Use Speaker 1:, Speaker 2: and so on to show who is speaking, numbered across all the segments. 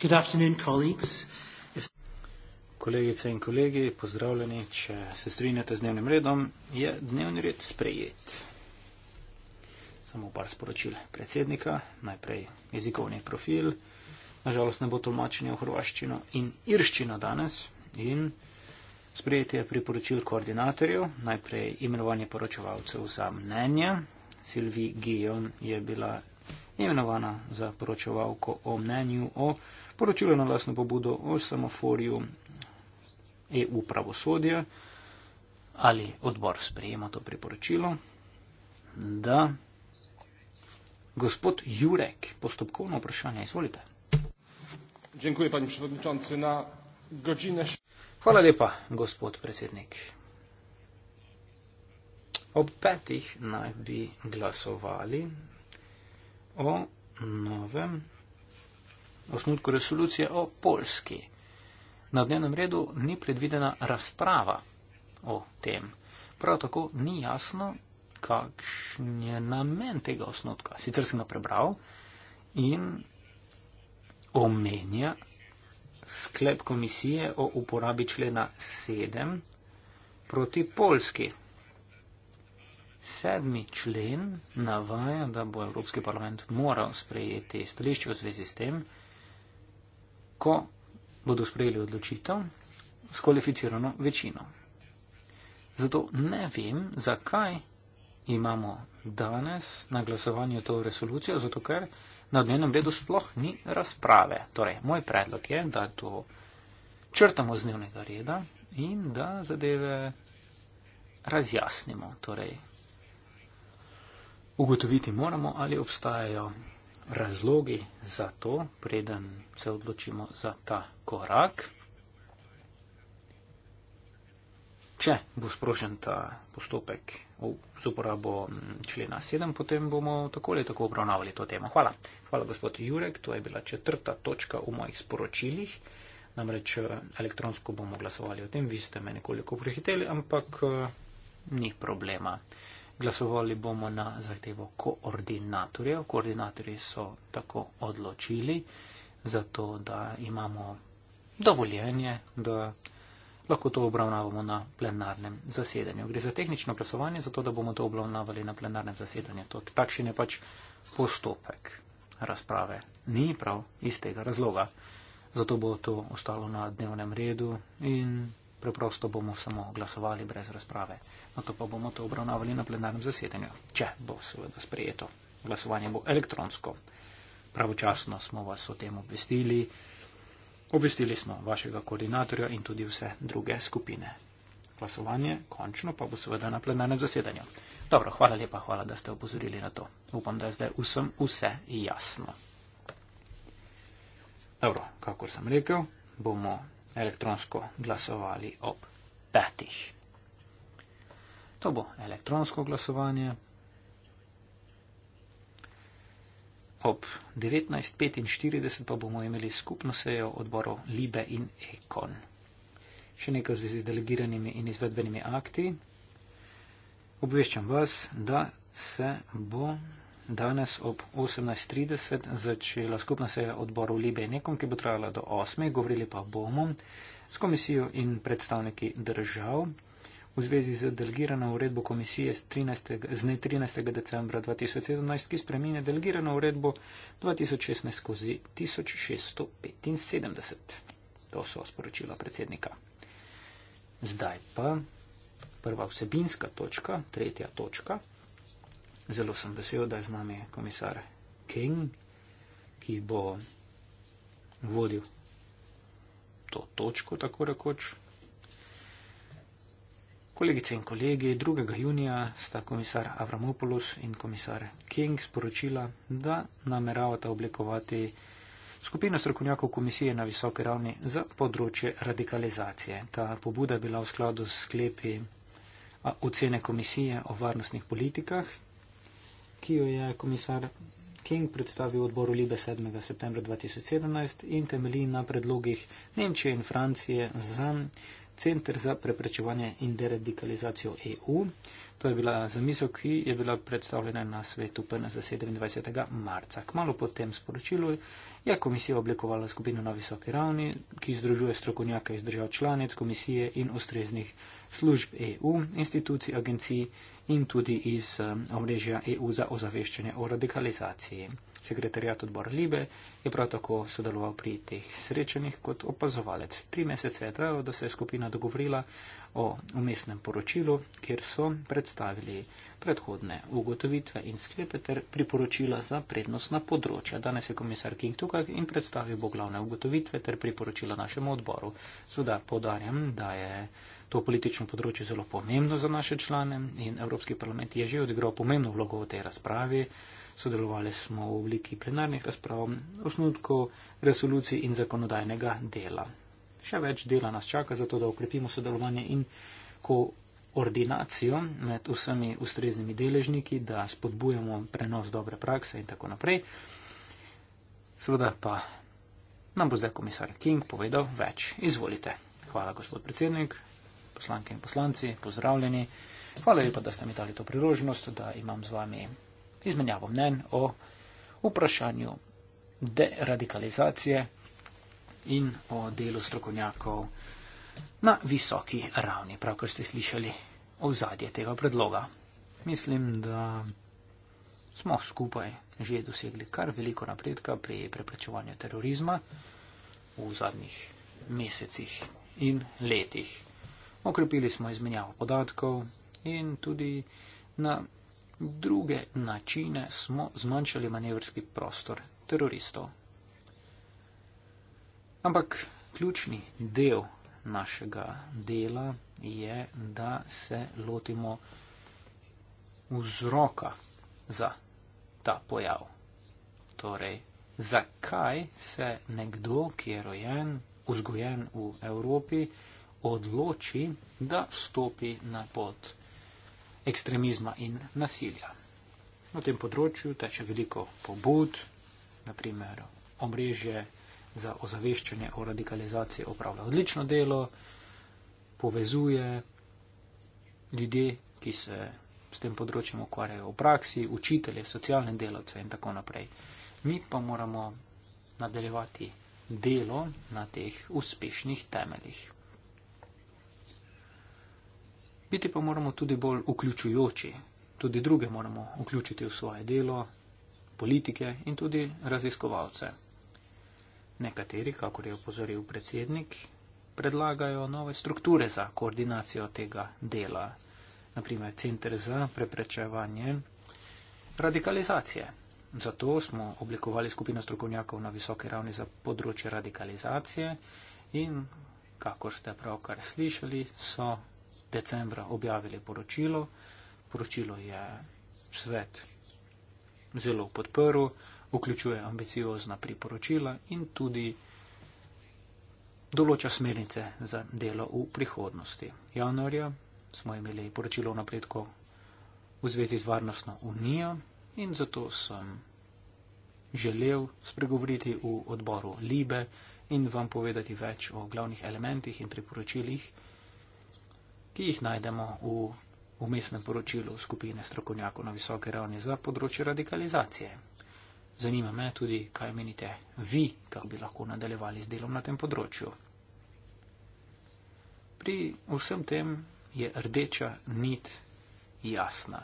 Speaker 1: Good afternoon, colleagues.
Speaker 2: Kolegice in kolegi, pozdravljeni, če se strinjate z dnevnim redom, je dnevni red sprejet. Samo par sporočil predsednika, najprej jezikovni profil, nažalost ne bo tolmačenje v hrvaščino in irščino danes in sprejetje priporočil koordinatorjev, najprej imenovanje poročevalcev za mnenje. Silvi Gion je bila imenovana za poročevalko o mnenju o poročilu na lasno pobudo o semaforju EU pravosodja ali odbor sprejema to priporočilo, da gospod Jurek postopkovno vprašanje izvolite. Hvala lepa, gospod predsednik. Ob petih naj bi glasovali o novem osnutku resolucije o Polski. Na dnevnem redu ni predvidena razprava o tem. Prav tako ni jasno, kakšen je namen tega osnutka. Sicer sem ga prebral in omenja sklep komisije o uporabi člena 7 proti Polski. Sedmi člen navaja, da bo Evropski parlament moral sprejeti stališče v zvezi s tem, ko bodo sprejeli odločitev s kvalificirano večino. Zato ne vem, zakaj imamo danes na glasovanju to resolucijo, zato ker na dnevnem redu sploh ni razprave. Torej, moj predlog je, da to črtamo z dnevnega reda in da zadeve razjasnimo. Torej, ugotoviti moramo, ali obstajajo razlogi za to, preden se odločimo za ta korak. Če bo sprožen ta postopek z uporabo člena 7, potem bomo tako ali tako obravnavali to temo. Hvala. Hvala, gospod Jurek. To je bila četrta točka v mojih sporočilih. Namreč eh, elektronsko bomo glasovali o tem. Vi ste me nekoliko prehiteli, ampak eh, ni problema glasovali bomo na zahtevo koordinatorjev. Koordinatorji so tako odločili, zato da imamo dovoljenje, da lahko to obravnavamo na plenarnem zasedanju. Gre za tehnično glasovanje, zato da bomo to obravnavali na plenarnem zasedanju. To, takšen je pač postopek razprave. Ni prav iz tega razloga. Zato bo to ostalo na dnevnem redu in preprosto bomo samo glasovali brez razprave na no to pa bomo to obravnavali na plenarnem zasedanju, če bo seveda sprejeto. Glasovanje bo elektronsko. Pravočasno smo vas o tem obvestili. Obvestili smo vašega koordinatorja in tudi vse druge skupine. Glasovanje končno pa bo seveda na plenarnem zasedanju. Dobro, hvala lepa, hvala, da ste opozorili na to. Upam, da je zdaj vsem vse jasno. Dobro, kakor sem rekel, bomo elektronsko glasovali ob petih. To bo elektronsko glasovanje. Ob 19.45 pa bomo imeli skupno sejo odborov Libe in Ekon. Še nekaj v zvezi z delegiranimi in izvedbenimi akti. Obveščam vas, da se bo danes ob 18.30 začela skupna seja odborov Libe in Ekon, ki bo trajala do 8.00. Govorili pa bomo s komisijo in predstavniki držav v zvezi z delegirano uredbo komisije z 13. Z 13. decembra 2017, ki spremenja delegirano uredbo 2016 skozi 1675. To so sporočila predsednika. Zdaj pa prva vsebinska točka, tretja točka. Zelo sem vesel, da je z nami komisar King, ki bo vodil to točko, tako rekoč, Kolegice in kolegi, 2. junija sta komisar Avramopoulos in komisar King sporočila, da nameravata oblikovati skupino strokovnjakov komisije na visoke ravni za področje radikalizacije. Ta pobuda je bila v skladu s sklepi ocene komisije o varnostnih politikah, ki jo je komisar King predstavil odboru Libe 7. septembra 2017 in temelji na predlogih Nemčije in Francije za Center za preprečevanje in deradikalizacijo EU. To je bila zamisel, ki je bila predstavljena na svetu PNZ 27. marca. Kmalo po tem sporočilu je komisija oblikovala skupino na visoki ravni, ki združuje strokovnjake iz držav članic komisije in ustreznih služb EU, institucij, agencij in tudi iz eh, omrežja EU za ozaveščanje o radikalizaciji sekretarjat odbor Libe je prav tako sodeloval pri teh srečanjih kot opazovalec. Tri mesece je trajalo, da se je skupina dogovorila o umestnem poročilu, kjer so predstavili predhodne ugotovitve in sklepe ter priporočila za prednostna področja. Danes je komisar King tukaj in predstavil bo glavne ugotovitve ter priporočila našemu odboru. Seveda podarjam, da je to politično področje zelo pomembno za naše člane in Evropski parlament je že odigral pomembno vlogo v tej razpravi. Sodelovali smo v obliki plenarnih razprav, osnutkov, resolucij in zakonodajnega dela. Še več dela nas čaka, zato da okrepimo sodelovanje in koordinacijo med vsemi ustreznimi deležniki, da spodbujamo prenos dobre prakse in tako naprej. Seveda pa nam bo zdaj komisar King povedal več. Izvolite. Hvala, gospod predsednik, poslanke in poslanci, pozdravljeni. Hvala lepa, da ste mi dali to priložnost, da imam z vami izmenjavo mnen o vprašanju deradikalizacije in o delu strokovnjakov na visoki ravni, pravkar ste slišali ozadje tega predloga. Mislim, da smo skupaj že dosegli kar veliko napredka pri preprečevanju terorizma v zadnjih mesecih in letih. Okrepili smo izmenjavo podatkov in tudi na druge načine smo zmanjšali manevrski prostor teroristov. Ampak ključni del našega dela je, da se lotimo vzroka za ta pojav. Torej, zakaj se nekdo, ki je rojen, vzgojen v Evropi, odloči, da stopi na pot ekstremizma in nasilja. Na tem področju teče veliko pobud, naprimer omrežje za ozaveščanje o radikalizaciji opravlja odlično delo, povezuje ljudje, ki se s tem področjem ukvarjajo v praksi, učitelje, socialne delavce in tako naprej. Mi pa moramo nadaljevati delo na teh uspešnih temeljih biti pa moramo tudi bolj vključujoči, tudi druge moramo vključiti v svoje delo, politike in tudi raziskovalce. Nekateri, kako je opozoril predsednik, predlagajo nove strukture za koordinacijo tega dela, naprimer Center za preprečevanje radikalizacije. Zato smo oblikovali skupino strokovnjakov na visoki ravni za področje radikalizacije in, kako ste pravkar slišali, so decembra objavili poročilo. Poročilo je svet zelo podprl, vključuje ambiciozna priporočila in tudi določa smernice za delo v prihodnosti. Januarja smo imeli poročilo o napredku v zvezi z varnostno unijo in zato sem želel spregovoriti v odboru Libe in vam povedati več o glavnih elementih in priporočilih, ki jih najdemo v umestnem poročilu skupine strokovnjakov na visoke ravni za področje radikalizacije. Zanima me tudi, kaj menite vi, kako bi lahko nadaljevali z delom na tem področju. Pri vsem tem je rdeča nit jasna.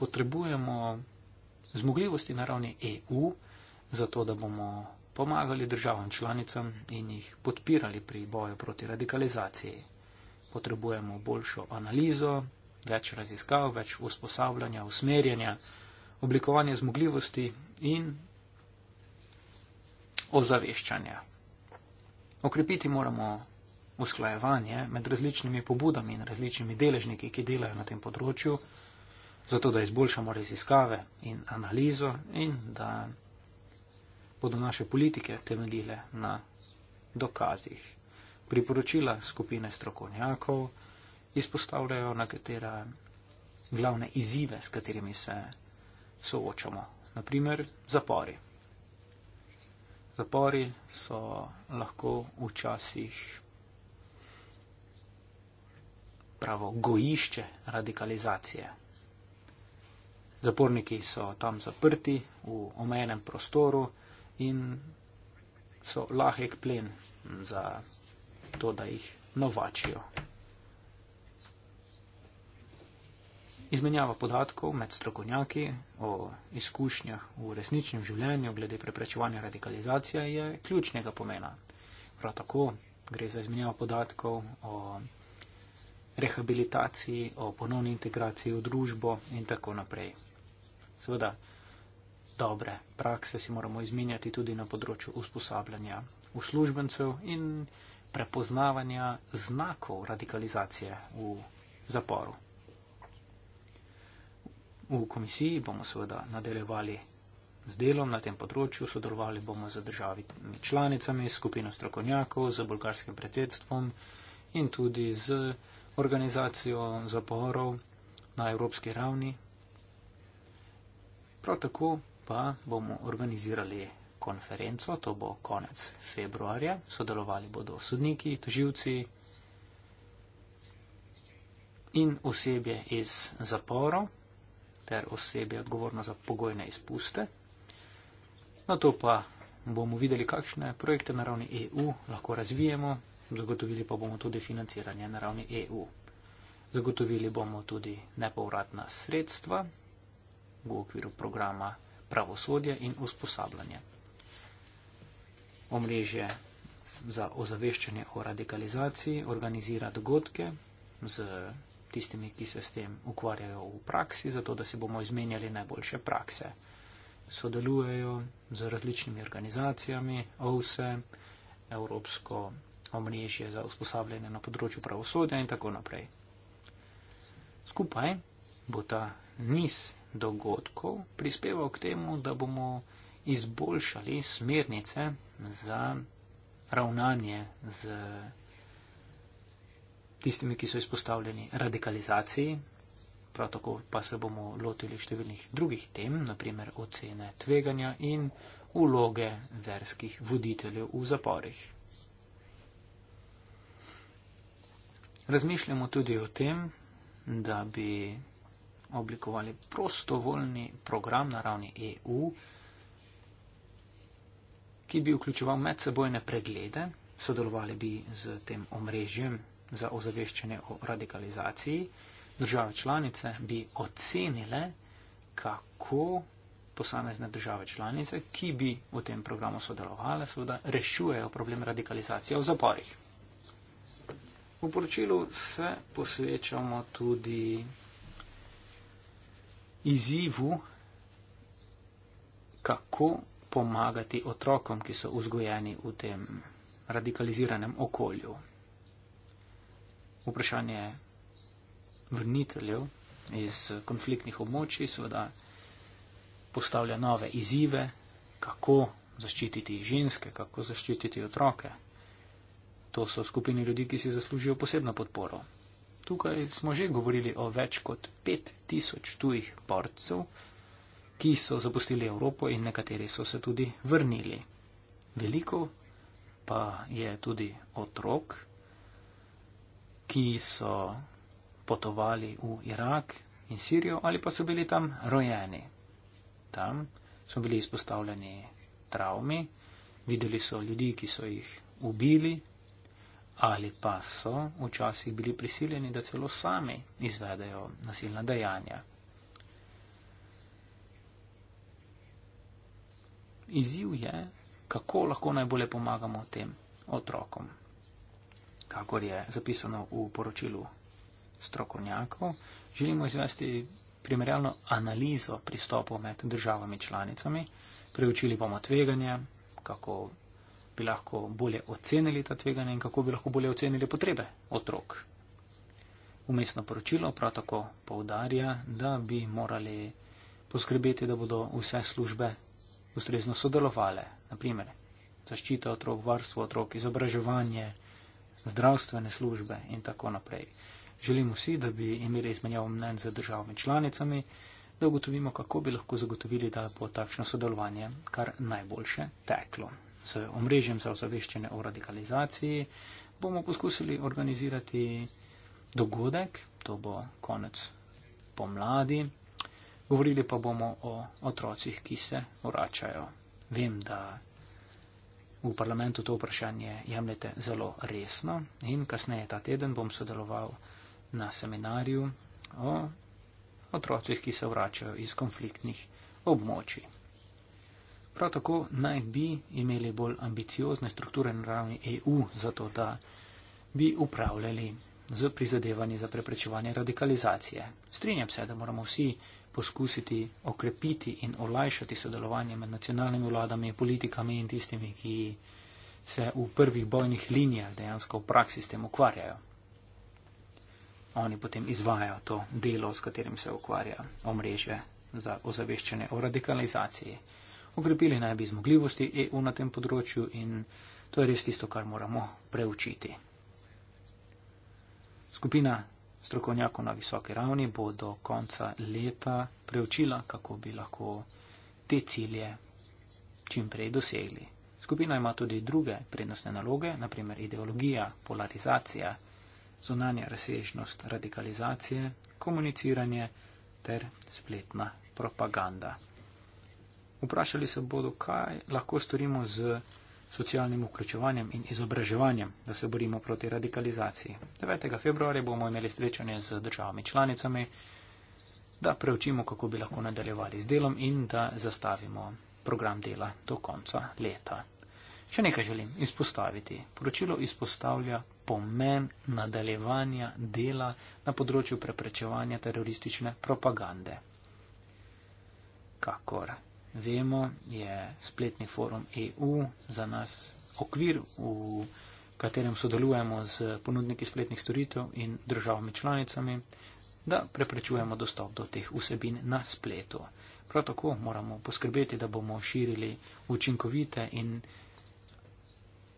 Speaker 2: Potrebujemo zmogljivosti na ravni EU, zato da bomo pomagali državam članicam in jih podpirali pri boju proti radikalizaciji potrebujemo boljšo analizo, več raziskav, več usposabljanja, usmerjanja, oblikovanja zmogljivosti in ozaveščanja. Okrepiti moramo usklajevanje med različnimi pobudami in različnimi deležniki, ki delajo na tem področju, zato da izboljšamo raziskave in analizo in da bodo naše politike temeljile na dokazih priporočila skupine strokovnjakov izpostavljajo, na katera glavne izzive, s katerimi se soočamo. Naprimer, zapori. Zapori so lahko včasih pravo gojišče radikalizacije. Zaporniki so tam zaprti v omejenem prostoru in so lahek plen za to, da jih novačijo. Izmenjava podatkov med strokovnjaki o izkušnjah v resničnem življenju glede preprečevanja radikalizacije je ključnega pomena. Prav tako gre za izmenjavo podatkov o rehabilitaciji, o ponovni integraciji v družbo in tako naprej. Seveda, dobre prakse si moramo izmenjati tudi na področju usposabljanja uslužbencev in prepoznavanja znakov radikalizacije v zaporu. V komisiji bomo seveda nadaljevali z delom na tem področju, sodelovali bomo z državami članicami, skupino strokovnjakov, z bolgarskim predsedstvom in tudi z organizacijo zaporov na evropski ravni. Prav tako pa bomo organizirali konferenco, to bo konec februarja. Sodelovali bodo sodniki, toživci in osebje iz zaporov ter osebje odgovorno za pogojne izpuste. Na to pa bomo videli, kakšne projekte na ravni EU lahko razvijemo, zagotovili pa bomo tudi financiranje na ravni EU. Zagotovili bomo tudi nepovratna sredstva v okviru programa pravosodja in usposabljanja omrežje za ozaveščanje o radikalizaciji, organizira dogodke z tistimi, ki se s tem ukvarjajo v praksi, zato da si bomo izmenjali najboljše prakse. Sodelujejo z različnimi organizacijami, OVSE, Evropsko omrežje za usposabljanje na področju pravosodja in tako naprej. Skupaj bo ta niz dogodkov prispeval k temu, da bomo izboljšali smernice za ravnanje z tistimi, ki so izpostavljeni radikalizaciji. Prav tako pa se bomo lotili številnih drugih tem, naprimer ocene tveganja in uloge verskih voditeljev v zaporih. Razmišljamo tudi o tem, da bi oblikovali prostovoljni program na ravni EU, ki bi vključeval medsebojne preglede, sodelovali bi z tem omrežjem za ozaveščanje o radikalizaciji, države članice bi ocenile, kako posamezne države članice, ki bi v tem programu sodelovali, seveda rešujejo problem radikalizacije v zaporih. V poročilu se posvečamo tudi izzivu, kako pomagati otrokom, ki so vzgojeni v tem radikaliziranem okolju. Vprašanje vrniteljev iz konfliktnih območij seveda postavlja nove izzive, kako zaščititi ženske, kako zaščititi otroke. To so skupini ljudi, ki si zaslužijo posebno podporo. Tukaj smo že govorili o več kot 5000 tujih borcev, ki so zapustili Evropo in nekateri so se tudi vrnili. Veliko pa je tudi otrok, ki so potovali v Irak in Sirijo ali pa so bili tam rojeni. Tam so bili izpostavljeni travmi, videli so ljudi, ki so jih ubili ali pa so včasih bili prisiljeni, da celo sami izvedejo nasilna dejanja. izziv je, kako lahko najbolje pomagamo tem otrokom. Kakor je zapisano v poročilu strokovnjakov, želimo izvesti primerjalno analizo pristopov med državami članicami, preučili bomo tveganje, kako bi lahko bolje ocenili ta tveganja in kako bi lahko bolje ocenili potrebe otrok. Umestno poročilo prav tako poudarja, da bi morali poskrbeti, da bodo vse službe ustrezno sodelovale, naprimer zaščita otrok, varstvo otrok, izobraževanje, zdravstvene službe in tako naprej. Želimo si, da bi imeli izmenjav mnen z državami članicami, da ugotovimo, kako bi lahko zagotovili, da bo takšno sodelovanje kar najboljše teklo. S omrežjem za ozaveščene o radikalizaciji bomo poskusili organizirati dogodek, to bo konec pomladi, Govorili pa bomo o otrocih, ki se vračajo. Vem, da v parlamentu to vprašanje jemljete zelo resno in kasneje ta teden bom sodeloval na seminarju o otrocih, ki se vračajo iz konfliktnih območij. Prav tako naj bi imeli bolj ambiciozne strukture na ravni EU, zato da bi upravljali z prizadevanji za preprečevanje radikalizacije. Strinjam se, da moramo vsi poskusiti okrepiti in olajšati sodelovanje med nacionalnimi vladami, politikami in tistimi, ki se v prvih bojnih linijah dejansko v praksi s tem ukvarjajo. Oni potem izvajajo to delo, s katerim se ukvarja omrežje za ozaveščanje o radikalizaciji. Okrepili naj bi zmogljivosti EU na tem področju in to je res tisto, kar moramo preučiti. Skupina strokovnjakov na visoki ravni bo do konca leta preučila, kako bi lahko te cilje čim prej dosegli. Skupina ima tudi druge prednostne naloge, naprimer ideologija, polarizacija, zunanja razsežnost radikalizacije, komuniciranje ter spletna propaganda. Vprašali se bodo, kaj lahko storimo z socialnim vključevanjem in izobraževanjem, da se borimo proti radikalizaciji. 9. februarja bomo imeli srečanje z državami članicami, da preučimo, kako bi lahko nadaljevali z delom in da zastavimo program dela do konca leta. Še nekaj želim izpostaviti. Poročilo izpostavlja pomen nadaljevanja dela na področju preprečevanja teroristične propagande. Kakor vemo, je spletni forum EU za nas okvir, v katerem sodelujemo z ponudniki spletnih storitev in državami članicami, da preprečujemo dostop do teh vsebin na spletu. Prav tako moramo poskrbeti, da bomo širili učinkovite in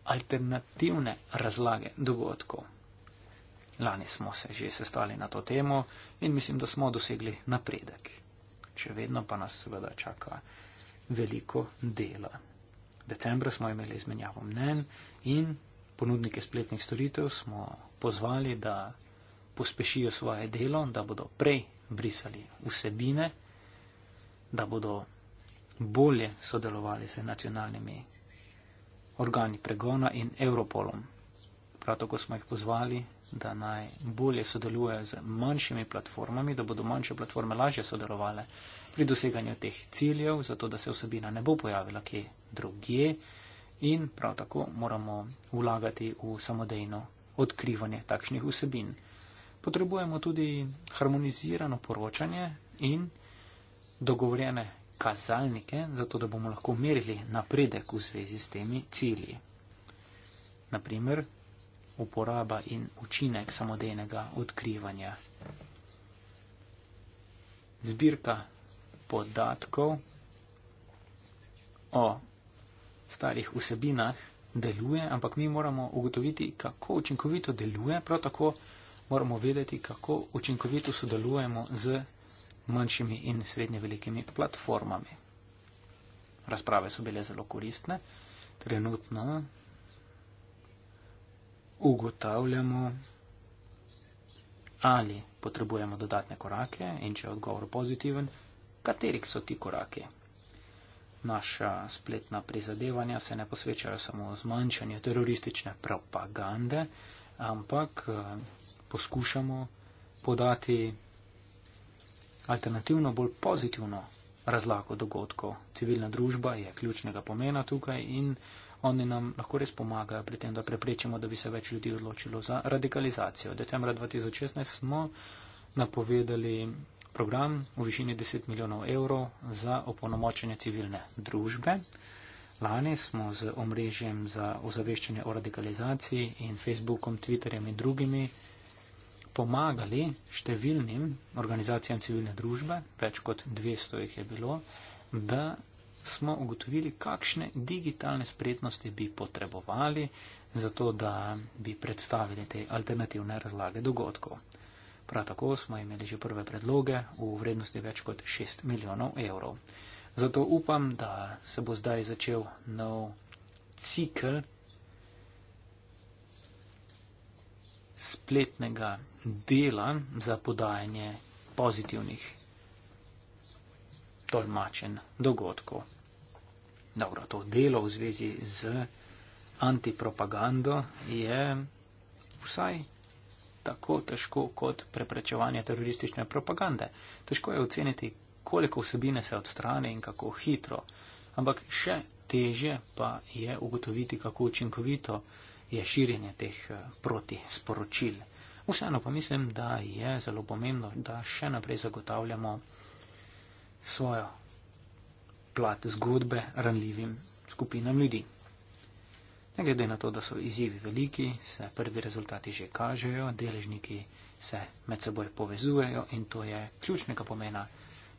Speaker 2: alternativne razlage dogodkov. Lani smo se že sestali na to temo in mislim, da smo dosegli napredek. Še vedno pa nas seveda čaka veliko dela. Decembra smo imeli izmenjavo mnen in ponudnike spletnih storitev smo pozvali, da pospešijo svoje delo, da bodo prej brisali vsebine, da bodo bolje sodelovali z nacionalnimi organi pregona in Europolom. Prav tako smo jih pozvali, da naj bolje sodelujejo z manjšimi platformami, da bodo manjše platforme lažje sodelovali pri doseganju teh ciljev, zato da se osebina ne bo pojavila kje drugje in prav tako moramo vlagati v samodejno odkrivanje takšnih vsebin. Potrebujemo tudi harmonizirano poročanje in dogovorjene kazalnike, zato da bomo lahko merili napredek v zvezi s temi cilji. Naprimer, uporaba in učinek samodejnega odkrivanja. Zbirka podatkov o starih vsebinah deluje, ampak mi moramo ugotoviti, kako učinkovito deluje, prav tako moramo vedeti, kako učinkovito sodelujemo z manjšimi in srednje velikimi platformami. Razprave so bile zelo koristne. Trenutno ugotavljamo, ali potrebujemo dodatne korake in če je odgovor pozitiven, katerih so ti koraki. Naša spletna prizadevanja se ne posvečajo samo zmanjšanju teroristične propagande, ampak eh, poskušamo podati alternativno, bolj pozitivno razlako dogodkov. Civilna družba je ključnega pomena tukaj in oni nam lahko res pomagajo pri tem, da preprečimo, da bi se več ljudi odločilo za radikalizacijo. Decembra 2016 smo napovedali program v višini 10 milijonov evrov za opolnomočenje civilne družbe. Lani smo z omrežjem za ozaveščanje o radikalizaciji in Facebookom, Twitterjem in drugimi pomagali številnim organizacijam civilne družbe, več kot 200 jih je bilo, da smo ugotovili, kakšne digitalne spretnosti bi potrebovali, zato da bi predstavili te alternativne razlage dogodkov. Prav tako smo imeli že prve predloge v vrednosti več kot 6 milijonov evrov. Zato upam, da se bo zdaj začel nov cikl spletnega dela za podajanje pozitivnih tolmačen dogodkov. Dobro, to delo v zvezi z antipropagando je vsaj tako težko kot preprečevanje teroristične propagande. Težko je oceniti, koliko vsebine se odstrani in kako hitro. Ampak še teže pa je ugotoviti, kako učinkovito je širjenje teh eh, protisporočil. Vseeno pa mislim, da je zelo pomembno, da še naprej zagotavljamo svojo plat zgodbe ranljivim skupinam ljudi. Ne glede na to, da so izzivi veliki, se prvi rezultati že kažejo, deležniki se med seboj povezujejo in to je ključnega pomena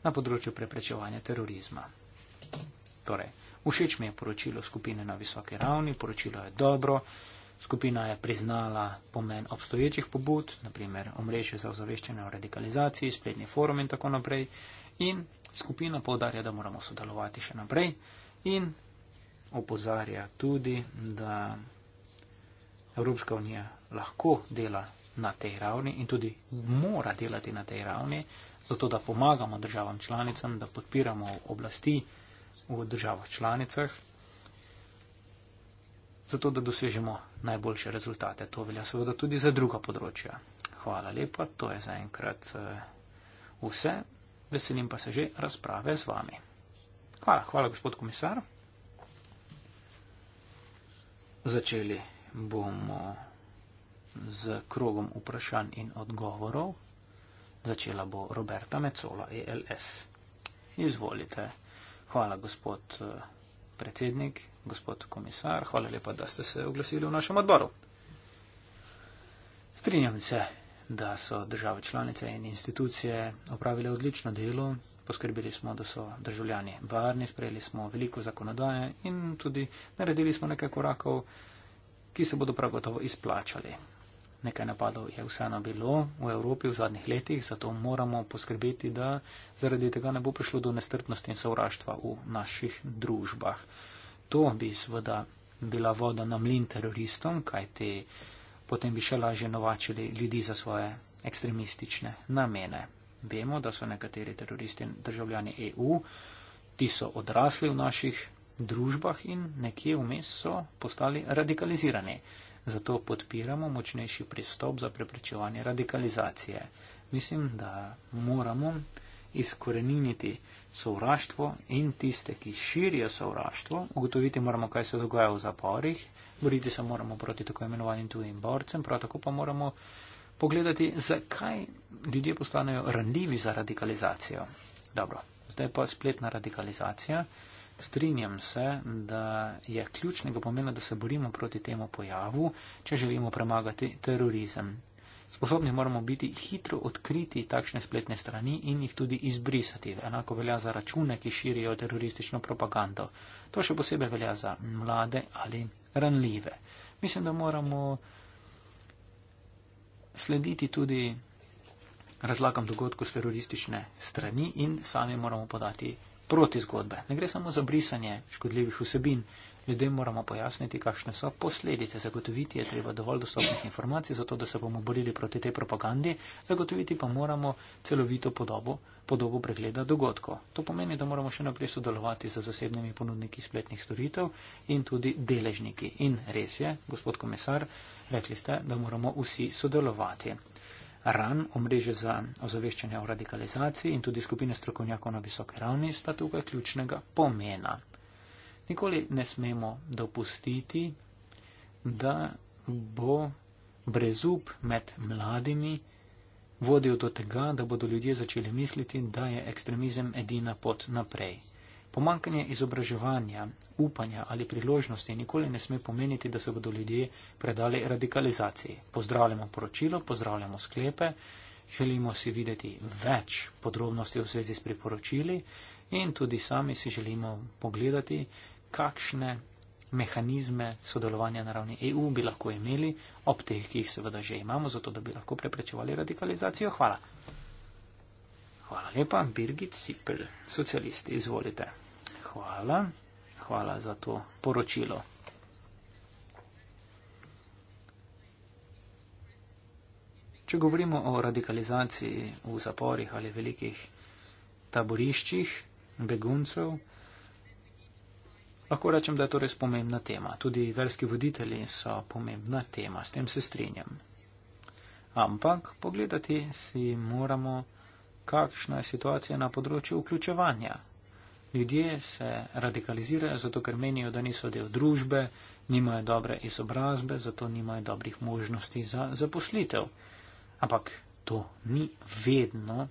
Speaker 2: na področju preprečevanja terorizma. Torej, všeč mi je poročilo skupine na visoki ravni, poročilo je dobro, skupina je priznala pomen obstoječih pobud, naprimer omrežje za ozaveščanje o radikalizaciji, spletni forum in tako naprej, in skupina povdarja, da moramo sodelovati še naprej in opozarja tudi, da Evropska unija lahko dela na tej ravni in tudi mora delati na tej ravni, zato da pomagamo državam članicam, da podpiramo oblasti v državah članicah, zato da dosežemo najboljše rezultate. To velja seveda tudi za druga področja. Hvala lepa, to je zaenkrat eh, vse. Veselim pa se že razprave z vami. Hvala, hvala gospod komisar. Začeli bomo z krogom vprašanj in odgovorov. Začela bo Roberta Mecola, ELS. Izvolite. Hvala, gospod eh, predsednik, gospod komisar. Hvala lepa, da ste se oglasili v našem odboru. Strinjam se, da so države članice in institucije opravile odlično delo poskrbeli smo, da so državljani varni, sprejeli smo veliko zakonodaje in tudi naredili smo nekaj korakov, ki se bodo prav gotovo izplačali. Nekaj napadov je vseeno bilo v Evropi v zadnjih letih, zato moramo poskrbeti, da zaradi tega ne bo prišlo do nestrpnosti in sovraštva v naših družbah. To bi seveda bila voda na mlin teroristom, kajti potem bi še lažje novačili ljudi za svoje ekstremistične namene. Vemo, da so nekateri teroristi državljani EU, ti so odrasli v naših družbah in nekje vmes so postali radikalizirani. Zato podpiramo močnejši pristop za preprečevanje radikalizacije. Mislim, da moramo izkoreniniti sovraštvo in tiste, ki širijo sovraštvo, ugotoviti moramo, kaj se dogaja v zaporih, boriti se moramo proti tako imenovanim tujim borcem, prav tako pa moramo pogledati, zakaj ljudje postanejo ranljivi za radikalizacijo. Dobro, zdaj pa spletna radikalizacija. Strinjam se, da je ključnega pomena, da se borimo proti temu pojavu, če želimo premagati terorizem. Sposobni moramo biti hitro odkriti takšne spletne strani in jih tudi izbrisati. Enako velja za račune, ki širijo teroristično propagando. To še posebej velja za mlade ali ranljive. Mislim, da moramo slediti tudi razlagam dogodkov s teroristične strani in sami moramo podati proti zgodbe. Ne gre samo za brisanje škodljivih vsebin, Ljudem moramo pojasniti, kakšne so posledice. Zagotoviti je treba dovolj dostopnih informacij, zato da se bomo borili proti tej propagandi, zagotoviti pa moramo celovito podobo, podobo pregleda dogodkov. To pomeni, da moramo še naprej sodelovati z zasebnimi ponudniki spletnih storitev in tudi deležniki. In res je, gospod komisar, rekli ste, da moramo vsi sodelovati. RAN, omrežje za ozaveščanje o radikalizaciji in tudi skupine strokovnjakov na visoke ravni sta tukaj ključnega pomena. Nikoli ne smemo dopustiti, da bo brezup med mladimi vodil do tega, da bodo ljudje začeli misliti, da je ekstremizem edina pot naprej. Pomankanje izobraževanja, upanja ali priložnosti nikoli ne sme pomeniti, da se bodo ljudje predali radikalizaciji. Pozdravljamo poročilo, pozdravljamo sklepe, želimo si videti več podrobnosti v zvezi s priporočili in tudi sami si želimo pogledati, kakšne mehanizme sodelovanja na ravni EU bi lahko imeli, ob teh, ki jih seveda že imamo, zato da bi lahko preprečevali radikalizacijo. Hvala. Hvala lepa, Birgit Sipel, socialisti, izvolite. Hvala, hvala za to poročilo. Če govorimo o radikalizaciji v zaporih ali velikih taboriščih beguncev, Lahko rečem, da je to res pomembna tema. Tudi verski voditelji so pomembna tema, s tem se strinjam. Ampak pogledati si moramo, kakšna je situacija na področju vključevanja. Ljudje se radikalizirajo, zato ker menijo, da niso del družbe, nimajo dobre izobrazbe, zato nimajo dobrih možnosti za zaposlitev. Ampak to ni vedno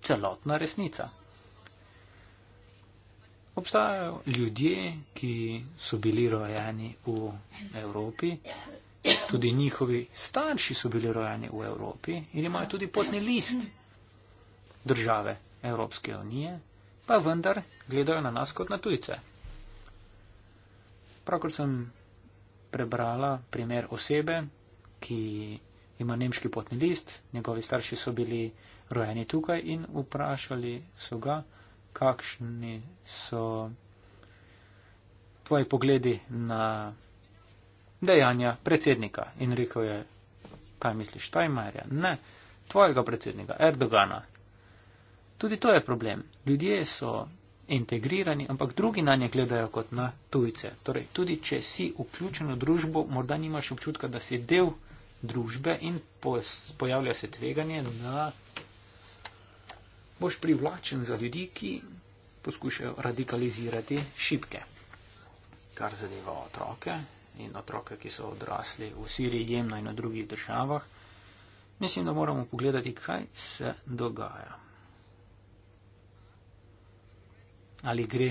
Speaker 2: celotna resnica obstajajo ljudje, ki so bili rojeni v Evropi, tudi njihovi starši so bili rojeni v Evropi in imajo tudi potni list države Evropske unije, pa vendar gledajo na nas kot na tujce. Pravkar sem prebrala primer osebe, ki ima nemški potni list, njegovi starši so bili rojeni tukaj in vprašali so ga, kakšni so tvoji pogledi na dejanja predsednika. In rekel je, kaj misliš, Tajmarja? Ne, tvojega predsednika, Erdogana. Tudi to je problem. Ljudje so integrirani, ampak drugi na nje gledajo kot na tujce. Torej, tudi če si vključen v družbo, morda nimaš občutka, da si del družbe in pojavlja se tveganje, da boš privlačen za ljudi, ki poskušajo radikalizirati šibke. Kar zadeva otroke in otroke, ki so odrasli v Siriji, Jemnu in na drugih državah, mislim, da moramo pogledati, kaj se dogaja. Ali gre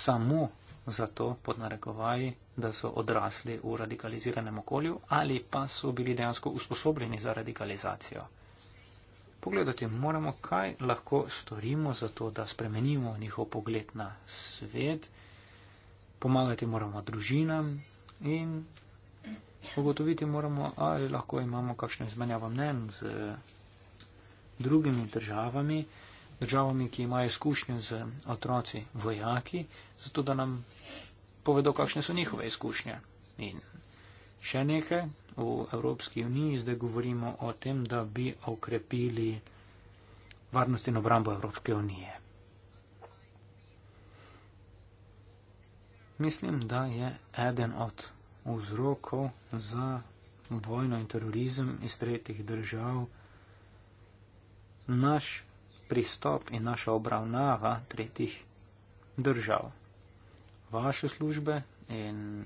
Speaker 2: samo za to, pod narekovaji, da so odrasli v radikaliziranem okolju, ali pa so bili dejansko usposobljeni za radikalizacijo pogledati moramo, kaj lahko storimo za to, da spremenimo njihov pogled na svet, pomagati moramo družinam in ugotoviti moramo, ali lahko imamo kakšno izmenjavo mnen z drugimi državami, državami, ki imajo izkušnje z otroci, vojaki, zato da nam povedo, kakšne so njihove izkušnje. In še nekaj, v Evropski uniji, zdaj govorimo o tem, da bi okrepili varnost in obrambo Evropske unije. Mislim, da je eden od vzrokov za vojno in terorizem iz tretjih držav naš pristop in naša obravnava tretjih držav. Vaše službe in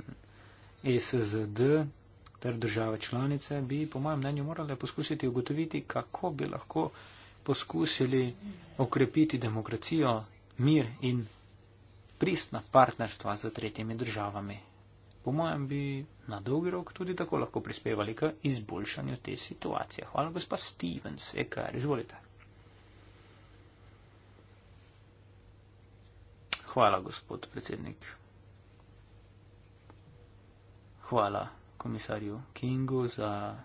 Speaker 2: e SZD ter države članice bi, po mojem mnenju, morale poskusiti ugotoviti, kako bi lahko poskusili okrepiti demokracijo, mir in pristna partnerstva z tretjimi državami. Po mojem bi na dolgi rok tudi tako lahko prispevali k izboljšanju te situacije. Hvala, gospa Stevens, EKR, izvolite. Hvala, gospod predsednik. Hvala komisarju Kingu za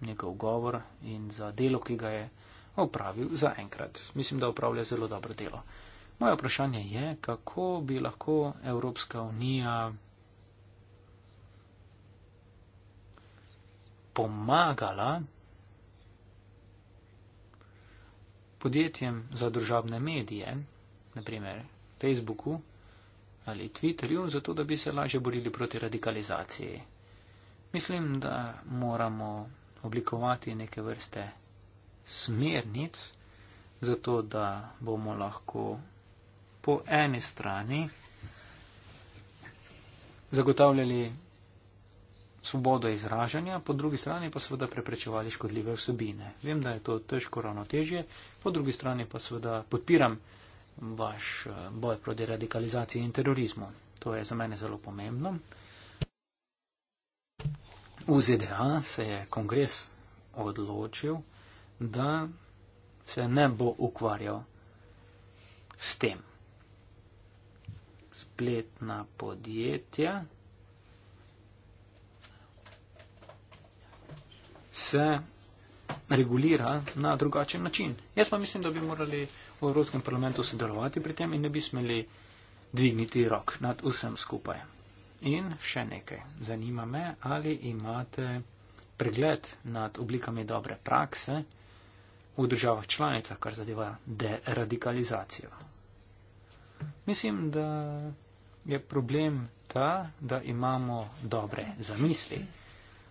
Speaker 2: njegov govor in za delo, ki ga je opravil za enkrat. Mislim, da opravlja zelo dobro delo. Moje vprašanje je, kako bi lahko Evropska unija pomagala podjetjem za državne medije, naprimer Facebooku ali Twitterju, zato da bi se lažje borili proti radikalizaciji. Mislim, da moramo oblikovati neke vrste smernic, zato da bomo lahko po eni strani zagotavljali svobodo izražanja, po drugi strani pa seveda preprečevali škodljive vsebine. Vem, da je to težko ravnotežje, po drugi strani pa seveda podpiram vaš eh, boj proti radikalizaciji in terorizmu. To je za mene zelo pomembno. V ZDA se je kongres odločil, da se ne bo ukvarjal s tem. Spletna podjetja se regulira na drugačen način. Jaz pa mislim, da bi morali v Evropskem parlamentu sodelovati pri tem in ne bi smeli dvigniti rok nad vsem skupaj. In še nekaj. Zanima me, ali imate pregled nad oblikami dobre prakse v državah članicah, kar zadeva deradikalizacijo. Mislim, da je problem ta, da imamo dobre zamisli.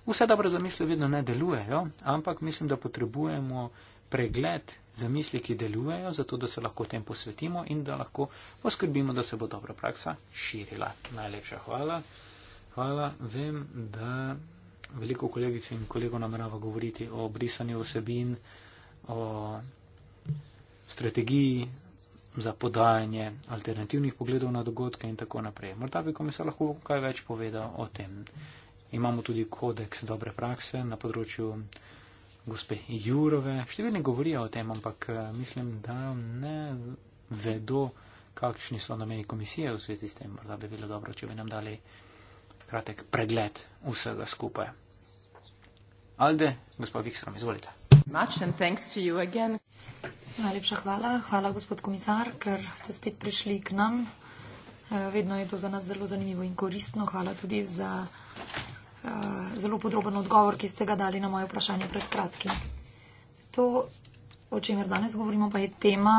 Speaker 2: Vse dobre zamisli vedno ne delujejo, ampak mislim, da potrebujemo pregled za misli, ki delujejo, zato da se lahko tem posvetimo in da lahko poskrbimo, da se bo dobra praksa širila. Najlepša hvala. Hvala. Vem, da veliko kolegic in kolegov namerava govoriti o brisanju osebin, o strategiji za podajanje alternativnih pogledov na dogodke in tako naprej. Morda bi komisar lahko kaj več povedal o tem. Imamo tudi kodeks dobre prakse na področju gospe Jurove. Številni govorijo o tem, ampak eh, mislim, da ne vedo, kakšni so nameni komisije v zvezi s tem. Morda bi bilo dobro, če bi nam dali kratek pregled vsega skupaj. Alde, gospod Vikstrom, izvolite.
Speaker 1: Najlepša hvala. Hvala, gospod komisar, ker ste spet prišli k nam. Eh, vedno je to za nas zelo zanimivo in koristno. Hvala tudi za Eh, zelo podroben odgovor, ki ste ga dali na moje vprašanje pred kratkim. To, o čemer danes govorimo, pa je tema,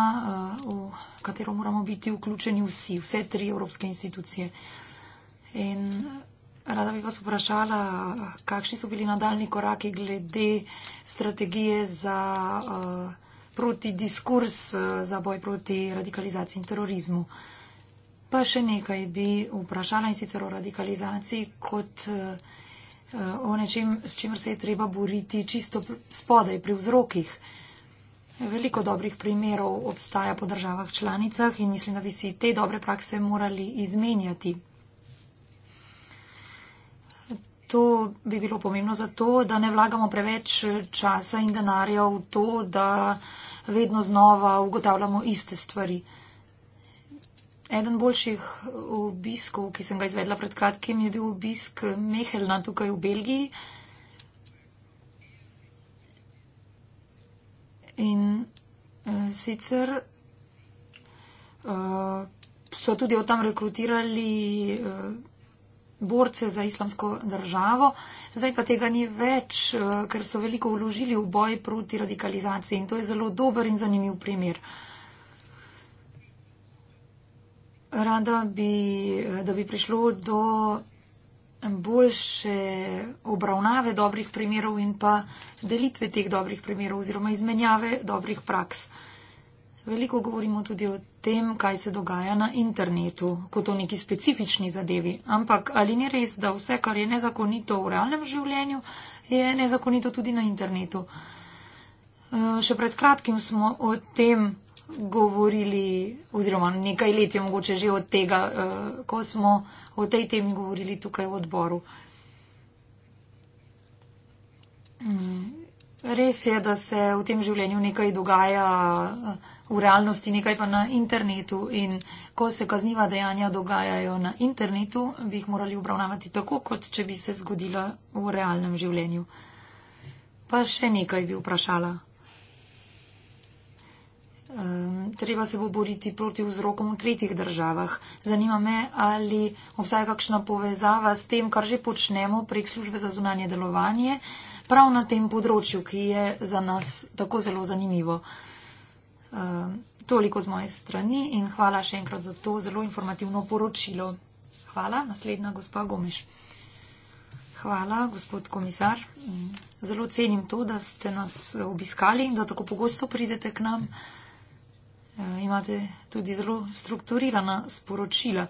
Speaker 1: v eh, katero moramo biti vključeni vsi, vse tri evropske institucije. In eh, rada bi vas vprašala, kakšni so bili nadaljni koraki glede strategije za proti diskurs za boj proti radikalizaciji in terorizmu. Pa še nekaj bi vprašala in sicer o radikalizaciji kot Eh, o nečem, s čimer se je treba boriti čisto spodaj, pri vzrokih. Veliko dobrih primerov obstaja po državah članicah in mislim, da bi si te dobre prakse morali izmenjati. To bi bilo pomembno zato, da ne vlagamo preveč časa in denarja v to, da vedno znova ugotavljamo iste stvari. Eden boljših eh, obiskov, ki sem ga izvedla pred kratkim, je bil obisk Mehelna tukaj v Belgiji. In uh, sicer uh, so tudi od tam rekrutirali uh, borce za islamsko državo, zdaj pa tega ni več, uh, ker so veliko vložili v boj proti radikalizaciji. In to je zelo dober in zanimiv primer. Uh, rada bi, da bi prišlo do boljše obravnave dobrih primerov in pa delitve teh dobrih primerov oziroma izmenjave dobrih praks. Veliko govorimo tudi o tem, kaj se dogaja na internetu, kot o neki specifični zadevi. Ampak ali ni res, da vse, kar je nezakonito v realnem življenju, je nezakonito tudi na internetu? Še pred kratkim smo o tem govorili, oziroma nekaj let je mogoče že od tega, eh, ko smo o tej temi govorili tukaj v odboru. Mm, res je, da se v tem življenju nekaj dogaja eh, v realnosti, nekaj pa na internetu in ko se kazniva dejanja dogajajo na internetu, bi jih morali obravnavati tako, kot če bi se zgodila v realnem življenju. Pa še nekaj bi vprašala. Ehm, treba se bo boriti proti vzrokom v tretjih državah. Zanima me, ali obstaja kakšna povezava s tem, kar že počnemo prek službe za zunanje delovanje, prav na tem področju, ki je za nas tako zelo zanimivo. Ehm, toliko z moje strani in hvala še enkrat za to zelo informativno poročilo. Hvala, naslednja gospa Gomiš. Hvala, gospod komisar. Zelo cenim to, da ste nas obiskali in da tako pogosto pridete k nam. Hvala. Ja, imate tudi zelo strukturirana sporočila.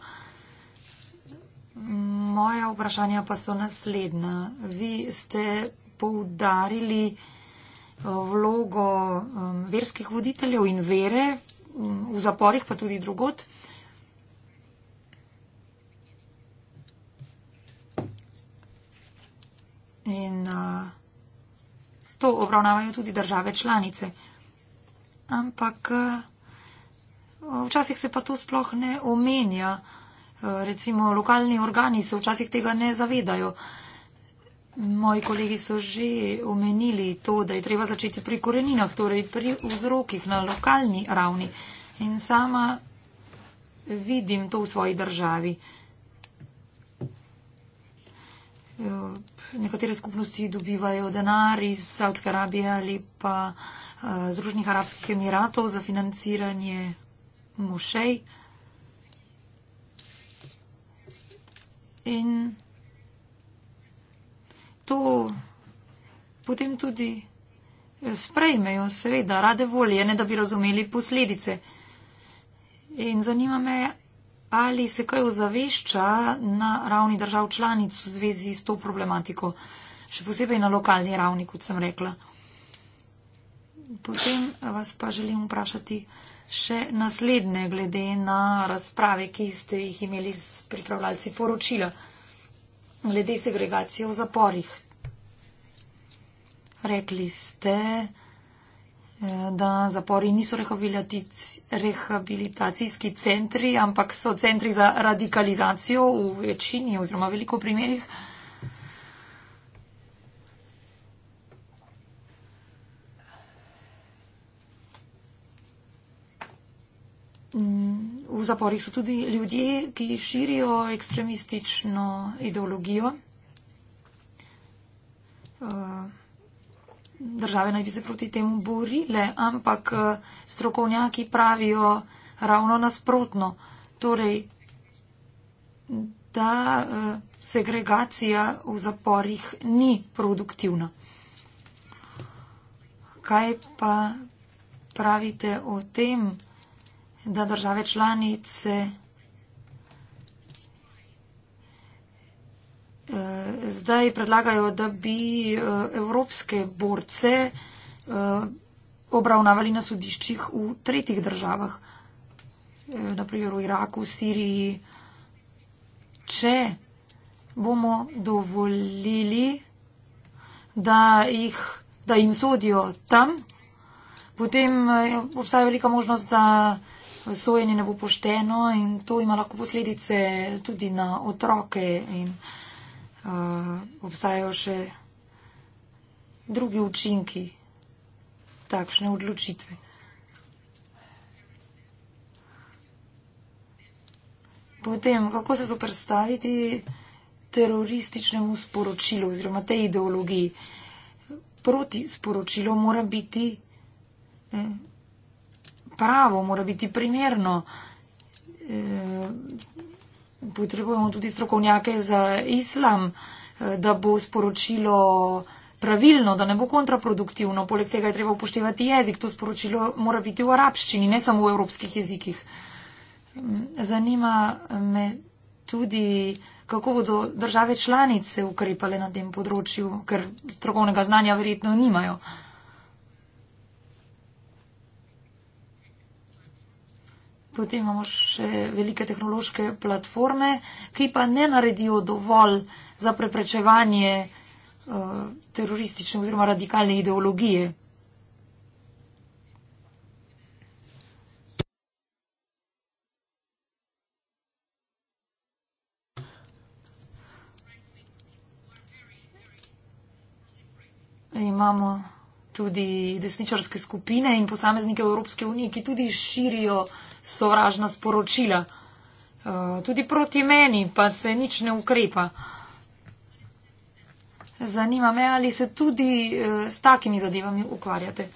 Speaker 1: Moja vprašanja pa so naslednja. Vi ste poudarili eh, vlogo eh, verskih voditeljev in vere mm, v zaporih, pa tudi drugot. In eh, to obravnavajo tudi države članice. Ampak. Včasih se pa to sploh ne omenja. Recimo lokalni organi se včasih tega ne zavedajo. Moji kolegi so že omenili to, da je treba začeti pri koreninah, torej pri vzrokih na lokalni ravni. In sama vidim to v svoji državi. Nekatere skupnosti dobivajo denar iz Saudske Arabije ali pa eh, Združenih arabskih emiratov za financiranje mušej in to potem tudi eh, sprejmejo, seveda, rade volje, ne da bi razumeli posledice. In zanima me, ali se kaj ozavešča na ravni držav članic v zvezi s to problematiko, še posebej na lokalni ravni, kot sem rekla. Potem vas pa želim vprašati, še naslednje glede na razprave, ki ste jih imeli s pripravljalci poročila. Glede segregacije v zaporih. Rekli ste, eh, da zapori niso rehabilitacijski centri, ampak so centri za radikalizacijo v večini oziroma veliko primerjih. V zaporih so tudi ljudje, ki širijo ekstremistično ideologijo. Eh, države naj bi se proti temu borile, ampak eh, strokovnjaki pravijo ravno nasprotno. Torej, da eh, segregacija v zaporih ni produktivna. Kaj pa pravite o tem? da države članice eh, zdaj predlagajo, da bi eh, evropske borce eh, obravnavali na sodiščih v tretjih državah, naprimer v Iraku, Siriji. Če bomo dovolili, da, jih, da jim sodijo tam, potem obstaja velika možnost, da sojenje ne bo pošteno in to ima lahko posledice tudi na otroke in uh, obstajajo še drugi učinki takšne odločitve. Potem, kako se zoprstaviti terorističnemu sporočilu oziroma tej ideologiji? Proti sporočilo mora biti. Eh, pravo, mora biti primerno. E, potrebujemo tudi strokovnjake za islam, eh, da bo sporočilo pravilno, da ne bo kontraproduktivno. Poleg tega je treba upoštevati jezik. To sporočilo mora biti v arabščini, ne samo v evropskih jezikih. Mm, zanima me tudi, kako bodo države članice ukrepale na tem področju, ker strokovnega znanja verjetno nimajo. Uh, Potem imamo še velike tehnološke platforme, ki pa ne naredijo dovolj za preprečevanje uh, teroristične oziroma radikalne ideologije. Imamo tudi desničarske skupine in posameznike v Evropske unije, ki tudi širijo sovražna sporočila. Eh, tudi proti meni pa se nič ne ukrepa. Zanima me, ali se tudi eh, s takimi zadevami ukvarjate.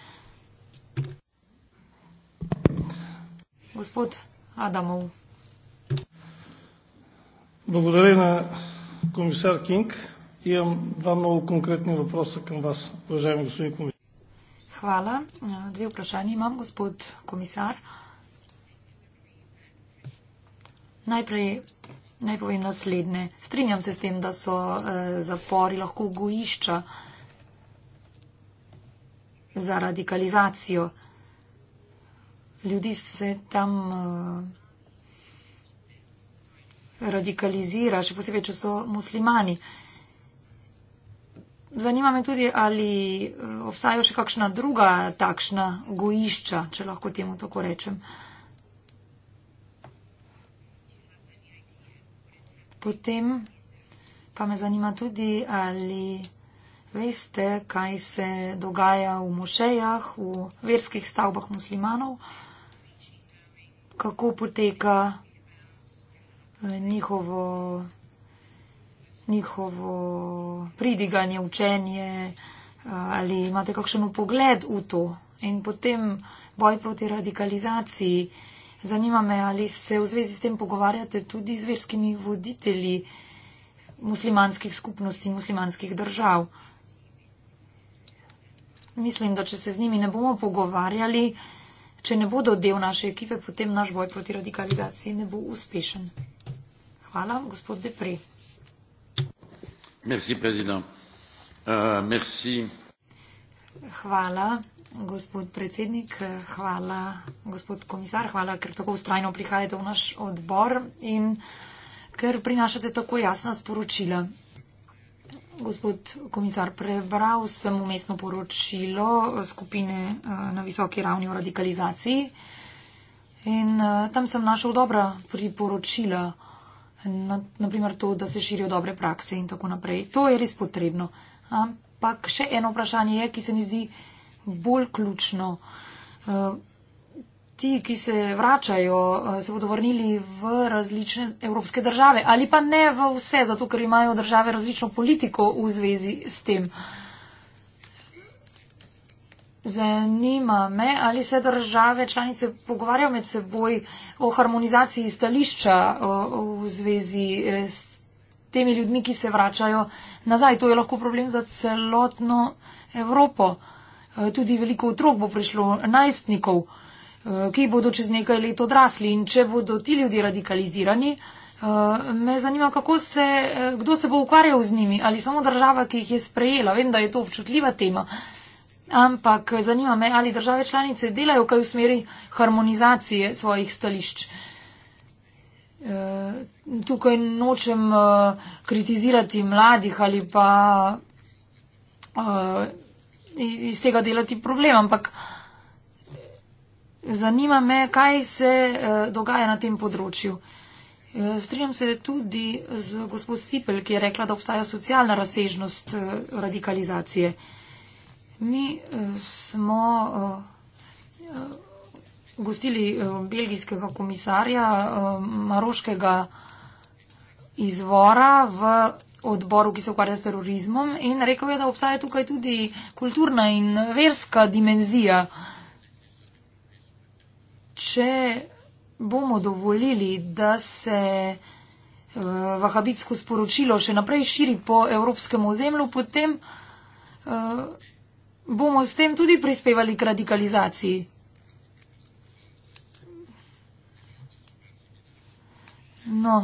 Speaker 1: Gospod Adamov. Благодаря на комисар Кинг. Имам два много конкретни въпроса към вас, уважаеми господин комисар. Хвала. Две упражнения имам, господ комисар. Najprej naj povem naslednje. Strinjam se s tem, da so eh, zapori lahko gojišča za radikalizacijo. Ljudi se tam eh, radikalizira, še posebej, če so muslimani. Zanima me tudi, ali eh, obstajajo še kakšna druga takšna gojišča, če lahko temu tako rečem. Eh, Potem pa me zanima tudi, ali veste, kaj se dogaja v mošejah, v verskih stavbah muslimanov, kako poteka eh, njihovo, njihovo pridiganje, učenje, eh, ali imate kakšen pogled v to. In potem boj proti radikalizaciji. Zanima me, ali se v zvezi s tem pogovarjate tudi z verskimi voditelji muslimanskih skupnosti in muslimanskih držav. Mislim, da če se z njimi ne bomo pogovarjali, če ne bodo del naše ekipe, potem naš boj proti radikalizaciji ne bo uspešen. Hvala, gospod Depre. Merci, uh, merci. Hvala gospod predsednik, hvala, gospod komisar, hvala, ker tako ustrajno prihajate v naš odbor in ker prinašate tako jasna sporočila. Gospod komisar, prebral sem umestno poročilo skupine eh, na visoki ravni o radikalizaciji in eh, tam sem našel dobra priporočila, naprimer to, da se širijo dobre prakse in tako naprej. To je res potrebno. Ampak še eno vprašanje je, ki se mi zdi bolj ključno. Eh, ti, ki se vračajo, eh, se bodo vrnili v različne evropske države ali pa ne v vse, zato ker imajo države različno politiko v zvezi s tem. Zanima me, ali se države članice pogovarjajo med seboj o harmonizaciji stališča eh, v zvezi s temi ljudmi, ki se vračajo nazaj. To je lahko problem za celotno Evropo. Eh, tudi veliko otrok bo prišlo, najstnikov, eh, ki bodo čez nekaj let odrasli in če bodo ti ljudje radikalizirani, eh, me zanima, se, kdo se bo ukvarjal z njimi ali samo država, ki jih je sprejela. Vem, da je to občutljiva tema, ampak zanima me, ali države članice delajo kaj v smeri harmonizacije svojih stališč. Tukaj nočem kritizirati mladih ali pa iz tega delati problem, ampak zanima me, kaj se eh, dogaja na tem področju. Eh, strinjam se tudi z gospod Sipel, ki je rekla, da obstaja socialna razsežnost eh, radikalizacije. Mi smo gostili belgijskega komisarja maroškega izvora v odboru, ki se ukvarja s terorizmom in rekel je, da obstaja tukaj tudi kulturna in verska dimenzija. Če bomo dovolili, da se eh, vahabitsko sporočilo še naprej širi po evropskem ozemlju, potem eh, bomo s tem tudi prispevali k radikalizaciji. No.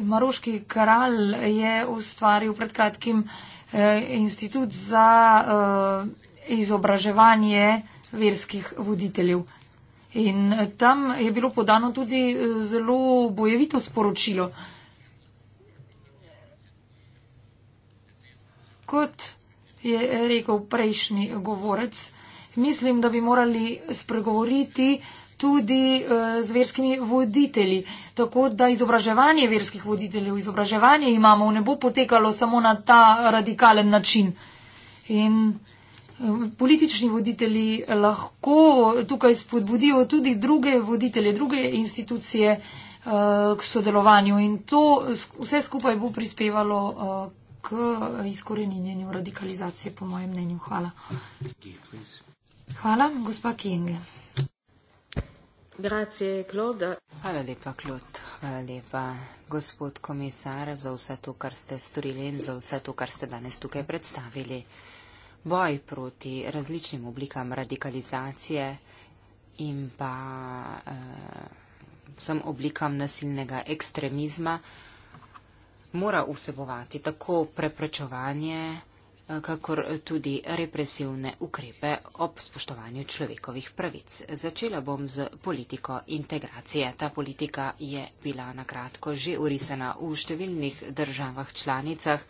Speaker 1: Maroški kral je ustvaril pred kratkim eh, institut za eh, izobraževanje verskih voditeljev. In eh, tam je bilo podano tudi eh, zelo bojevito sporočilo. Kot je rekel prejšnji govorec, mislim, da bi morali spregovoriti eh, tudi eh, z verskimi voditelji. Tako da izobraževanje verskih voditeljev, izobraževanje imamo, ne bo potekalo samo na ta radikalen način. In eh, politični voditelji lahko tukaj spodbudijo tudi druge voditelje, druge institucije eh, k sodelovanju in to vse skupaj bo prispevalo k izkoreninjenju radikalizacije, po mojem mnenju. Hvala. Hvala, gospa Kinge.
Speaker 3: Grazie, Hvala lepa, Klod. Hvala lepa, gospod komisar, za vse to, kar ste storili in za vse to, kar ste danes tukaj predstavili. Boj proti različnim oblikam radikalizacije in pa eh, vsem oblikam nasilnega ekstremizma mora vsebovati tako preprečovanje, kakor tudi represivne ukrepe ob spoštovanju človekovih pravic. Začela bom z politiko integracije. Ta politika je bila na kratko že urisena v številnih državah članicah.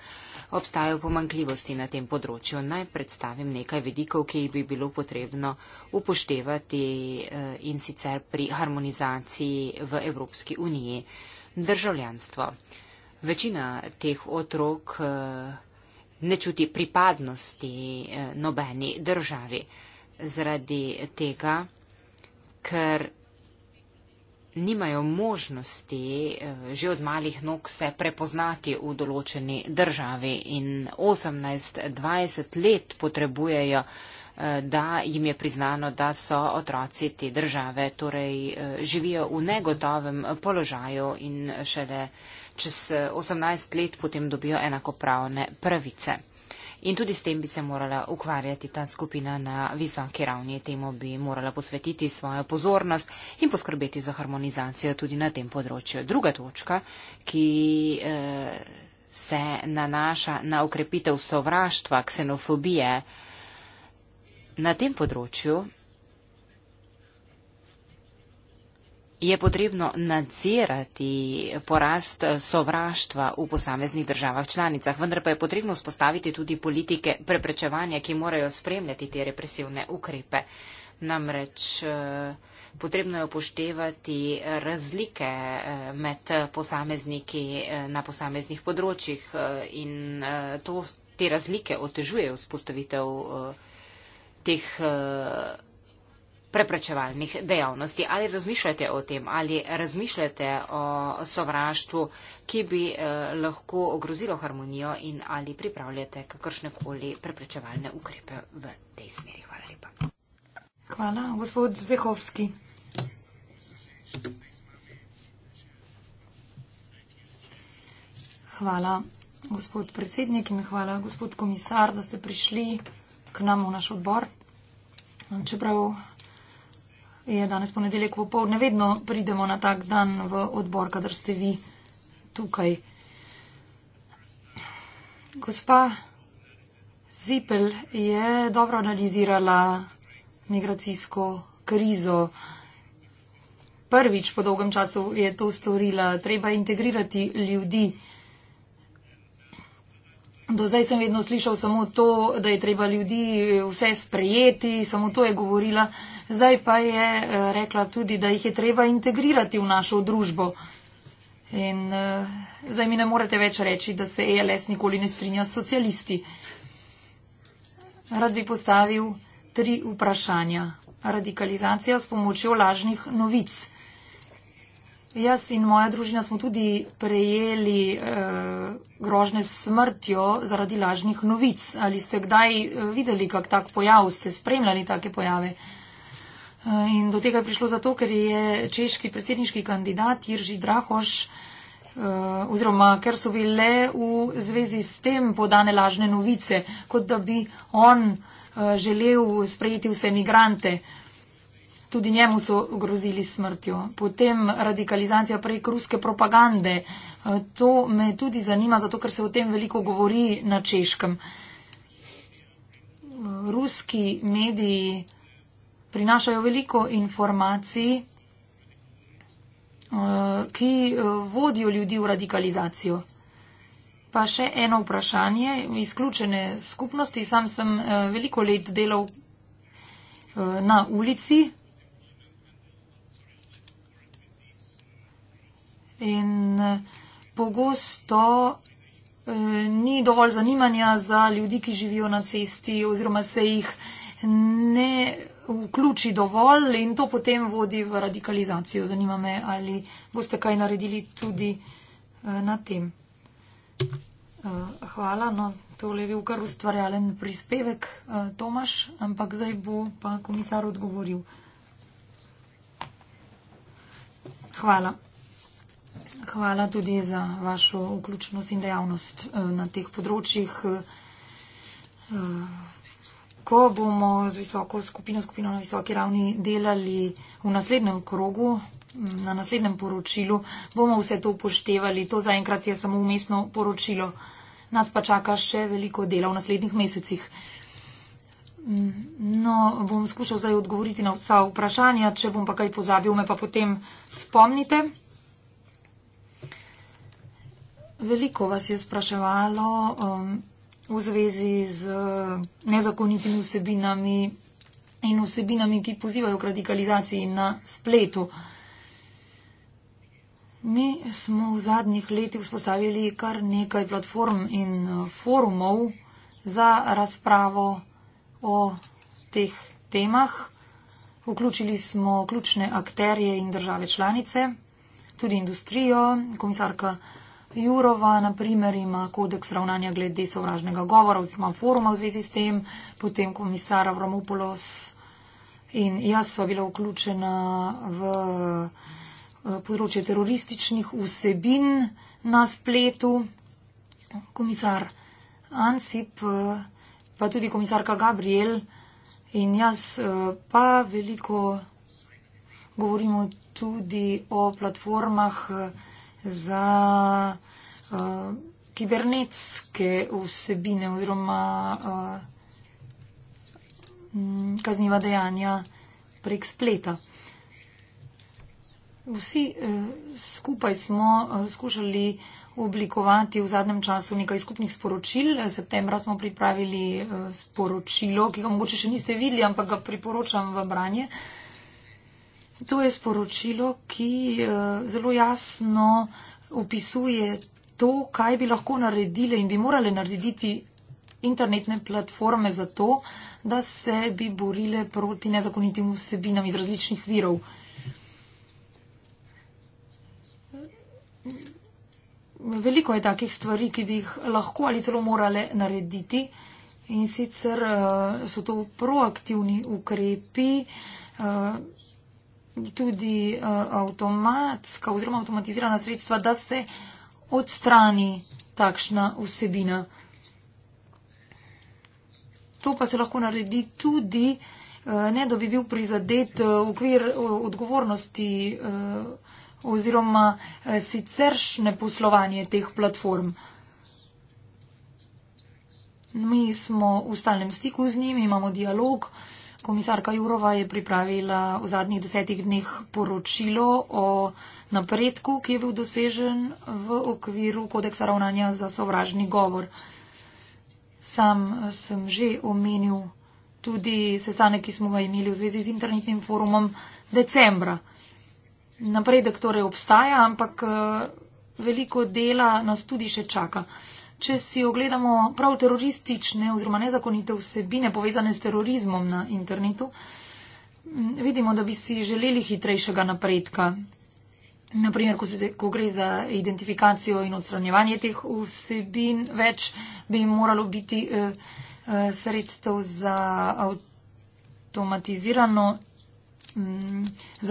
Speaker 3: Obstajajo pomankljivosti na tem področju. Naj predstavim nekaj vidikov, ki bi bilo potrebno upoštevati eh, in sicer pri harmonizaciji v Evropski uniji. Državljanstvo. Večina teh otrok eh, ne čuti pripadnosti eh, nobeni državi. Zaradi tega, ker nimajo možnosti eh, že od malih nog se prepoznati v določeni državi in 18-20 let potrebujejo, eh, da jim je priznano, da so otroci te države, torej živijo v negotovem položaju in šele čez 18 eh, let potem dobijo enakopravne pravice. In tudi s tem bi se morala ukvarjati ta skupina na visoki ravni. Temu bi morala posvetiti svojo pozornost in poskrbeti za harmonizacijo tudi na tem področju. Druga točka, ki eh, se nanaša na okrepitev sovraštva, ksenofobije, na tem področju je potrebno nadzirati porast sovraštva v posameznih državah članicah, vendar pa je potrebno spostaviti tudi politike preprečevanja, ki morajo spremljati te represivne ukrepe. Namreč eh, potrebno je upoštevati razlike eh, med posamezniki eh, na posameznih področjih in to, te razlike otežujejo spostavitev teh preprečevalnih dejavnosti. Ali razmišljate o tem, ali razmišljate o sovraštvu, ki bi eh, lahko ogrozilo harmonijo in ali pripravljate kakršnekoli preprečevalne ukrepe v tej smeri. Hvala lepa.
Speaker 1: Hvala, gospod Zdehovski. Hvala, gospod predsednik in hvala, gospod komisar, da ste prišli k nam v naš odbor. Čeprav je danes ponedeljek popoldne, vedno pridemo na tak dan v odbor, kadar ste vi tukaj. Gospa Zipel je dobro analizirala migracijsko krizo. Prvič po dolgem času je to storila. Treba integrirati ljudi. Do zdaj sem vedno slišal samo to, da je treba ljudi vse sprejeti, samo to je govorila zdaj pa je eh, rekla tudi, da jih je treba integrirati v našo družbo. In eh, zdaj mi ne morete več reči, da se ELS nikoli ne strinja s socialisti. Rad bi postavil tri vprašanja. Radikalizacija s pomočjo lažnih novic. Jaz in moja družina smo tudi prejeli eh, grožne smrtjo zaradi lažnih novic. Ali ste kdaj eh, videli kak tak pojav, ste spremljali take pojave? Eh, Eh, in do tega je prišlo zato, ker je češki predsedniški kandidat Jirži Drahoš, eh, oziroma ker so bile v zvezi s tem podane lažne novice, kot da bi on eh, želel sprejeti vse migrante. Tudi njemu so grozili smrtjo. Potem radikalizacija prek ruske propagande. To me tudi zanima, zato ker se o tem veliko govori na češkem. Ruski mediji prinašajo veliko informacij, eh, ki eh, vodijo ljudi v radikalizacijo. Pa še eno vprašanje, izključene skupnosti. Sam sem eh, veliko let delal na ulici. In pogosto e, ni dovolj zanimanja za ljudi, ki živijo na cesti oziroma se jih ne vključi dovolj in to potem vodi v radikalizacijo. Zanima me, ali boste kaj naredili tudi eh, na tem. Eh, hvala, no, tole je bil kar ustvarjalen prispevek eh, Tomaš, ampak zdaj bo pa komisar odgovoril. Hvala. Hvala tudi za vašo vključenost in dejavnost na teh področjih. Ko bomo z visoko skupino, skupino na visoki ravni delali v naslednjem krogu, na naslednjem poročilu, bomo vse to upoštevali. To zaenkrat je samo umestno poročilo. Nas pa čaka še veliko dela v naslednjih mesecih. No, bom skušal zdaj odgovoriti na vsa vprašanja. Če bom pa kaj pozabil, me pa potem spomnite. Veliko vas je spraševalo. Um, v zvezi z eh, nezakonitimi vsebinami in vsebinami, ki pozivajo k radikalizaciji na spletu. Mi smo v zadnjih letih vzpostavili kar nekaj platform in eh, forumov za razpravo o teh temah. Vključili smo ključne akterje in države članice, tudi industrijo, komisarka. Jurova, naprimer, ima kodeks ravnanja glede sovražnega govora oziroma foruma v zvezi s tem, potem komisar Avramopoulos in jaz sva bila vključena v eh, področje terorističnih vsebin na spletu. Komisar Ansip, eh, pa tudi komisarka Gabriel in jaz eh, pa veliko govorimo tudi o platformah, za uh, kibernetske vsebine oziroma uh, kazniva dejanja prek spleta. Vsi uh, skupaj smo uh, skušali oblikovati v zadnjem času nekaj skupnih sporočil. Septembra smo pripravili uh, sporočilo, ki ga mogoče še niste videli, ampak ga priporočam v branje. Uh, To je sporočilo, ki eh, zelo jasno opisuje to, kaj bi lahko naredile in bi morale narediti internetne platforme za to, da se bi borile proti nezakonitim vsebinam iz različnih virov. Veliko je takih stvari, ki bi jih lahko ali celo morale narediti in sicer eh, so to proaktivni ukrepi. Eh, tudi uh, avtomatska oziroma avtomatizirana sredstva, da se odstrani takšna vsebina. To pa se lahko naredi tudi, uh, ne da bi bil prizadet uh, ukvir uh, odgovornosti uh, oziroma uh, siceršne poslovanje teh platform. Mi smo v stalnem stiku z njimi, imamo dialog. Uh, Komisarka Jurova je pripravila v zadnjih desetih dneh poročilo o napredku, ki je bil dosežen v okviru kodeksa ravnanja za sovražni govor. Sam sem že omenil tudi sestanek, ki smo ga imeli v zvezi z internetnim forumom decembra. Napredek torej obstaja, ampak eh, veliko dela nas tudi še čaka če si ogledamo prav teroristične oziroma nezakonite vsebine povezane s terorizmom na internetu, mm, vidimo, da bi si želeli hitrejšega napredka. Naprimer, ko, se, ko gre za identifikacijo in odstranjevanje teh vsebin, več bi moralo biti eh, eh, sredstev za automatizirano mm,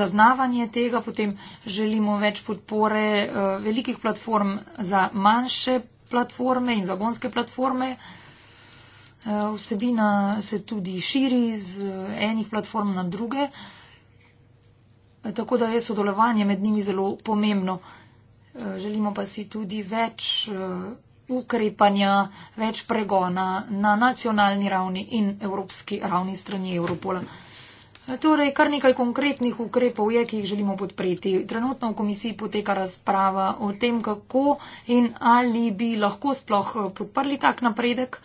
Speaker 1: zaznavanje tega, potem želimo več podpore eh, velikih platform za manjše platforme in zagonske platforme. Eh, vsebina se tudi širi z eh, enih platform na druge, eh, tako da je sodelovanje med njimi zelo pomembno. Želimo pa si tudi več ukrepanja, več pregona na nacionalni ravni in evropski ravni strani Evropola. Torej, kar nekaj konkretnih ukrepov je, ki jih želimo podpreti. Trenutno v komisiji poteka razprava o tem, kako in ali bi lahko sploh eh, podprli tak napredek.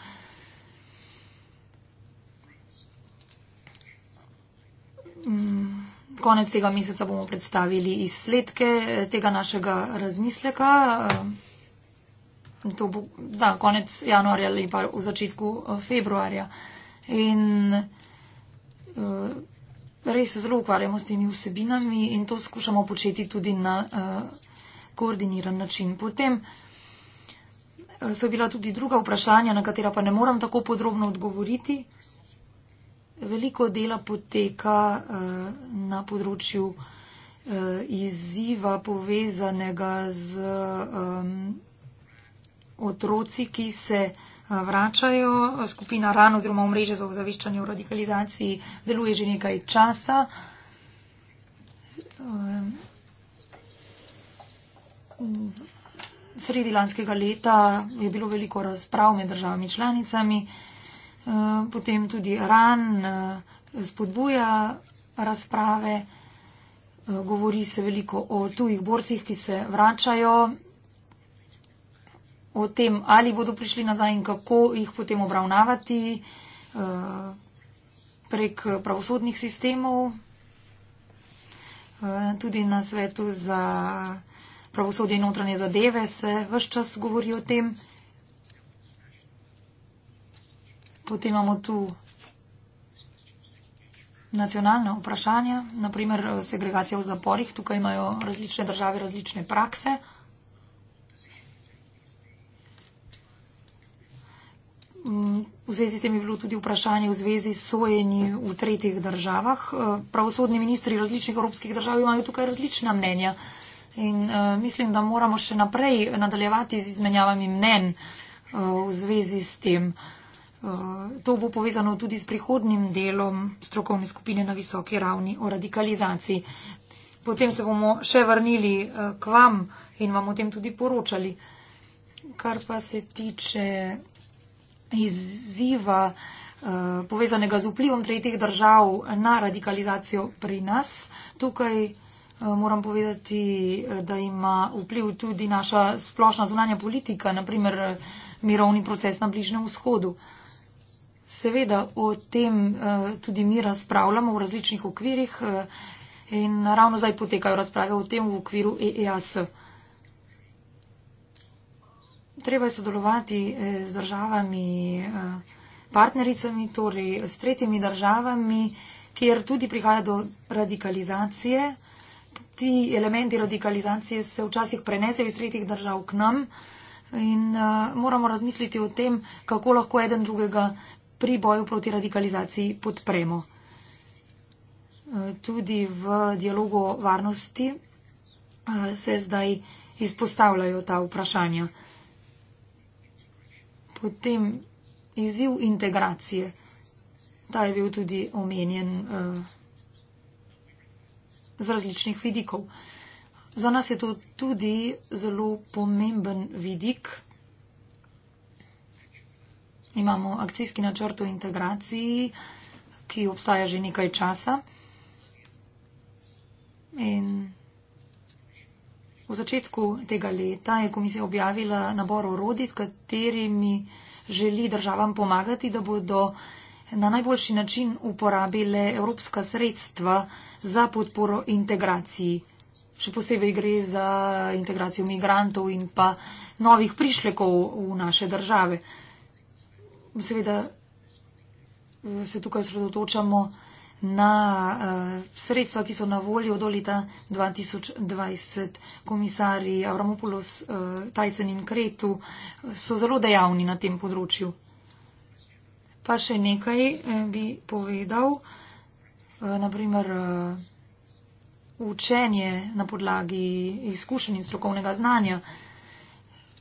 Speaker 1: Mm, konec tega meseca bomo predstavili izsledke eh, tega našega razmisleka. Eh, to bo da, konec januarja ali pa v začetku februarja. In, Res se zelo ukvarjamo s temi vsebinami in to skušamo početi tudi na uh, koordiniran način. Potem uh, so bila tudi druga vprašanja, na katera pa ne moram tako podrobno odgovoriti. Veliko dela poteka uh, na področju uh, izziva povezanega z um, otroci, ki se. Uh, vračajo. Skupina RAN oziroma omrežje za ozaveščanje o radikalizaciji deluje že nekaj časa. Ehm, sredi lanskega leta je bilo veliko razprav med državami članicami, ehm, potem tudi RAN eh, spodbuja razprave, ehm, govori se veliko o tujih borcih, ki se vračajo, o tem, ali bodo prišli nazaj in kako jih potem obravnavati eh, prek pravosodnih sistemov. Eh, tudi na svetu za pravosodje in notranje zadeve se vse čas govori o tem. Potem imamo tu nacionalne vprašanja, naprimer eh, segregacija v zaporih. Tukaj imajo različne države različne prakse. Mm, v zvezi s tem je bilo tudi vprašanje v zvezi s sojenji v tretjih državah. Eh, pravosodni ministri različnih evropskih držav imajo tukaj različna mnenja in eh, mislim, da moramo še naprej nadaljevati z izmenjavami mnen eh, v zvezi s tem. To bo povezano tudi s prihodnim delom strokovne skupine na visoki ravni o radikalizaciji. Potem se bomo še vrnili k vam in vam o tem tudi poročali. Kar pa se tiče izziva eh, povezanega z vplivom tretjih držav na radikalizacijo pri nas. Tukaj eh, moram povedati, eh, da ima vpliv tudi naša splošna zunanja politika, naprimer mirovni proces na Bližnem vzhodu. Seveda o tem tudi mi razpravljamo v različnih okvirih in ravno zdaj potekajo razprave o tem v okviru EEAS treba je sodelovati eh, z državami, eh, partnericami, torej s tretjimi državami, kjer tudi prihaja do radikalizacije. Ti elementi radikalizacije se včasih prenesejo iz tretjih držav k nam in eh, moramo razmisliti o tem, kako lahko eden drugega pri boju proti radikalizaciji podpremo. Tudi v dialogu varnosti se zdaj izpostavljajo ta vprašanja. Potem izziv integracije. Ta je bil tudi omenjen uh, z različnih vidikov. Za nas je to tudi zelo pomemben vidik. Imamo akcijski načrt o integraciji, ki obstaja že nekaj časa. In V začetku tega leta je komisija objavila nabor orodi, s katerimi želi državam pomagati, da bodo na najboljši način uporabile evropska sredstva za podporo integraciji. Še posebej gre za integracijo migrantov in pa novih prišlekov v naše države. Seveda se tukaj sredotočamo na uh, sredstva, ki so na voljo do leta 2020. Komisari Avramopoulos, uh, Tyson in Kretu eh, so zelo dejavni na tem področju. Pa še nekaj bi povedal, uh, naprimer uh, učenje na podlagi izkušenj in strokovnega znanja.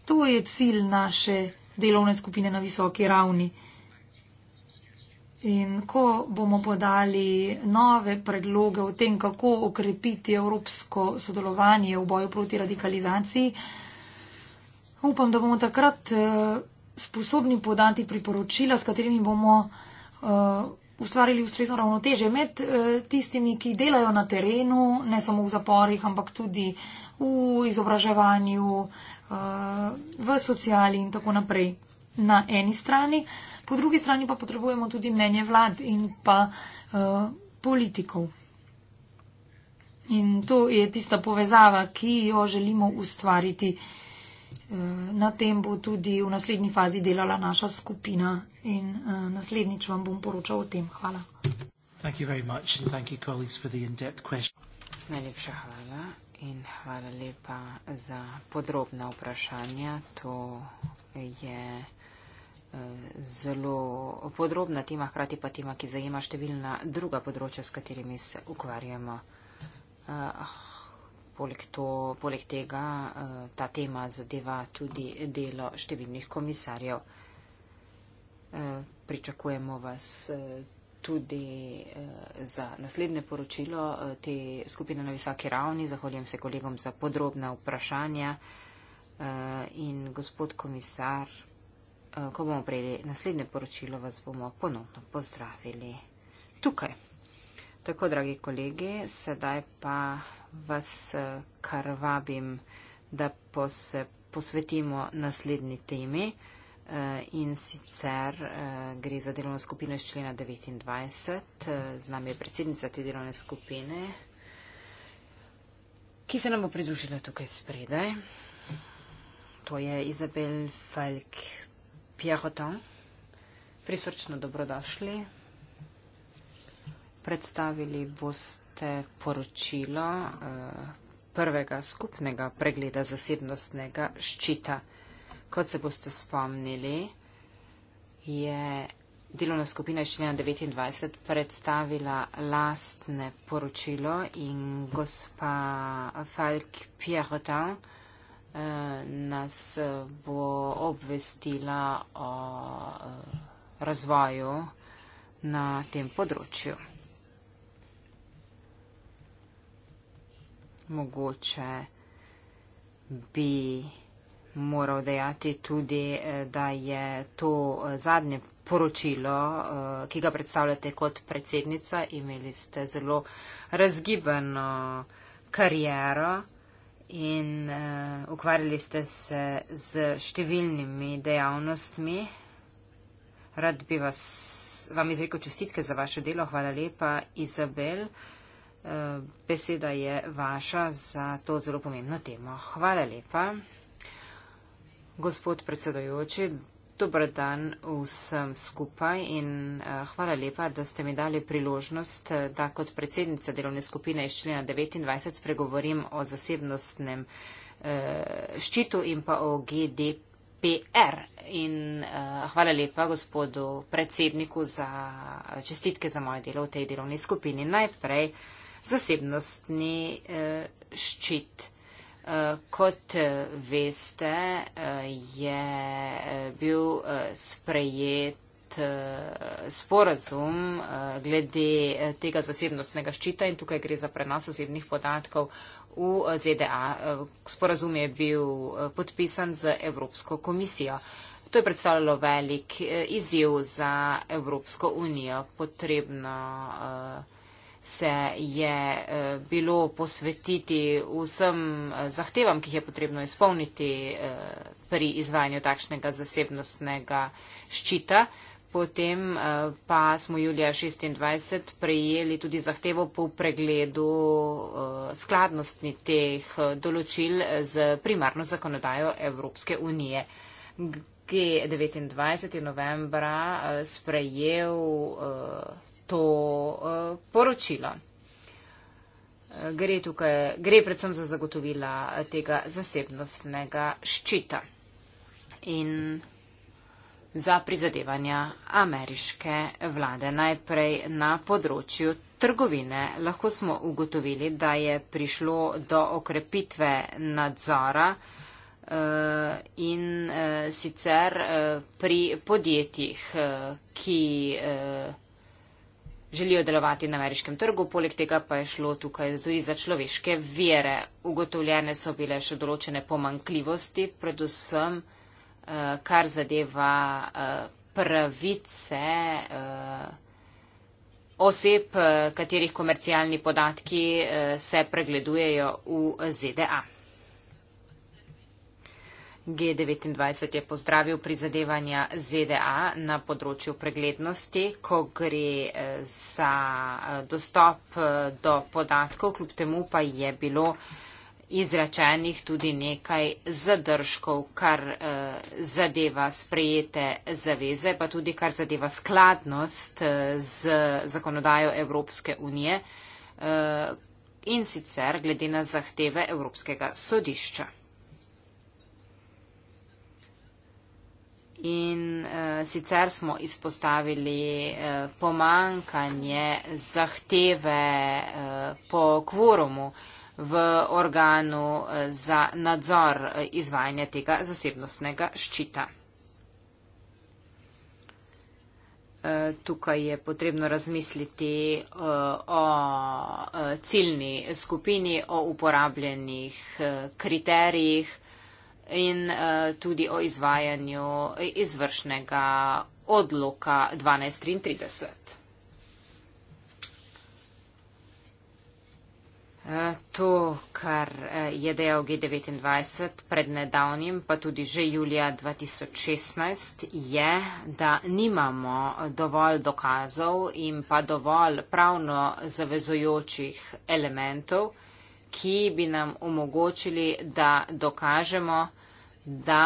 Speaker 1: To je cilj naše delovne skupine na visoki ravni. Uh, In ko bomo podali nove predloge o tem, kako okrepiti evropsko sodelovanje v boju proti radikalizaciji, upam, da bomo takrat eh, sposobni podati priporočila, s katerimi bomo eh, ustvarili ustrezno ravnoteže med eh, tistimi, ki delajo na terenu, ne samo v zaporih, ampak tudi v izobraževanju, v sociali in tako naprej na eni strani, po drugi strani pa potrebujemo tudi mnenje vlad in pa uh, politikov. In to je tista povezava, ki jo želimo ustvariti. Eh, na tem bo tudi v naslednji fazi delala naša skupina in eh, naslednjič vam bom poročal o tem. Hvala.
Speaker 3: Najlepša hvala
Speaker 1: in hvala lepa za
Speaker 3: podrobna vprašanja. To je zelo podrobna tema, hkrati pa tema, ki zajema številna druga področja, s katerimi se ukvarjamo. Ah, poleg, to, poleg tega eh, ta tema zadeva tudi delo številnih komisarjev. Eh, pričakujemo vas eh, tudi za naslednje poročilo te skupine na visoki ravni. Zahvaljujem se kolegom za podrobna vprašanja. In gospod komisar, Eh, ko bomo prejeli naslednje poročilo, vas bomo ponovno pozdravili tukaj. Tako, dragi kolegi, sedaj pa vas eh, kar vabim, da se posvetimo naslednji temi eh, in sicer gre za delovno skupino iz člena 29. Z nami je predsednica te delovne skupine, ki se nam bo pridružila tukaj spredaj. To je Izabel Falk Pierrotin, prisrčno dobrodošli. Predstavili boste poročilo eh, prvega skupnega pregleda zasebnostnega ščita. Kot se boste spomnili, je delovna skupina iz člena 29 predstavila lastne poročilo in gospa Falk Pierrotin nas eh, bo obvestila o eh, razvoju na tem področju. Mogoče bi moral dejati tudi, eh, da je to zadnje poročilo, ki ga predstavljate kot predsednica, imeli ste zelo razgibano kariero in uh, ukvarjali ste se z številnimi dejavnostmi. Rad bi vas, vam izrekel čestitke za vaše delo. Hvala lepa, Izabel. Uh, beseda je vaša za to zelo pomembno temo. Hvala lepa. Gospod predsedojoči, Dober dan vsem skupaj in eh, hvala lepa, da ste mi dali priložnost, eh, da kot predsednica delovne skupine iz člena 29 spregovorim o zasebnostnem eh, ščitu in pa o GDPR. In hvala lepa gospodu predsedniku za čestitke za moje delo v tej delovni skupini. Najprej zasebnostni ščit. Kot eh, veste, eh, je eh, bil sprejet sporazum glede tega zasebnostnega ščita in tukaj gre za prenos osebnih podatkov v ZDA. Sporazum je bil podpisan z Evropsko komisijo. To je predstavljalo velik izjiv za Evropsko unijo. Potrebno uh, se je eh, bilo posvetiti vsem eh, zahtevam, ki jih je potrebno izpolniti eh, pri izvajanju takšnega zasebnostnega ščita. Potem pa smo julija 26 prejeli tudi zahtevo po pregledu skladnosti teh določil z primarno zakonodajo Evropske unije. G29 je novembra sprejel to uh, poročilo. Gre, tukaj, gre predvsem za zagotovila tega zasebnostnega ščita in za prizadevanja ameriške vlade. Najprej na področju trgovine lahko smo ugotovili, da je prišlo do okrepitve nadzora eh, in eh, sicer pri podjetjih, ki želijo delovati na ameriškem trgu, poleg tega pa je šlo tukaj tudi za človeške vire. Ugotovljene so bile še določene pomankljivosti, predvsem eh, kar zadeva eh, pravice eh, oseb, katerih komercialni podatki se pregledujejo v ZDA. G29 je pozdravil prizadevanja ZDA na področju preglednosti, ko gre eh, za eh, dostop eh, do podatkov, kljub temu pa je bilo izračenih tudi nekaj zadržkov, kar zadeva sprejete zaveze, pa tudi kar zadeva skladnost z zakonodajo Evropske unije in sicer glede na zahteve Evropskega sodišča. In uh, sicer smo izpostavili uh, pomankanje zahteve uh, po kvorumu v organu uh, za nadzor uh, izvajanja tega zasebnostnega ščita. Tukaj je potrebno razmisliti o ciljni skupini, o uporabljenih kriterijih, in uh, tudi o izvajanju izvršnega odloka 1233. Eh, to, kar eh, je dejal G29 pred nedavnim, pa tudi že julija 2016, je, da nimamo dovolj dokazov in pa dovolj pravno zavezujočih elementov, ki bi nam omogočili, da dokažemo, da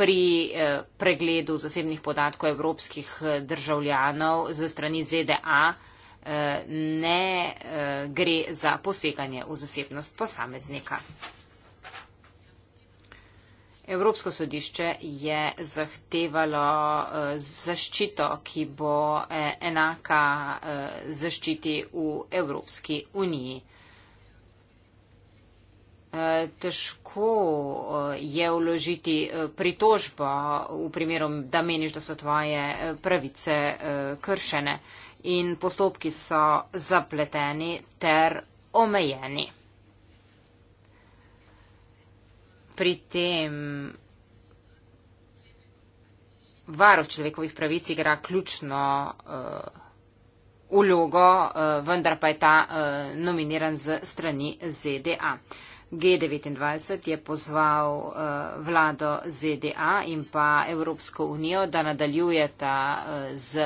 Speaker 3: pri eh, pregledu zasebnih podatkov evropskih eh, državljanov za strani ZDA eh, ne gre za poseganje v zasebnost posameznika. Evropsko sodišče je zahtevalo eh, zaščito, ki bo eh, enaka eh, zaščiti v Evropski uniji. Težko je vložiti pritožbo v primeru, da meniš, da so tvoje pravice kršene in postopki so zapleteni ter omejeni. pri tem varov človekovih pravic igra ključno uh, eh, ulogo, uh, eh, vendar pa je ta uh, nominiran z strani ZDA. G29 je pozval uh, vlado ZDA in pa Evropsko unijo, da nadaljujeta uh, z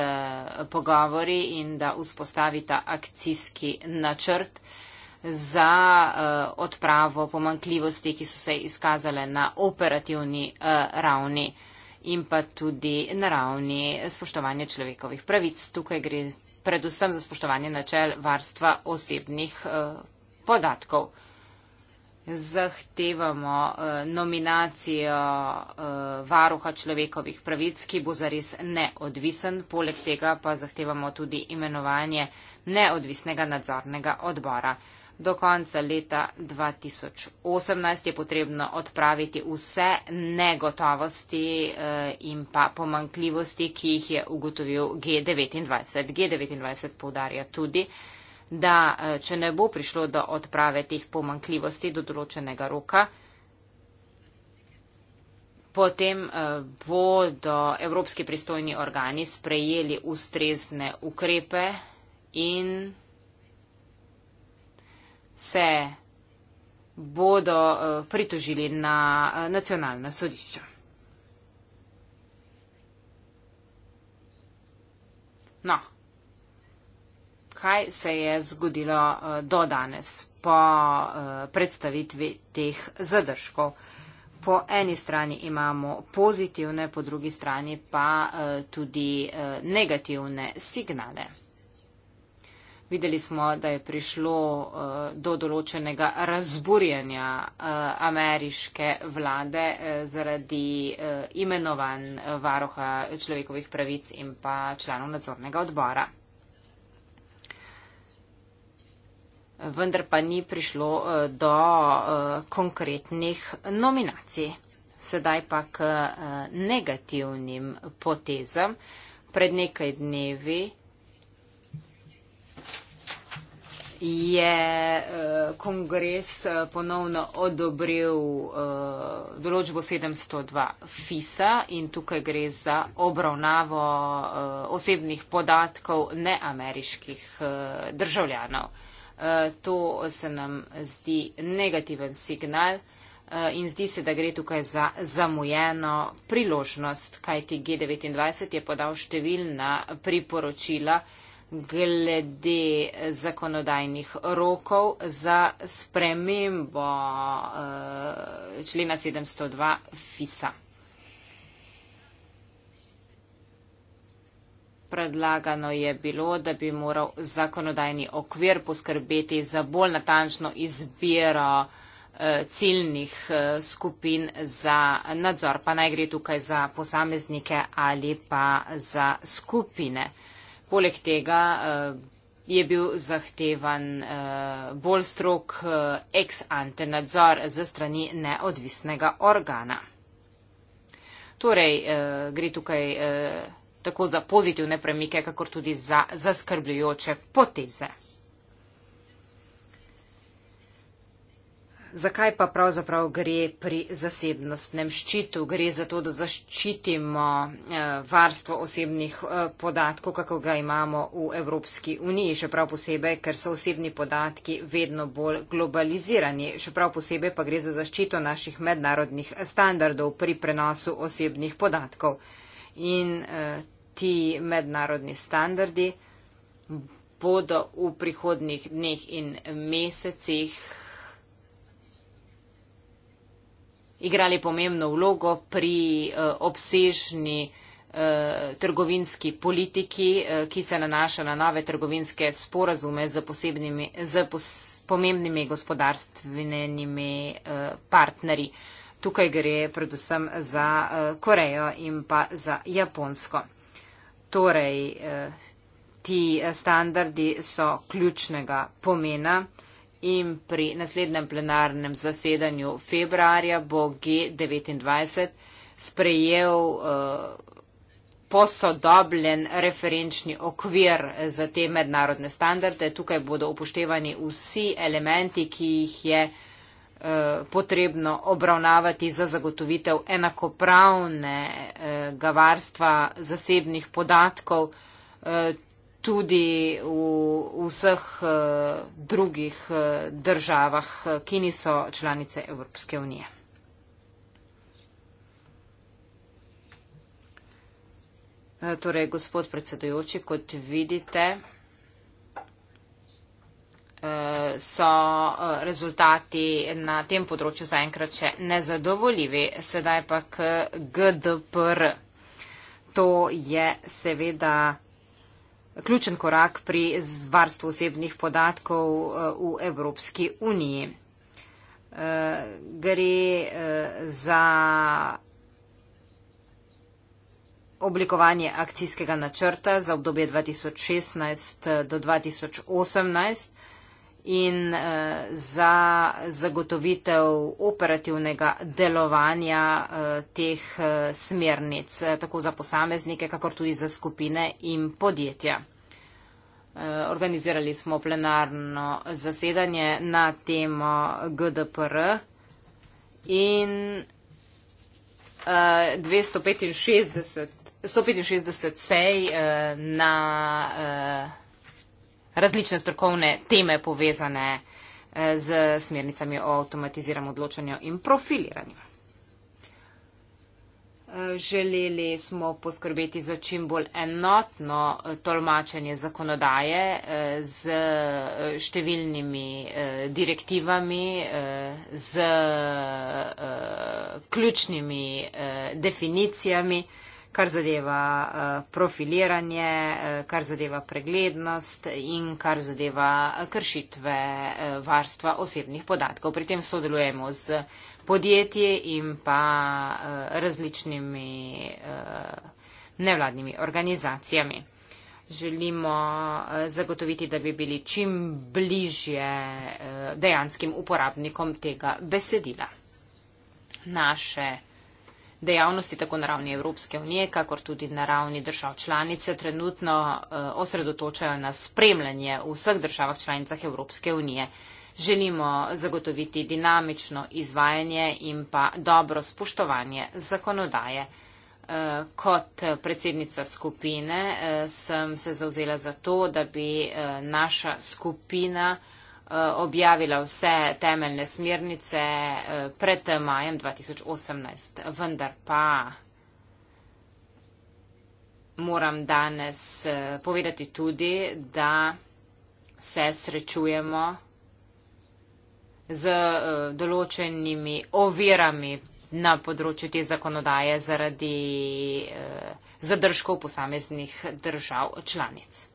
Speaker 3: pogovori in da vzpostavita akcijski načrt uh, za uh, odpravo pomankljivosti, ki so se izkazale na operativni uh, ravni in pa tudi na ravni spoštovanja človekovih pravic. Tukaj gre predvsem za spoštovanje načel varstva osebnih uh, podatkov. Zahtevamo uh, nominacijo uh, varuha človekovih pravic, ki bo zares neodvisen. Poleg tega pa zahtevamo tudi imenovanje neodvisnega nadzornega odbora. Uh, Do konca leta 2018 je potrebno odpraviti vse negotovosti eh, in pa pomankljivosti, ki jih je ugotovil G29. G29 povdarja tudi, da eh, če ne bo prišlo do odprave teh pomankljivosti do določenega roka, potem eh, bodo evropski pristojni organi sprejeli ustrezne ukrepe in se bodo eh, pritožili na eh, nacionalna sodišča. No, kaj se je zgodilo eh, do danes po predstavitvi teh zadržkov? Po eni strani imamo pozitivne, po drugi strani pa tudi negativne signale. Videli smo, da je prišlo eh, do določenega razburjanja eh, ameriške vlade eh, zaradi imenovanj varoha človekovih pravic in pa članov nadzornega odbora. Vendar pa ni prišlo do konkretnih nominacij. Sedaj pa k negativnim potezam. Pred nekaj dnevi je eh, kongres eh, ponovno odobril eh, določbo 702 FISA in tukaj gre za obravnavo osebnih podatkov neameriških državljanov. To se nam zdi negativen signal in zdi se, da gre tukaj za zamujeno priložnost, kajti G29 je podal številna priporočila, glede zakonodajnih rokov za spremembo eh, člena 702 FISA. Predlagano je bilo, da bi moral zakonodajni okvir poskrbeti za bolj natančno izbiro eh, ciljnih eh, skupin za nadzor, pa naj gre tukaj za posameznike ali pa za skupine. Poleg tega uh, je bil zahtevan uh, bolj strok uh, ex ante nadzor ze strani neodvisnega organa. Torej, uh, gre tukaj uh, tako za pozitivne premike, kakor tudi za zaskrbljujoče poteze. Zakaj pa pravzaprav gre pri zasebnostnem ščitu? Gre za to, da zaščitimo eh, varstvo osebnih eh, podatkov, kako ga imamo v Evropski uniji, še prav posebej, ker so osebni podatki vedno bolj globalizirani. Še prav posebej pa gre za zaščito naših mednarodnih standardov pri prenosu osebnih podatkov. In eh, ti mednarodni standardi bodo v prihodnih dneh in mesecih igrali pomembno vlogo pri uh, obsežni eh, trgovinski politiki, eh, ki se nanaša na nove trgovinske sporazume z, posebnimi, z pos, pomembnimi gospodarstvenimi partnerji. Tukaj gre predvsem za Korejo in pa za Japonsko. Torej, ti standardi so ključnega pomena in pri naslednjem plenarnem zasedanju februarja bo G29 sprejel eh, posodobljen referenčni okvir za te mednarodne standarde. Tukaj bodo upoštevani vsi elementi, ki jih je eh, potrebno obravnavati za zagotovitev enakopravnega varstva zasebnih podatkov. Eh, tudi v vseh eh, drugih eh, državah, eh, ki niso članice Evropske unije. Torej, gospod predsedujoči, kot vidite, so rezultati na tem področju zaenkrat še nezadovoljivi. Sedaj pa k GDPR. To je seveda ključen korak pri varstvu osebnih podatkov eh, v Evropski uniji. Eh, gre eh, za oblikovanje akcijskega načrta za obdobje 2016 do 2018, in eh, za zagotovitev operativnega delovanja eh, teh eh, smernic, tako za posameznike, kakor tudi za skupine in podjetja. Organizirali smo plenarno zasedanje na temo GDPR in 265, 165 sej na različne strokovne teme povezane eh, z smernicami o avtomatiziranem odločanju in profiliranju. Eh, želeli smo poskrbeti za čim bolj enotno eh, tolmačenje zakonodaje z številnimi direktivami, z ključnimi definicijami, kar zadeva eh, profiliranje, eh, kar zadeva preglednost in kar zadeva kršitve eh, varstva osebnih podatkov. Pri tem sodelujemo z podjetji in pa različnimi nevladnimi organizacijami. Želimo zagotoviti, da bi bili čim bližje dejanskim uporabnikom tega besedila. Naše dejavnosti tako na ravni Evropske unije, kakor tudi na ravni držav članice trenutno eh, osredotočajo na spremljanje v vseh državah članicah Evropske unije. Želimo zagotoviti dinamično izvajanje in pa dobro spoštovanje zakonodaje. Eh, kot predsednica skupine eh, sem se zauzela za to, da bi naša skupina Eh, objavila vse temeljne smernice eh, pred majem 2018. Vendar pa moram danes eh, povedati tudi, da se srečujemo z določenimi ovirami na področju te zakonodaje zaradi zadržkov posameznih držav članic.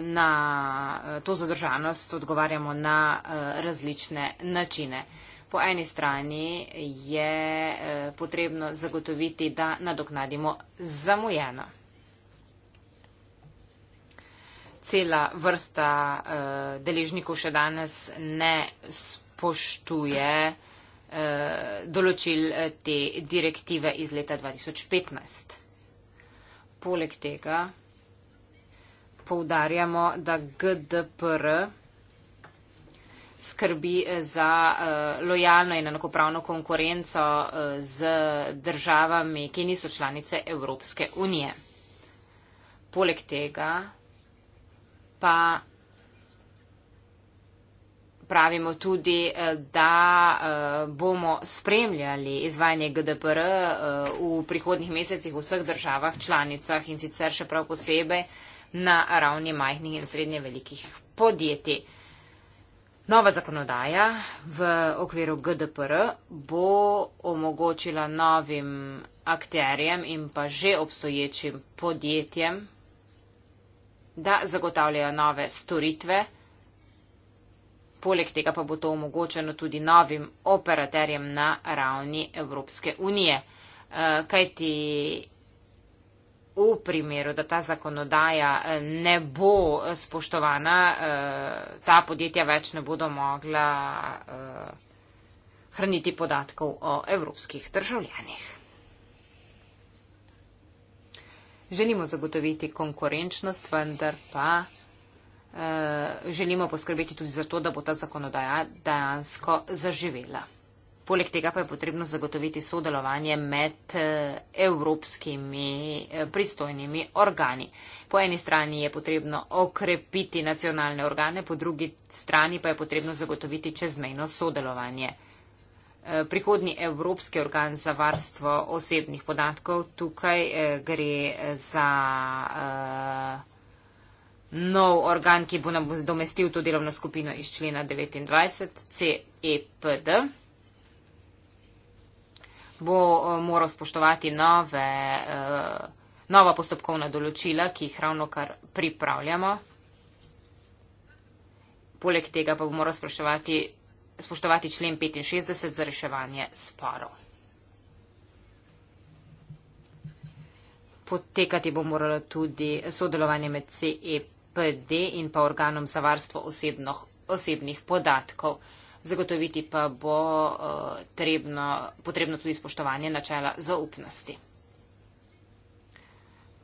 Speaker 3: na to zadržanost odgovarjamo na eh, različne načine. Po eni strani je eh, potrebno zagotoviti, da nadoknadimo zamujeno. Cela vrsta eh, deležnikov še danes ne spoštuje določil te direktive iz leta 2015. Poleg tega poudarjamo, da GDPR skrbi eh, za uh, lojalno in enakopravno konkurenco uh, z državami, ki niso članice Evropske unije. Poleg tega pa pravimo tudi, uh, da uh, bomo spremljali izvajanje GDPR uh, v prihodnih mesecih v vseh državah, članicah in sicer še prav posebej uh, na ravni majhnih in srednje velikih podjetij. Nova zakonodaja v okviru GDPR bo omogočila novim akterjem in pa že obstoječim podjetjem, da zagotavljajo nove storitve. Poleg tega pa bo to omogočeno tudi novim operaterjem na ravni Evropske unije. Eh, Kaj ti v primeru, da ta zakonodaja eh, ne bo eh, spoštovana, eh, ta podjetja več ne bodo mogla hraniti podatkov o evropskih državljanih. Želimo zagotoviti konkurenčnost, vendar pa želimo poskrbeti tudi za to, da bo ta zakonodaja dejansko zaživela. Poleg tega pa je potrebno zagotoviti sodelovanje med eh, evropskimi eh, pristojnimi organi. Po eni strani je potrebno okrepiti nacionalne organe, po drugi strani pa je potrebno zagotoviti čezmejno sodelovanje. Eh, Prihodni Evropski organ za varstvo osebnih podatkov, tukaj gre za uh, nov organ, ki bo nam domestil to delovno skupino iz člena 29 CEPD bo eh, moral spoštovati nove, eh, nova postopkovna določila, ki jih ravno kar pripravljamo. Poleg tega pa bo moral spoštovati člen 65 za reševanje sporov. Potekati bo moralo tudi sodelovanje med CEPD in pa organom za varstvo osebnih podatkov zagotoviti pa bo eh, trebno, potrebno tudi spoštovanje načela zaupnosti.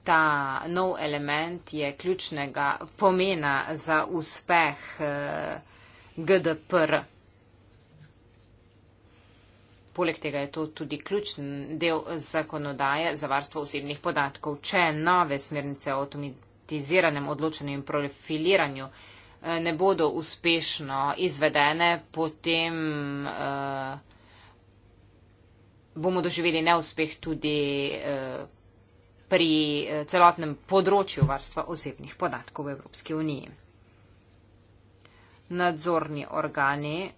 Speaker 3: Ta nov element je ključnega pomena za uspeh eh, GDPR. Poleg tega je to tudi ključen del zakonodaje za varstvo osebnih podatkov. Če nove smernice o automatiziranem odločanju in profiliranju ne bodo uspešno izvedene, potem eh, bomo doživeli neuspeh tudi eh, pri eh, celotnem področju varstva osebnih podatkov v Evropski uniji. Nadzorni organi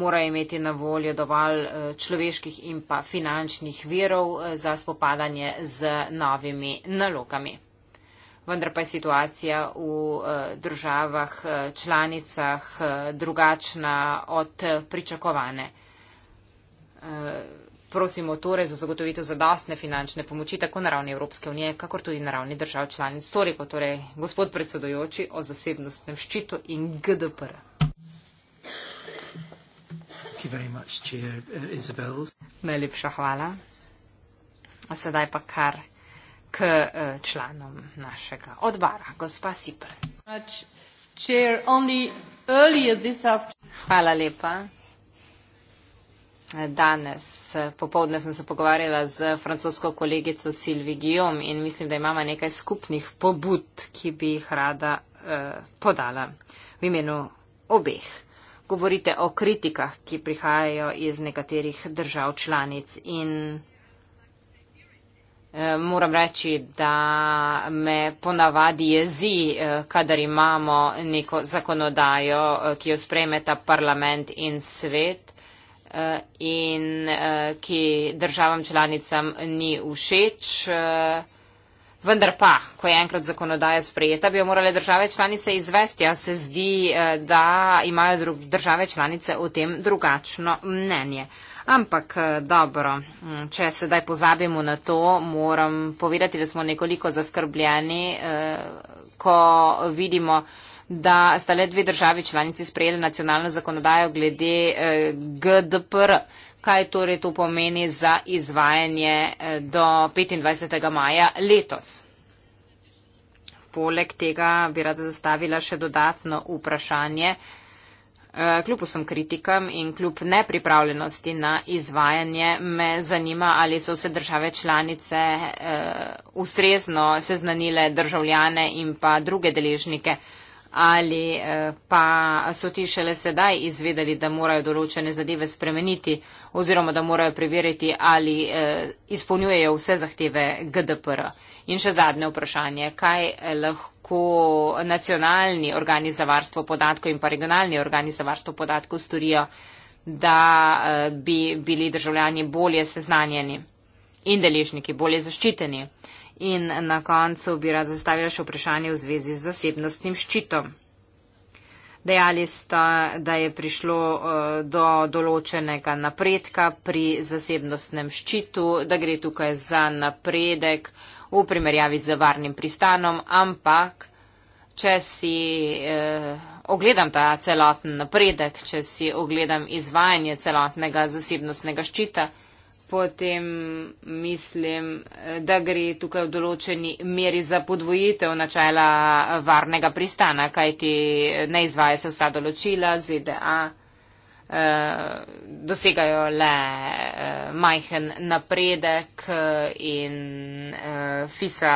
Speaker 3: morajo imeti na voljo dovolj človeških in pa finančnih virov za spopadanje z novimi nalogami vendar pa je situacija v eh, državah eh, članicah eh, drugačna od pričakovane. Prosimo torej za zagotovitev zadostne finančne pomoči tako na ravni Evropske unije, kakor tudi na ravni držav članic. Toliko torej, gospod predsedojoči, o zasebnostnem ščitu in GDPR.
Speaker 1: Uh,
Speaker 3: Najlepša hvala. A sedaj pa kar k eh, članom našega odbora, gospa Sipr. Hvala lepa. Danes eh, popovdne sem se pogovarjala z francosko kolegico Silvi Guillaume in mislim, da imamo nekaj skupnih pobud, ki bi jih rada eh, podala v imenu obeh. Govorite o kritikah, ki prihajajo iz nekaterih držav članic in Eh, moram reči, da me ponavadi jezi, eh, kadar imamo neko zakonodajo, eh, ki jo spremeta parlament in svet in ki državam članicam ni všeč. Vendar pa, ko je enkrat zakonodaja sprejeta, bi jo morale države članice izvesti, a se zdi, da imajo države članice o tem drugačno mnenje. Ampak eh, dobro, mm, če sedaj pozabimo na to, moram povedati, da smo nekoliko zaskrbljeni, eh, ko vidimo, da sta le dve državi članici sprejeli nacionalno zakonodajo glede eh, GDPR. Kaj torej to pomeni za izvajanje do 25. maja letos? Poleg tega bi rada zastavila še dodatno vprašanje. Eh, kljub vsem kritikam in kljub nepripravljenosti na izvajanje, me zanima, ali so vse države članice eh, ustrezno seznanile državljane in pa druge deležnike, ali eh, pa so ti šele sedaj izvedeli, da morajo določene zadeve spremeniti oziroma da morajo preveriti, ali izpolnjujejo vse zahteve GDPR. In še zadnje vprašanje, kaj lahko lahko nacionalni organi za varstvo podatkov in pa regionalni organi za varstvo podatkov storijo, da eh, bi bili državljani bolje seznanjeni in deležniki bolje zaščiteni. In na koncu bi rad zastavila še vprašanje v zvezi z zasebnostnim ščitom. Dejali ste, da je prišlo eh, do določenega napredka pri zasebnostnem ščitu, da gre tukaj za napredek v primerjavi z varnim pristanom, ampak če si eh, ogledam ta celoten napredek, če si ogledam izvajanje celotnega zasebnostnega ščita, potem mislim, eh, da gre tukaj v določeni meri za podvojitev načela varnega pristana, kajti eh, ne izvaja se vsa določila ZDA. Eh, dosegajo le eh, majhen napredek eh, in FISA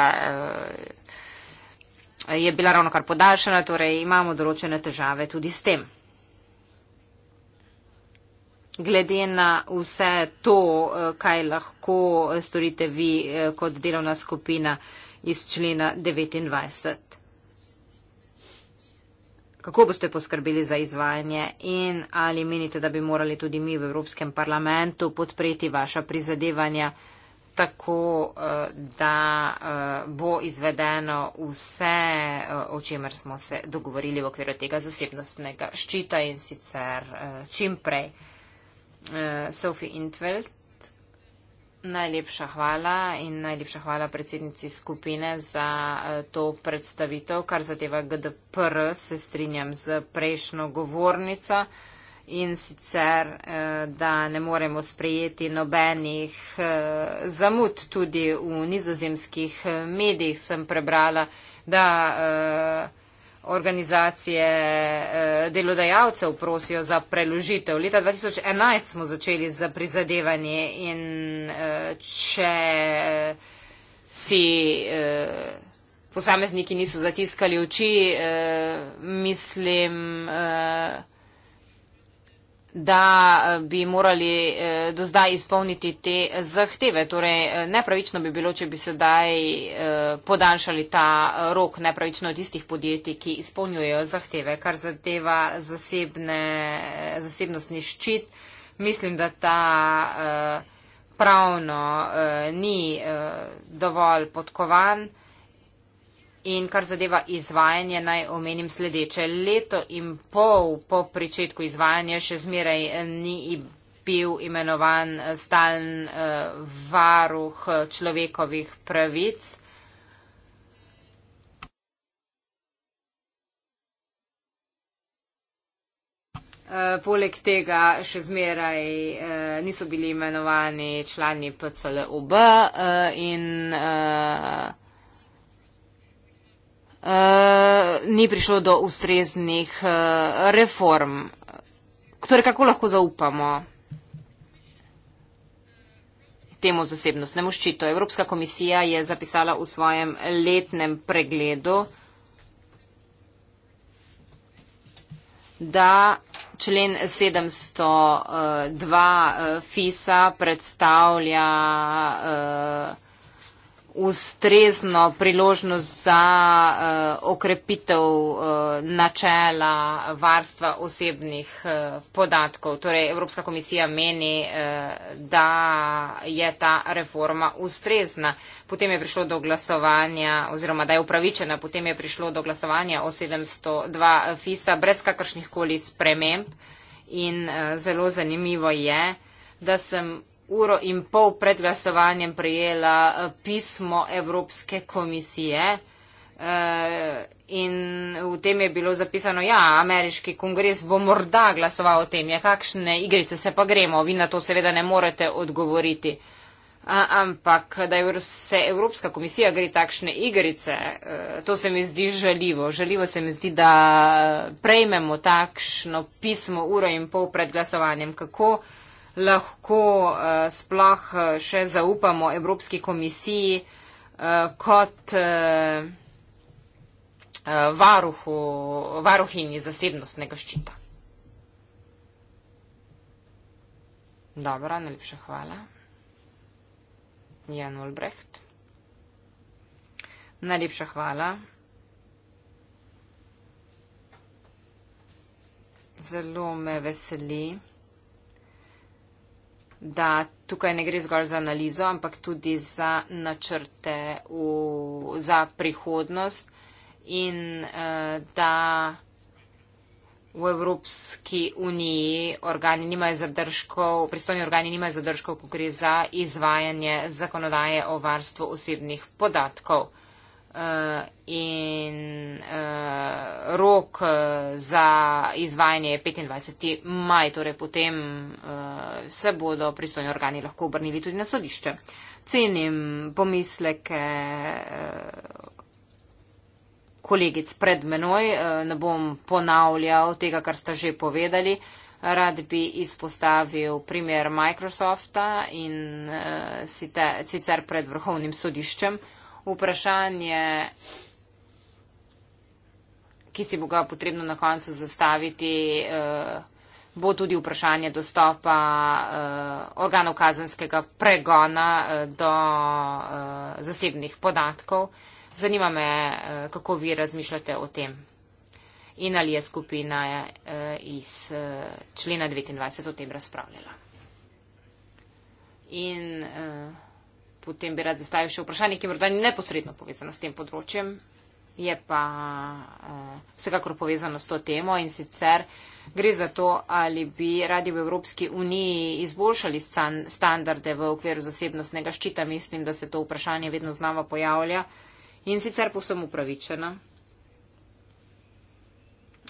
Speaker 3: je bila ravno kar podaljšana, torej imamo določene težave tudi s tem. Glede na vse to, kaj lahko storite vi kot delovna skupina iz člena 29 kako boste poskrbeli za izvajanje in ali menite, da bi morali tudi mi v Evropskem parlamentu podpreti vaša prizadevanja tako, eh, da eh, bo izvedeno vse, eh, o čemer smo se dogovorili v okviru tega zasebnostnega ščita in sicer čim prej. Sophie Intveld, Najlepša hvala in najlepša hvala predsednici skupine za eh, to predstavitev, kar zadeva GDPR, se strinjam z prejšnjo govornico in sicer, eh, da ne moremo sprejeti nobenih eh, zamud, tudi v nizozemskih medijih sem prebrala, da organizacije eh, delodajalcev prosijo za preložitev. Leta 2011 smo začeli z prizadevanje in eh, če si eh, posamezniki niso zatiskali oči, mislim, da eh, bi morali eh, do zdaj izpolniti te zahteve. Torej, eh, nepravično bi bilo, če bi sedaj eh, podaljšali ta rok, nepravično od tistih podjetij, ki izpolnjujejo zahteve, kar zadeva zasebne, zasebnostni ščit. Mislim, da ta eh, pravno eh, ni eh, dovolj podkovan. Eh, In kar zadeva izvajanje, naj omenim sledeče. Leto in pol po pričetku izvajanja še zmeraj eh, ni bil imenovan eh, stalen eh, varuh človekovih pravic. Poleg tega še zmeraj niso bili imenovani člani PCLUB in Eh, ni prišlo do ustreznih uh, reform, ktore kako lahko zaupamo temu zasebnostnemu ščitu. Evropska komisija je zapisala v svojem letnem pregledu, da člen 702 uh, FISA predstavlja uh, ustrezno priložnost za uh, okrepitev uh, načela varstva osebnih uh, podatkov. Torej, Evropska komisija meni, uh, da je ta reforma ustrezna. Potem je prišlo do glasovanja oziroma da je upravičena, potem je prišlo do glasovanja o 702 FISA brez kakršnih koli sprememb in uh, zelo zanimivo je, da sem uro in pol pred glasovanjem prijela eh, pismo Evropske komisije. Eh, in v tem je bilo zapisano, ja, ameriški kongres bo morda glasoval o tem, ja, kakšne igrice se pa gremo, vi na to seveda ne morete odgovoriti. Ampak, da se Evropska komisija gre takšne igrice, eh, to se mi zdi žaljivo. Žaljivo se mi zdi, da prejmemo takšno pismo uro in pol pred glasovanjem. Kako? lahko uh, sploh eh, še zaupamo Evropski komisiji uh, kot uh, varuhu, varuhini zasebnostnega ščita. Dobro, najlepša hvala. Jan Olbrecht. Najlepša hvala. Zelo me veseli da tukaj ne gre zgolj za analizo, ampak tudi za načrte v, za prihodnost in uh, da v Evropski uniji organi nimajo zadržkov, pristojni organi nimajo zadržkov, ko gre za izvajanje zakonodaje o varstvu osebnih podatkov uh, in uh, rok eh, za izvajanje je 25. maj, torej potem uh, se bodo pristojni organi lahko obrnili tudi na sodišče. Cenim pomisleke. Uh, kolegic pred menoj, ne bom ponavljal tega, kar ste že povedali. Rad bi izpostavil primer Microsofta in sicer pred vrhovnim sodiščem vprašanje, ki si bo ga potrebno na koncu zastaviti, eh, bo tudi vprašanje dostopa eh, organov kazenskega pregona eh, do zasebnih podatkov. Zanima me, kako vi razmišljate o tem in ali je skupina iz člena 29 o tem razpravljala. In uh, potem bi rad zastavil še vprašanje, ki je morda neposredno povezano s tem področjem, je pa uh, vsekakor povezano s to temo in sicer gre za to, ali bi radi v Evropski uniji izboljšali standarde v okviru zasebnostnega ščita. Mislim, da se to vprašanje vedno znova pojavlja in sicer povsem upravičeno.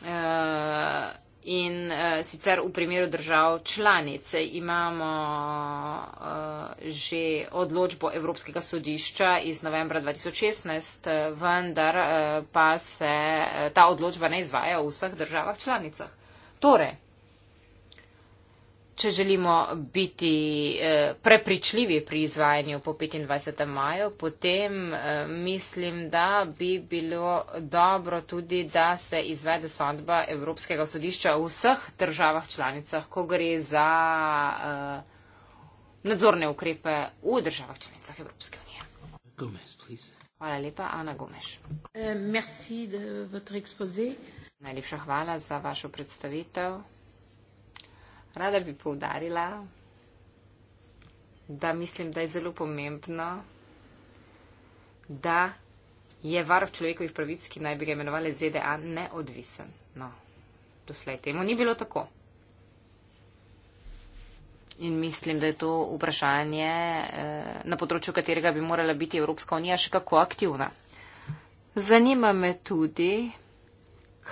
Speaker 3: Uh, In uh, sicer v primeru držav članice imamo uh, že odločbo Evropskega sodišča iz novembra 2016, eh, vendar uh, pa se uh, ta odločba ne izvaja v vseh državah članicah. Torej, Če želimo biti eh, prepričljivi pri izvajanju po 25. maju, potem eh, mislim, da bi bilo dobro tudi, da se izvede sodba Evropskega sodišča v vseh državah članicah, ko gre za eh, nadzorne ukrepe v državah članicah Evropske unije. Gomez, hvala lepa, Ana Gomeš. Eh, Najlepša hvala za vašo predstavitev. Rada bi poudarila, da mislim, da je zelo pomembno, da je varuh človekovih pravic, ki naj bi ga imenovali ZDA, neodvisen. No, doslej temu ni bilo tako. In mislim, da je to vprašanje, eh, na področju katerega bi morala biti Evropska unija še kako aktivna. Zanima me tudi,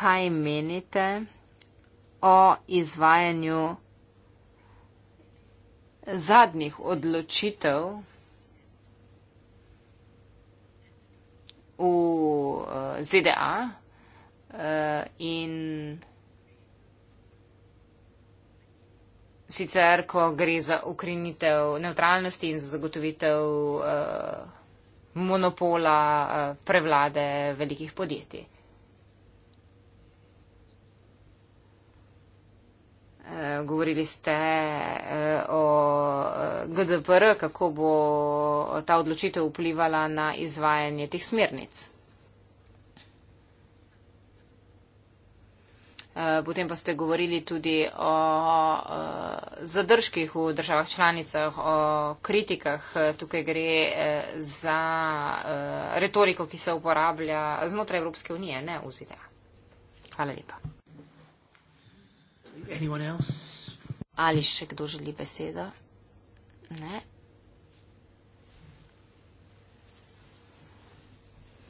Speaker 3: kaj menite o izvajanju zadnjih odločitev v eh, ZDA eh, in sicer, ko gre za ukrenitev neutralnosti in za zagotovitev eh, monopola prevlade velikih podjetij. Eh, govorili ste eh, o eh, GDPR, kako bo ta odločitev vplivala na izvajanje teh smernic. Potem pa ste govorili tudi o zadržkih v državah članicah, o kritikah. Tukaj gre za retoriko, ki se uporablja znotraj Evropske unije, ne v ZDA. Hvala lepa. Ali še kdo želi besedo? Ne.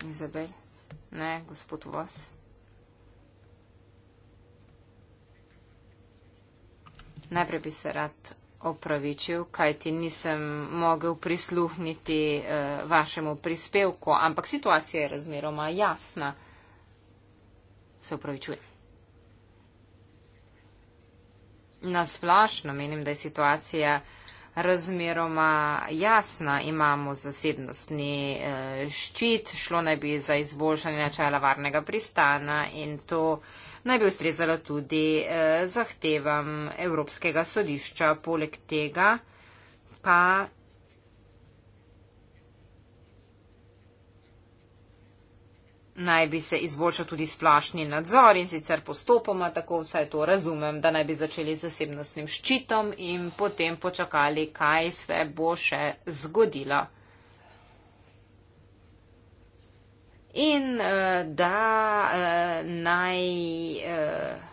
Speaker 3: Izabel? Ne, gospod Vos. Najprej bi se rad opravičil, kaj ti nisem mogel prisluhniti eh, vašemu prispevku, ampak situacija je razmeroma jasna. Se opravičujem. nasplašno menim, da je situacija razmeroma jasna. Imamo zasebnostni eh, ščit, šlo naj bi za izboljšanje načela varnega pristana in to naj bi ustrezalo tudi eh, zahtevam Evropskega sodišča. Poleg tega pa naj bi se izboljšal tudi splošni nadzor in sicer postopoma, tako vsaj to razumem, da naj bi začeli z zasebnostnim ščitom in potem počakali, kaj se bo še zgodilo. In eh, da eh, naj. Eh,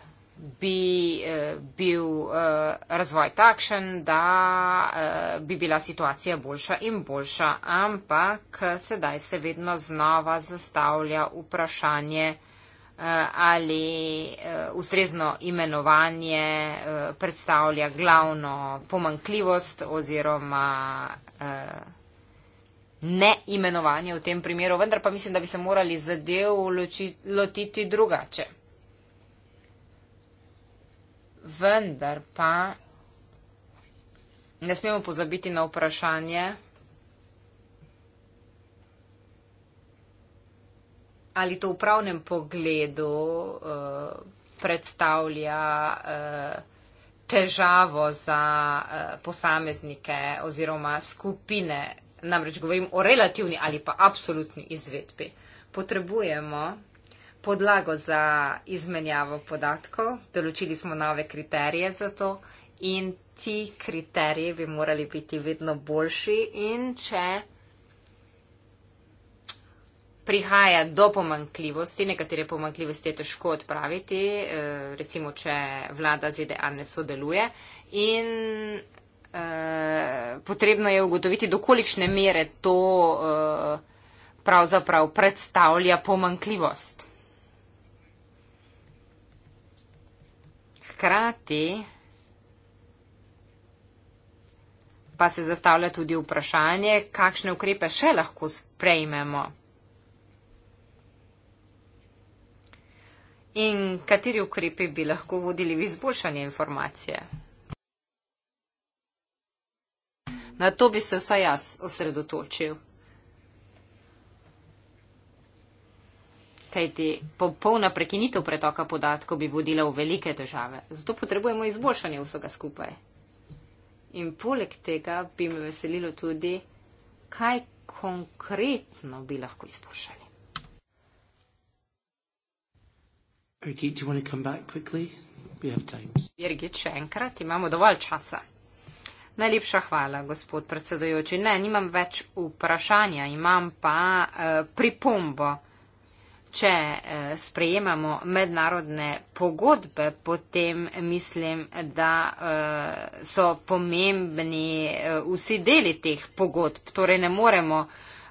Speaker 3: bi eh, bil eh, razvoj takšen, da eh, bi bila situacija boljša in boljša, ampak sedaj se vedno znova zastavlja vprašanje ali ustrezno imenovanje predstavlja glavno pomankljivost oziroma neimenovanje v tem primeru, vendar pa mislim, da bi se morali zadev lotiti drugače vendar pa ne smemo pozabiti na vprašanje, ali to v pravnem pogledu uh, predstavlja uh, težavo za uh, posameznike oziroma skupine. Namreč govorim o relativni ali pa absolutni izvedbi. Potrebujemo podlago za izmenjavo podatkov, določili smo nove kriterije za to in ti kriteriji bi morali biti vedno boljši in če prihaja do pomankljivosti, nekatere pomankljivosti je težko odpraviti, eh, recimo če vlada ZDA ne sodeluje in eh, potrebno je ugotoviti, dokolikšne mere to eh, pravzaprav predstavlja pomankljivost. hkrati pa se zastavlja tudi vprašanje, kakšne ukrepe še lahko sprejmemo. In kateri ukrepi bi lahko vodili v izboljšanje informacije? Na to bi se vsaj jaz osredotočil. kajti popolna prekinitev pretoka podatkov bi vodila v velike težave. Zato potrebujemo izboljšanje vsega skupaj. In poleg tega bi me veselilo tudi, kaj konkretno bi lahko izboljšali. Birgit, še enkrat, imamo dovolj časa. Najlepša hvala, gospod predsedojoči. Ne, nimam več vprašanja, imam pa uh, pripombo če eh, sprejemamo mednarodne pogodbe, potem mislim, da eh, so pomembni eh, vsi deli teh pogodb. Torej ne moremo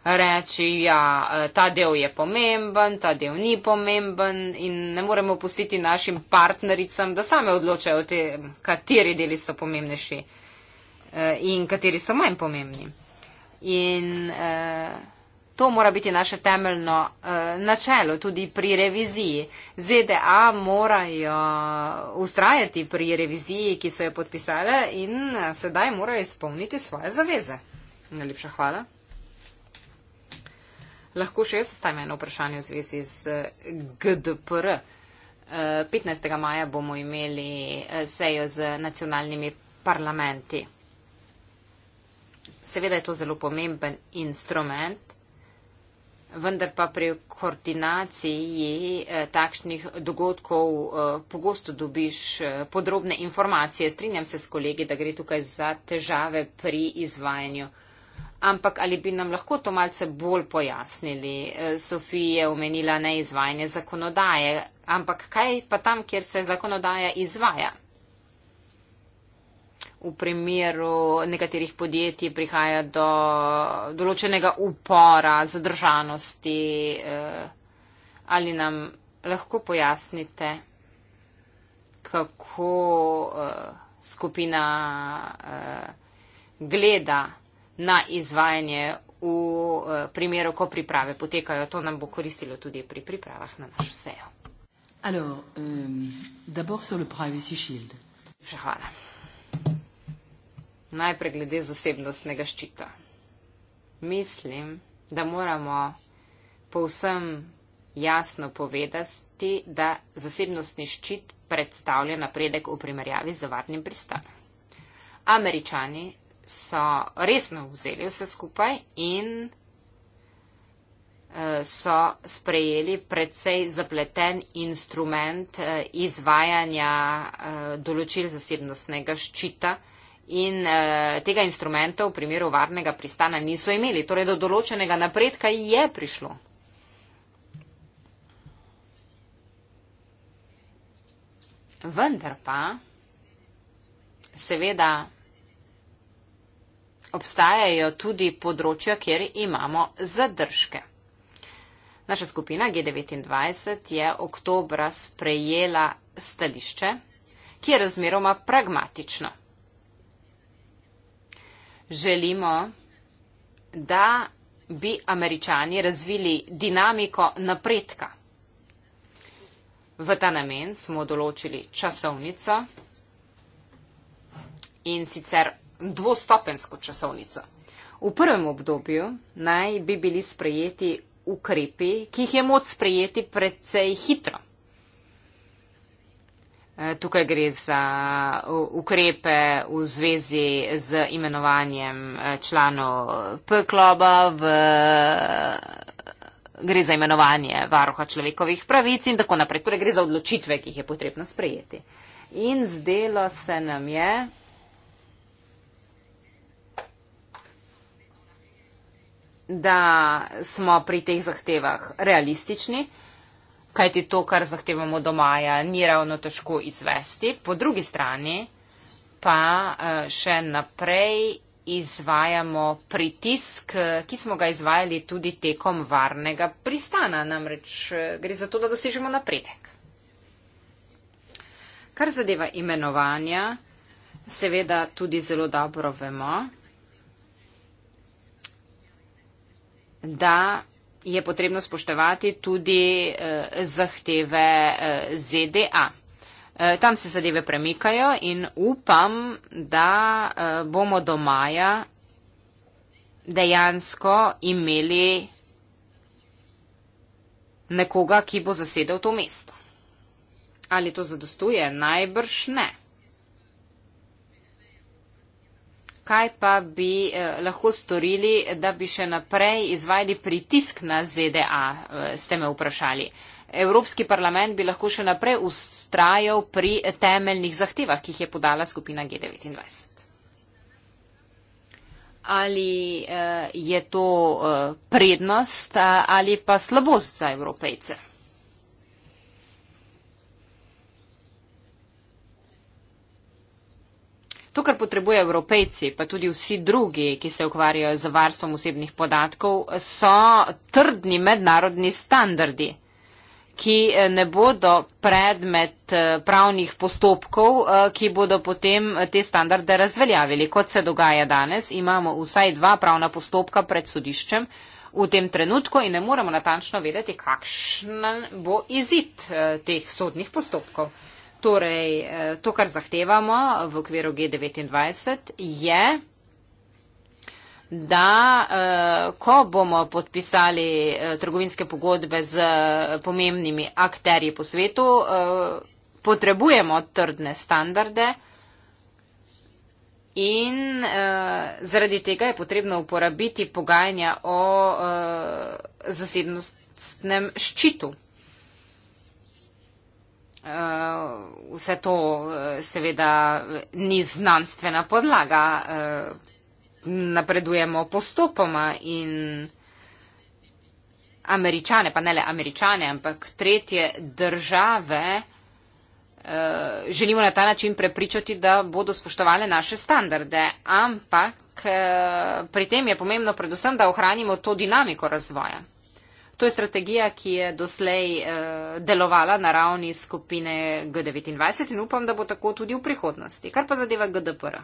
Speaker 3: reči, ja, eh, ta del je pomemben, ta del ni pomemben in ne moremo pustiti našim partnericam, da same odločajo, te, kateri deli so pomembnejši eh, in kateri so manj pomembni. In, eh, To mora biti naše temeljno uh, načelo tudi pri reviziji. ZDA morajo eh, ustrajati pri reviziji, ki so jo podpisale in eh, sedaj morajo izpolniti svoje zaveze. Najlepša hvala. Lahko še jaz sestavim eno vprašanje v zvezi z GDPR. 15. maja bomo imeli sejo z nacionalnimi parlamenti. Seveda je to zelo pomemben instrument, vendar pa pri koordinaciji eh, takšnih dogodkov eh, pogosto dobiš eh, podrobne informacije. Strinjam se s kolegi, da gre tukaj za težave pri izvajanju. Ampak ali bi nam lahko to malce bolj pojasnili? Sofija je omenila neizvajanje zakonodaje, ampak kaj pa tam, kjer se zakonodaja izvaja? v primeru nekaterih podjetij prihaja do določenega upora, zadržanosti. Eh, ali nam lahko pojasnite, kako eh, skupina eh, gleda na izvajanje v primeru, ko priprave potekajo? To nam bo koristilo tudi pri pripravah na našo sejo. Alors, euh, d'abord sur le privacy shield. Je vois najprej glede zasebnostnega ščita. Mislim, da moramo povsem jasno povedati, da zasebnostni ščit predstavlja napredek v primerjavi z varnim pristanom. Američani so resno vzeli vse skupaj in eh, so sprejeli predvsej zapleten instrument eh, izvajanja eh, določil zasebnostnega ščita, in uh, tega instrumenta v primeru varnega pristana niso imeli. Torej, do določenega napredka je prišlo. Vendar pa, seveda, obstajajo tudi področja, kjer imamo zadržke. Naša skupina G29 je oktobra sprejela stališče, ki je razmeroma pragmatično želimo, da bi američani razvili dinamiko napredka. V ta namen smo določili časovnico in sicer dvostopensko časovnico. V prvem obdobju naj bi bili sprejeti ukrepi, ki jih je moč sprejeti predvsej hitro. Eh, tukaj gre za ukrepe v zvezi z imenovanjem eh, članov eh, P-kloba, v... gre za imenovanje varuha človekovih pravic in tako naprej. Torej gre za odločitve, ki jih je potrebno sprejeti. In zdelo se nam je. da smo pri teh zahtevah realistični kajti to, kar zahtevamo domaja, ni ravno težko izvesti. Po drugi strani pa eh, še naprej izvajamo pritisk, eh, ki smo ga izvajali tudi tekom varnega pristana, namreč eh, gre za to, da dosežemo napredek. Kar zadeva imenovanja, seveda tudi zelo dobro vemo, da je potrebno spoštovati tudi eh, zahteve eh, ZDA. Eh, tam se zadeve premikajo in upam, da bomo do maja dejansko imeli nekoga, ki bo zasedel to mesto. Ali to zadostuje? Najbrž ne. kaj pa bi eh, lahko storili, da bi še naprej izvajali pritisk na ZDA, eh, ste me vprašali. Evropski parlament bi lahko še naprej ustrajal pri temeljnih zahtevah, ki jih je podala skupina G29. Ali eh, je to prednost ali pa slabost za evropejce? To, kar potrebujejo evropejci, pa tudi vsi drugi, ki se ukvarjajo z varstvom osebnih podatkov, so trdni mednarodni standardi, ki eh, ne bodo predmet eh, pravnih postopkov, eh, ki bodo potem te standarde razveljavili. Kot se dogaja danes, imamo vsaj dva pravna postopka pred sodiščem v tem trenutku in ne moremo natančno vedeti, kakšen bo izid teh sodnih postopkov. Torej, eh, to, kar zahtevamo v okviru G29, je, da eh, ko bomo podpisali eh, trgovinske pogodbe z pomembnimi akterji po svetu, potrebujemo trdne standarde in zaradi tega je potrebno uporabiti pogajanja o zasebnostnem ščitu uh, vse to uh, seveda ni znanstvena podlaga. Uh, napredujemo postopoma in američane, pa ne le američane, ampak tretje države uh, želimo na ta način prepričati, da bodo spoštovali naše standarde. Ampak uh, pri tem je pomembno predvsem, da ohranimo to dinamiko razvoja. To je strategija, ki je doslej eh, delovala na ravni skupine G29 in upam, da bo tako tudi v prihodnosti. Kar pa zadeva GDPR?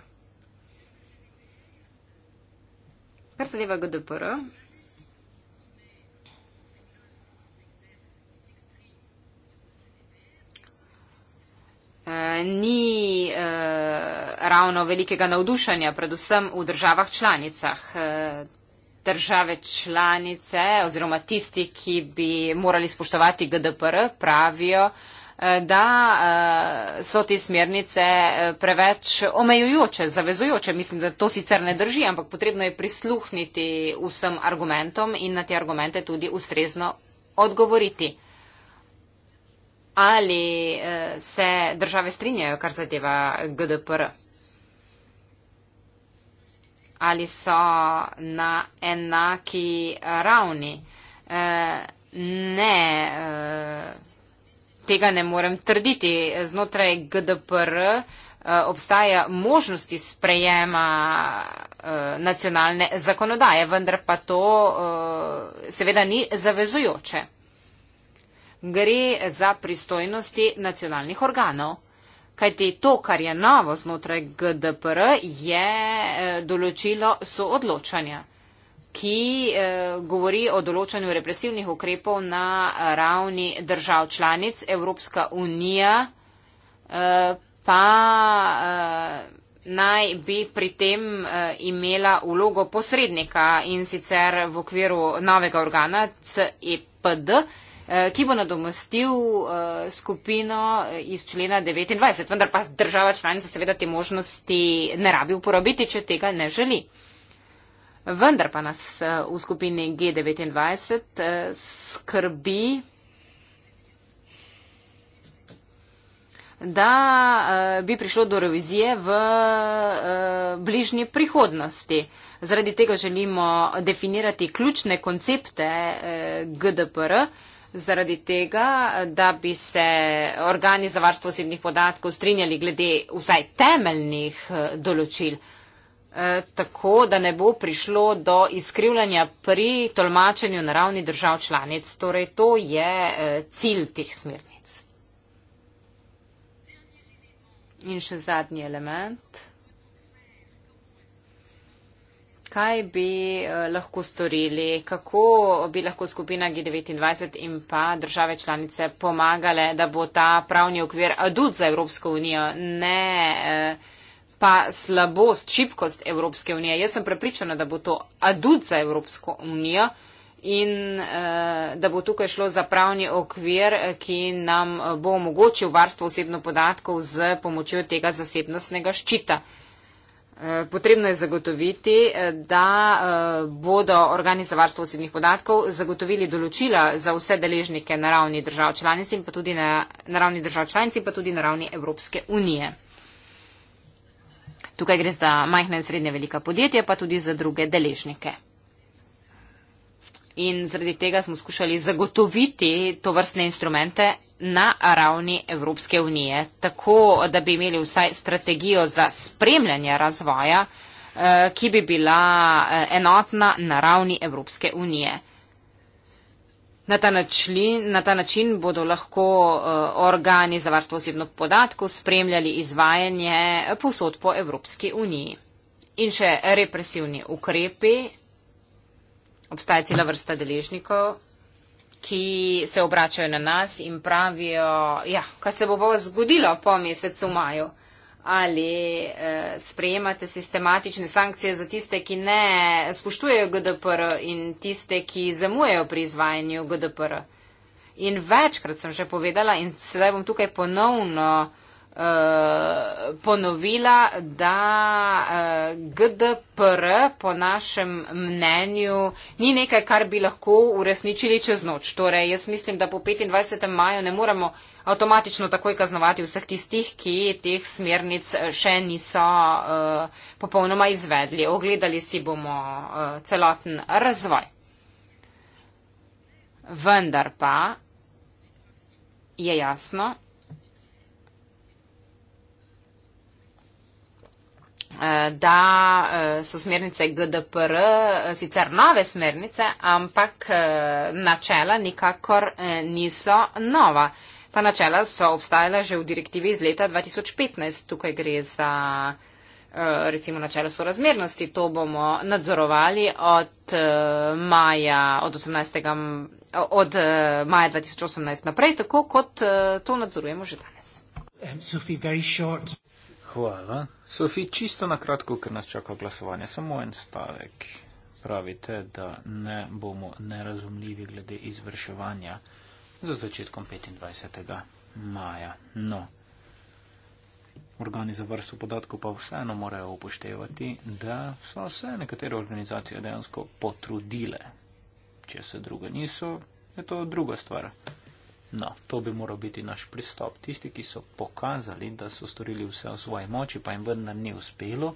Speaker 3: Kar zadeva GDPR? Eh, ni eh, ravno velikega navdušanja, predvsem v državah članicah. Eh, države članice oziroma tisti, ki bi morali spoštovati GDPR, pravijo, eh, da eh, so te smernice eh, preveč omejujoče, zavezujoče. Mislim, da to sicer ne drži, ampak potrebno je prisluhniti vsem argumentom in na te argumente tudi ustrezno odgovoriti. Ali se države strinjajo, kar zadeva GDPR? -a? ali so na enaki ravni. Eh, ne, eh, tega ne morem trditi. Znotraj GDPR eh, obstaja možnosti sprejema nacionalne zakonodaje, vendar pa to seveda ni zavezujoče. Gre za pristojnosti nacionalnih organov. Kajti to, kar je novo znotraj GDPR, je eh, določilo soodločanja, ki eh, govori o določanju represivnih ukrepov na ravni držav članic. Evropska unija eh, pa naj bi pri tem imela vlogo posrednika in sicer v okviru novega organa CEPD. Eh, ki bo nadomestil eh, skupino eh, iz člena 29, vendar pa država članica seveda te možnosti ne rabi uporabiti, če tega ne želi. Vendar pa nas v skupini G29 skrbi, da bi prišlo do revizije v bližnji prihodnosti. Zaradi tega želimo definirati ključne koncepte GDPR, zaradi tega, da bi se organi za varstvo osebnih podatkov strinjali glede vsaj temeljnih eh, določil, eh, tako da ne bo prišlo do izkrivljanja pri tolmačenju na ravni držav članic. Torej, to je eh, cilj teh smernic. In še zadnji element kaj bi eh, lahko storili, kako bi lahko skupina G29 in pa države članice pomagale, da bo ta pravni okvir adut za Evropsko unijo, ne eh, pa slabost, šipkost Evropske unije. Jaz sem prepričana, da bo to adut za Evropsko unijo in eh, da bo tukaj šlo za pravni okvir, ki nam bo omogočil varstvo osebno podatkov z pomočjo tega zasebnostnega ščita. Eh, potrebno je zagotoviti, eh, da eh, bodo organi za varstvo osebnih podatkov zagotovili določila za vse deležnike na ravni držav članic in pa tudi na, na ravni držav članic in pa tudi na ravni Evropske unije. Tukaj gre za majhna in srednja velika podjetja, pa tudi za druge deležnike. In zaradi tega smo skušali zagotoviti to vrstne instrumente na ravni Evropske unije, tako da bi imeli vsaj strategijo za spremljanje razvoja, eh, ki bi bila eh, enotna na ravni Evropske unije. Na ta, načli, na ta način bodo lahko eh, organi za varstvo osebno podatkov spremljali izvajanje posod po Evropski uniji. In še represivni ukrepi. Obstaja cela vrsta deležnikov ki se obračajo na nas in pravijo, ja, kaj se bo pa zgodilo po mesecu maju. Ali eh, sprejemate sistematične sankcije za tiste, ki ne spoštujejo GDPR in tiste, ki zamujejo pri izvajanju GDPR. In večkrat sem že povedala in sedaj bom tukaj ponovno. Eh, ponovila, da uh, eh, GDPR po našem mnenju ni nekaj, kar bi lahko uresničili čez noč. Torej, jaz mislim, da po 25. maju ne moremo avtomatično takoj kaznovati vseh tistih, ki teh smernic eh, še niso uh, popolnoma izvedli. Ogledali si bomo uh, celoten razvoj. Vendar pa je jasno, Eh, da eh, so smernice GDPR eh, sicer nove smernice, ampak načela nikakor niso nova. Ta načela so obstajala že v direktivi iz leta 2015. Tukaj gre za recimo načela sorazmernosti. To bomo nadzorovali od maja, od 18. od maja 2018 naprej, tako kot to nadzorujemo že danes.
Speaker 2: Um, Sophie, hvala. Sofi, čisto na kratko, ker nas čaka glasovanje, samo en stavek. Pravite, da ne bomo nerazumljivi glede izvrševanja za začetkom 25. maja. No, organi za vrsto podatkov pa vseeno morajo upoštevati, da so se nekatere organizacije dejansko potrudile. Če se druge niso, je to druga stvar. No, to bi moral biti naš pristop. Tisti, ki so pokazali, da so storili vse v svoji moči, pa jim vendar ni uspelo,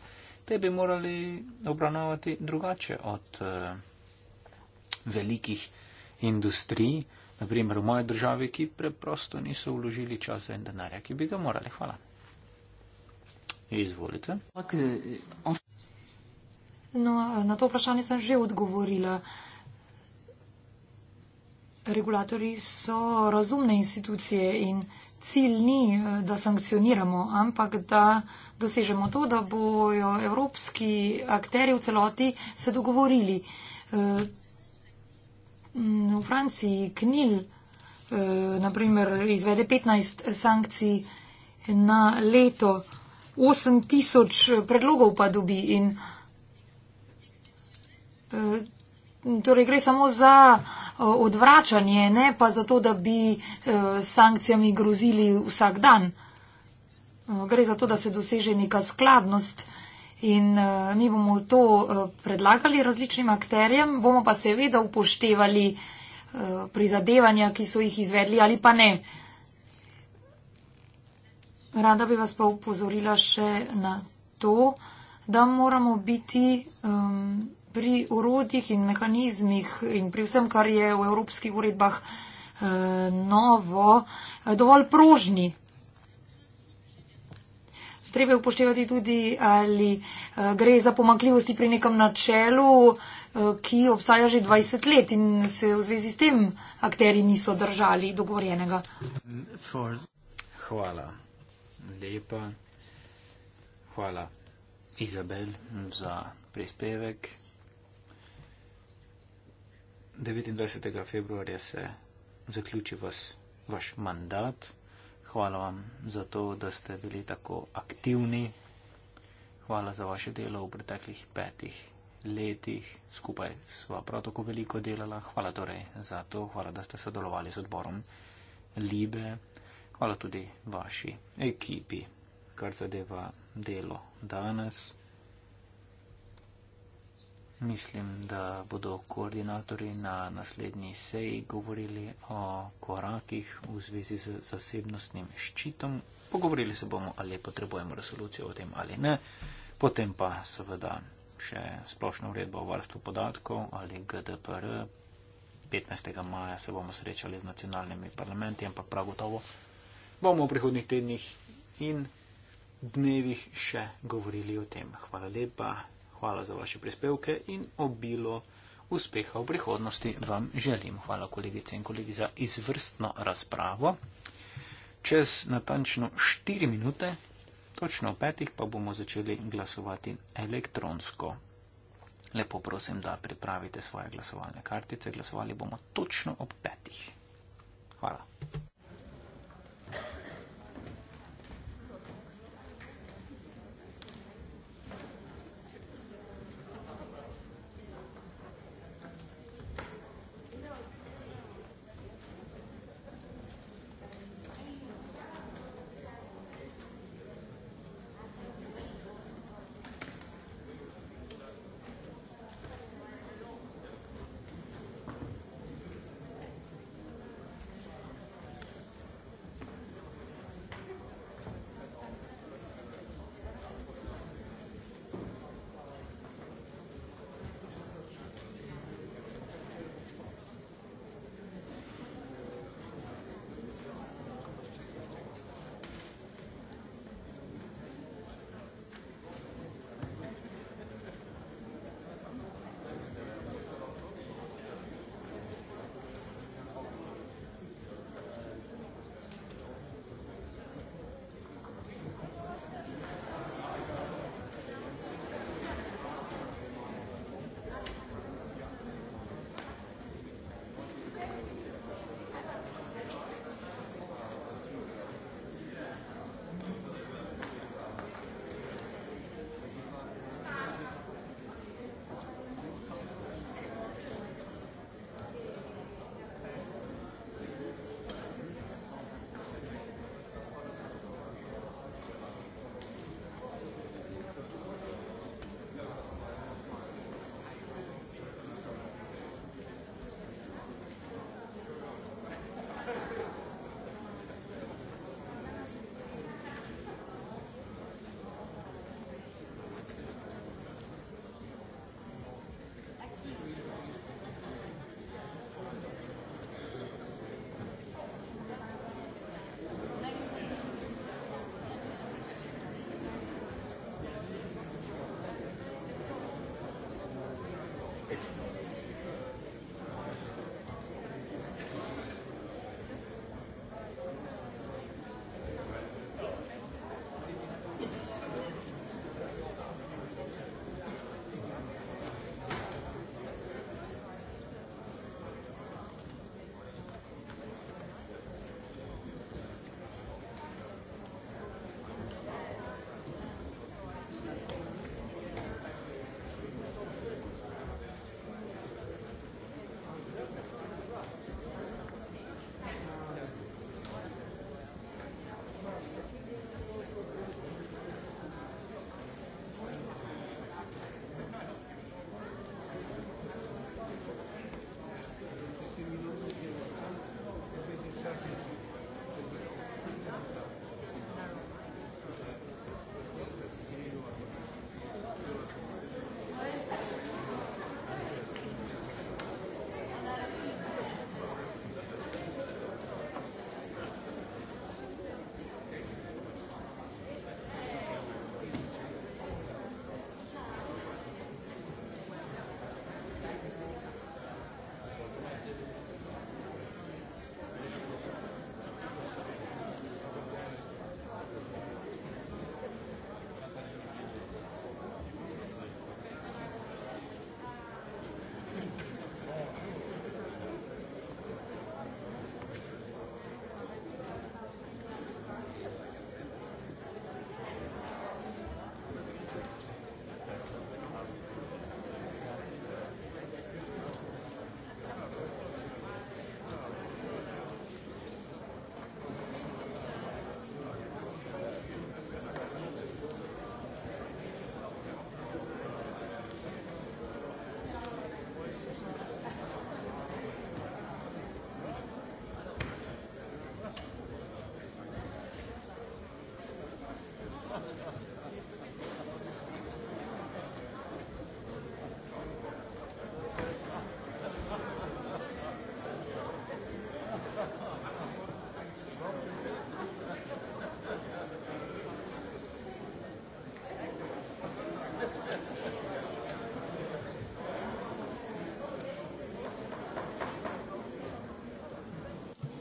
Speaker 2: te bi morali obravnavati drugače od eh, velikih industrij, naprimer v moji državi, ki preprosto niso vložili časa in denarja, ki bi ga morali. Hvala. Izvolite.
Speaker 1: No, na to vprašanje sem že odgovorila regulatori so razumne institucije in cilj ni, eh, da sankcioniramo, ampak da dosežemo to, da bojo evropski akteri v celoti se dogovorili. Eh, v Franciji Knil eh, naprimer izvede 15 sankcij na leto, 8 tisoč predlogov pa dobi in Torej gre samo za eh, odvračanje, ne pa za to, da bi eh, sankcijami grozili vsak dan. Eh, gre za to, da se doseže neka skladnost in mi bomo to predlagali različnim akterjem, bomo pa seveda upoštevali prizadevanja, ki so jih izvedli ali pa ne. Rada bi vas pa upozorila še na to, da moramo biti. Um, pri urodjih in mehanizmih in pri vsem, kar je v evropskih uredbah eh, novo, eh, dovolj prožni. Treba je upoštevati tudi, ali eh, gre za pomakljivosti pri nekem načelu, ki obstaja že 20 let in se v zvezi s tem akteri niso držali dogovorjenega.
Speaker 2: Hvala. Lepa. Hvala, Izabel, za prispevek. 29. februarja se zaključi vas, vaš mandat. Hvala vam za to, da ste bili tako aktivni. Hvala za vaše delo v preteklih petih letih. Skupaj sva prav tako veliko delala. Hvala torej za to. Hvala, da ste sodelovali z odborom Libe. Hvala tudi vaši ekipi, kar zadeva delo danes. Mislim, da bodo koordinatori na naslednji seji govorili o korakih v zvezi z zasebnostnim ščitom. Pogovorili se bomo, ali potrebujemo resolucijo o tem ali ne. Potem pa seveda še splošno uredbo o varstvu podatkov ali GDPR. 15. maja se bomo srečali z nacionalnimi parlamenti, ampak prav gotovo bomo v prihodnih tednih in dnevih še govorili o tem. Hvala lepa. Hvala za vaše prispevke in obilo uspeha v prihodnosti vam želim. Hvala kolegice in kolegi za izvrstno razpravo. Čez natančno 4 minute, točno v petih, pa bomo začeli glasovati elektronsko. Lepo prosim, da pripravite svoje glasovalne kartice. Glasovali bomo točno ob petih. Hvala.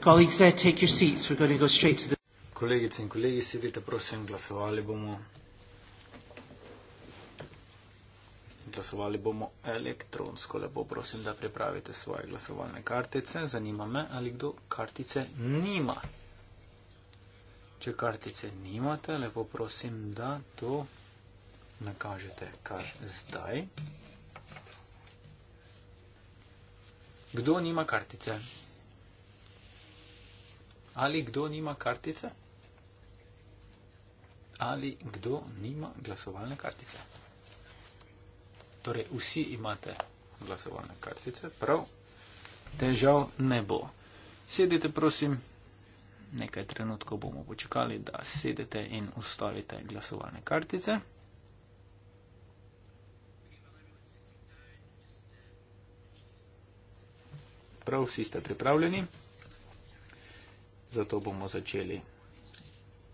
Speaker 3: Colleagues, uh, take your seats. We're going to go straight to the.
Speaker 2: Kolegice in kolegi, sedite, prosim, glasovali bomo. Glasovali bomo elektronsko, lepo prosim, da pripravite svoje glasovalne kartice. Zanima me, ali kdo kartice nima. Če kartice nimate, lepo prosim, da to nakažete kar zdaj. Kdo nima kartice? ali kdo nima kartice? Ali kdo nima glasovalne kartice? Torej, vsi imate glasovalne kartice, prav? Težav ne bo. Sedite, prosim, nekaj trenutkov bomo počakali, da sedete in ustavite glasovalne kartice. Prav, vsi ste pripravljeni zato bomo začeli.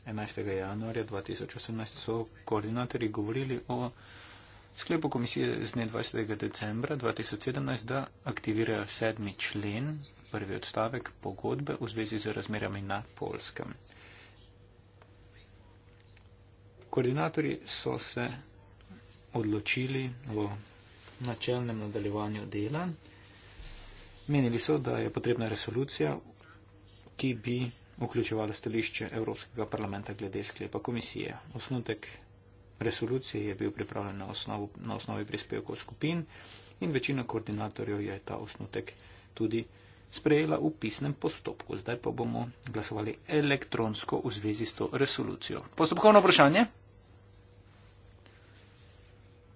Speaker 2: 11. januarja 2018 so koordinatorji govorili o sklepu komisije z dne 20. decembra 2017, da aktivirajo sedmi člen, prvi odstavek pogodbe v zvezi z razmerami na Polskem. Koordinatorji so se odločili v načelnem nadaljevanju dela. Menili so, da je potrebna resolucija ki bi vključevali stališče Evropskega parlamenta glede sklepa komisije. Osnutek resolucije je bil pripravljen na, osnovu, na osnovi prispevkov skupin in večina koordinatorjev je ta osnutek tudi sprejela v pisnem postopku. Zdaj pa bomo glasovali elektronsko v zvezi s to resolucijo. Postopkovno vprašanje.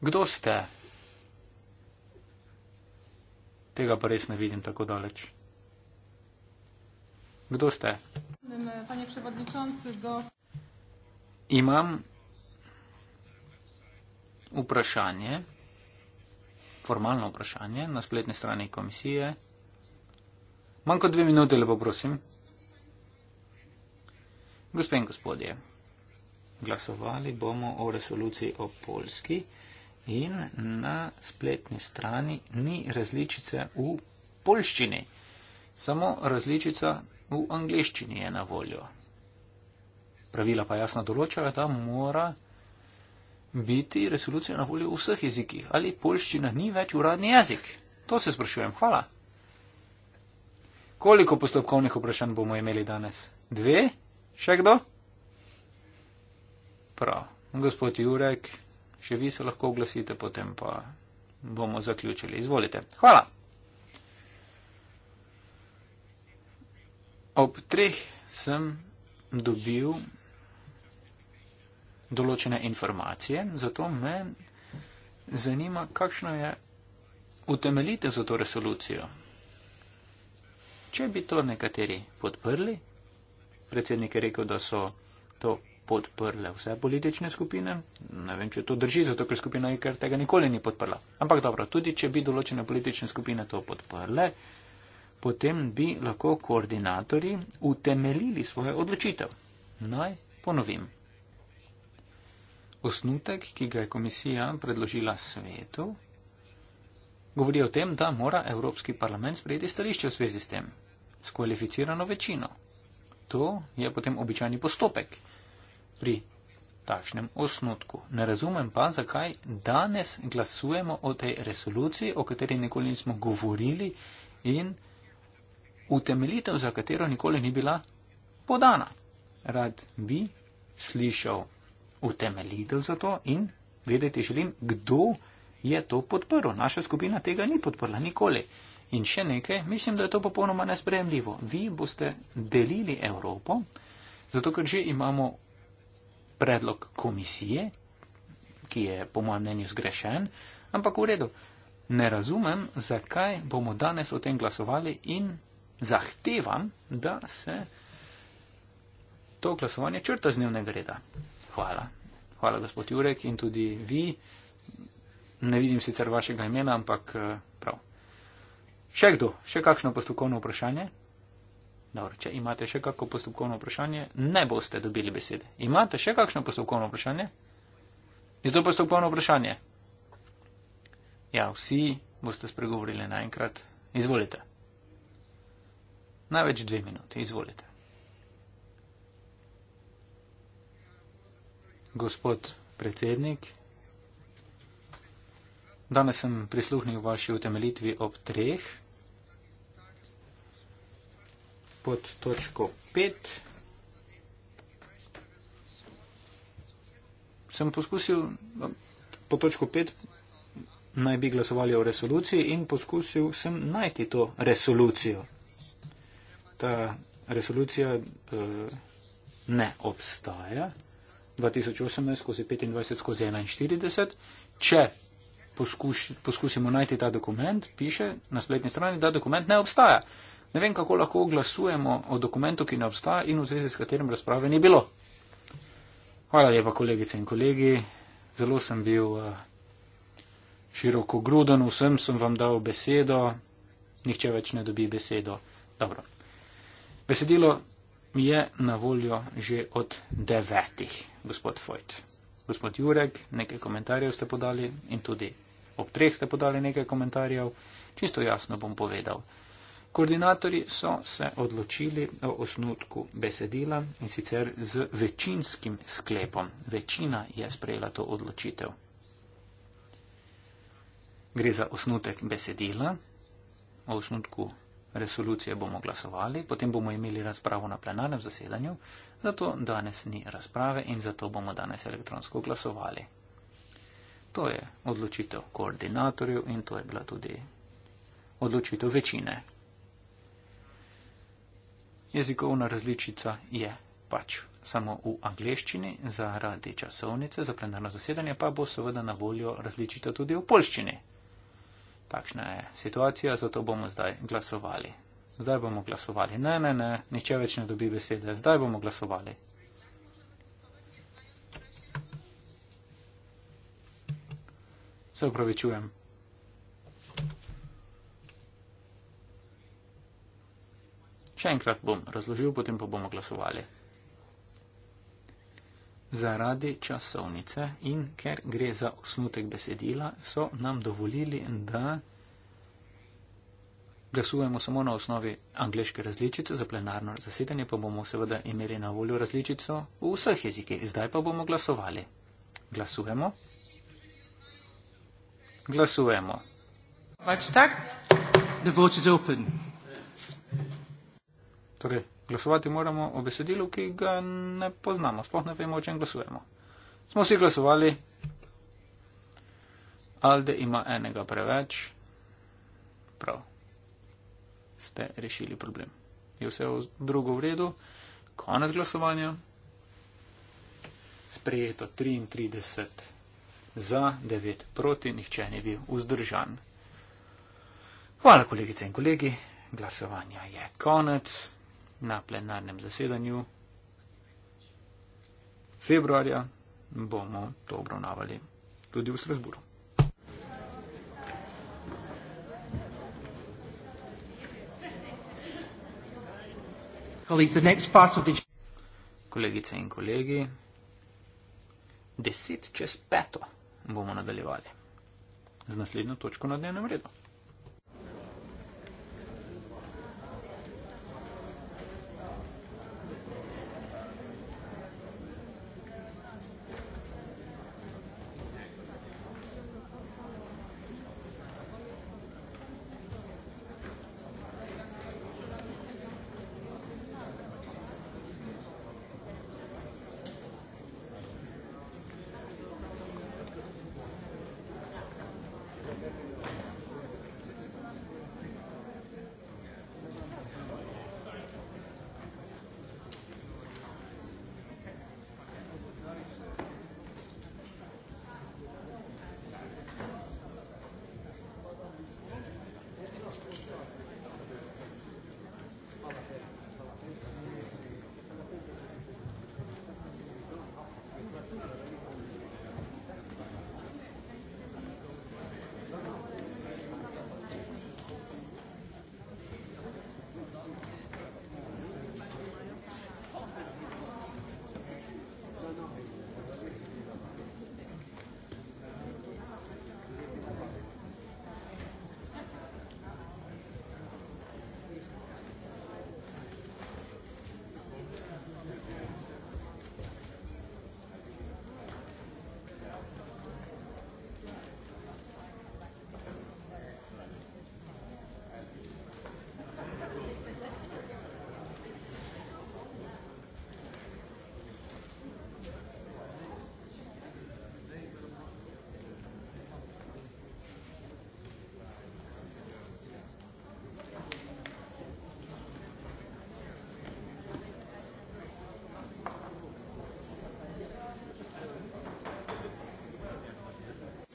Speaker 2: Kdo ste? Tega pa res ne vidim tako daleč. Kdo ste?
Speaker 3: Panie przewodniczący, do...
Speaker 2: Imam vprašanje, formalno vprašanje na spletni strani komisije. Manj kot dve minute, lepo prosim. Gospe in gospodje, glasovali bomo o resoluciji o Polski in na spletni strani ni različice v polščini, samo različica v angleščini je na voljo. Pravila pa jasno določajo, da mora biti resolucija na voljo v vseh jezikih. Ali polščina ni več uradni jezik? To se sprašujem. Hvala. Koliko postopkovnih vprašanj bomo imeli danes? Dve? Še kdo? Prav. Gospod Jurek, še vi se lahko oglasite, potem pa bomo zaključili. Izvolite. Hvala. ob treh sem dobil določene informacije, zato me zanima, kakšno je utemeljitev za to resolucijo. Če bi to nekateri podprli, predsednik je rekel, da so to podprle vse politične skupine, ne vem, če to drži, zato ker skupina IKR tega nikoli ni podprla. Ampak dobro, tudi če bi določene politične skupine to podprle, potem bi lahko koordinatori utemeljili svojo odločitev. Naj ponovim. Osnutek, ki ga je komisija predložila svetu, govori o tem, da mora Evropski parlament sprejeti stališče v zvezi s tem, s kvalificirano večino. To je potem običajni postopek pri takšnem osnutku. Ne razumem pa, zakaj danes glasujemo o tej resoluciji, o kateri nikoli nismo govorili in utemeljitev, za katero nikoli ni bila podana. Rad bi slišal utemeljitev za to in vedeti želim, kdo je to podprl. Naša skupina tega ni podprla nikoli. In še nekaj, mislim, da je to popolnoma nespremljivo. Vi boste delili Evropo, zato ker že imamo predlog komisije, ki je po mojem mnenju zgrešen, ampak v redu. Ne razumem, zakaj bomo danes o tem glasovali in zahtevam, da se to glasovanje črta z dnevnega reda. Hvala. Hvala, gospod Jurek in tudi vi. Ne vidim sicer vašega imena, ampak eh, prav. Še kdo? Še kakšno postopkovno vprašanje? Dobro, če imate še kakšno postopkovno vprašanje, ne boste dobili besede. Imate še kakšno postopkovno vprašanje? Je to postopkovno vprašanje? Ja, vsi boste spregovorili naenkrat. Izvolite. Največ dve minuti, izvolite. Gospod predsednik, danes sem prisluhnil vaši utemelitvi ob treh. Pod točko pet sem poskusil, pod točko pet naj bi glasovali o resoluciji in poskusil sem najti to resolucijo ta resolucija uh, ne obstaja. 2018 skozi 25 skozi 41. Če poskuš, poskusimo najti ta dokument, piše na spletni strani, da dokument ne obstaja. Ne vem, kako lahko glasujemo o dokumentu, ki ne obstaja in v zvezi s katerim razprave ni bilo. Hvala lepa, kolegice in kolegi. Zelo sem bil uh, široko gruden, vsem sem vam dal besedo. Nihče več ne dobi besedo. Dobro. Besedilo mi je na voljo že od devetih, gospod Fojt. Gospod Jurek, nekaj komentarjev ste podali in tudi ob treh ste podali nekaj komentarjev. Čisto jasno bom povedal. Koordinatori so se odločili o osnutku besedila in sicer z večinskim sklepom. Večina je sprejela to odločitev. Gre za osnutek besedila, o osnutku resolucije bomo glasovali, potem bomo imeli razpravo na plenarnem zasedanju, zato danes ni razprave in zato bomo danes elektronsko glasovali. To je odločitev koordinatorjev in to je bila tudi odločitev večine. Jezikovna različica je pač samo v angleščini zaradi časovnice, za plenarno zasedanje pa bo seveda na voljo različita tudi v polščini takšna je situacija, zato bomo zdaj glasovali. Zdaj bomo glasovali. Ne, ne, ne, nihče več ne dobi besede. Zdaj bomo glasovali. Se upravičujem. Še enkrat bom razložil, potem pa bomo glasovali. Zaradi časovnice in ker gre za osnutek besedila, so nam dovolili, da glasujemo samo na osnovi angliške različice za plenarno zasedanje, pa bomo seveda imeli na voljo različico v vseh jezikih. Zdaj pa bomo glasovali. Glasujemo. Glasujemo. Pač torej, Glasovati moramo o besedilu, ki ga ne poznamo, sploh ne vemo, o čem glasujemo. Smo vsi glasovali, Alde ima enega preveč, prav, ste rešili problem. Je vse v drugo v redu, konec glasovanja, sprejeto 33 za, 9 proti, nihče ni bil vzdržan. Hvala, kolegice in kolegi, glasovanja je konec na plenarnem zasedanju februarja bomo to obravnavali tudi v Strasburu. Kolegice in kolegi, deset čez peto bomo nadaljevali z naslednjo točko na dnevnem redu.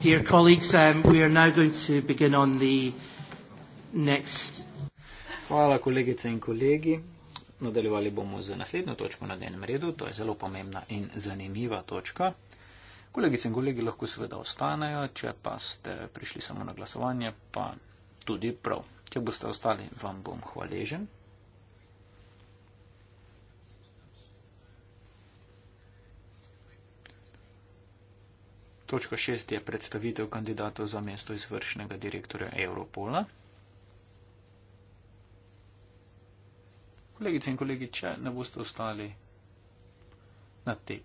Speaker 3: Dear colleagues, um, we are now going to begin on the next...
Speaker 2: Hvala, kolegice in kolegi. Nadaljevali bomo z naslednjo točko na dnevnem redu. To je zelo pomembna in zanimiva točka. Kolegice in kolegi lahko seveda ostanejo, če pa ste prišli samo na glasovanje, pa tudi prav. Če boste ostali, vam bom hvaležen. Točka šest je predstavitev kandidatov za mesto izvršnega direktorja Europola. Kolegice in kolegi, če ne boste ostali na te,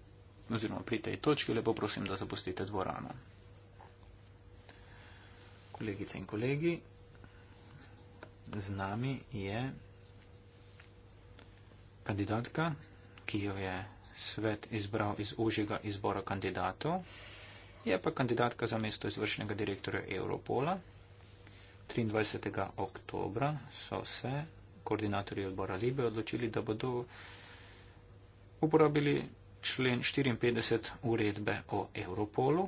Speaker 2: oziroma pri tej točki, lepo prosim, da zapustite dvorano. Kolegice in kolegi, z nami je kandidatka, ki jo je svet izbral iz užjega izbora kandidatov je pa kandidatka za mesto izvršnega direktorja Europola. 23. oktobra so se koordinatorji odbora Libe odločili, da bodo uporabili člen 54 uredbe o Europolu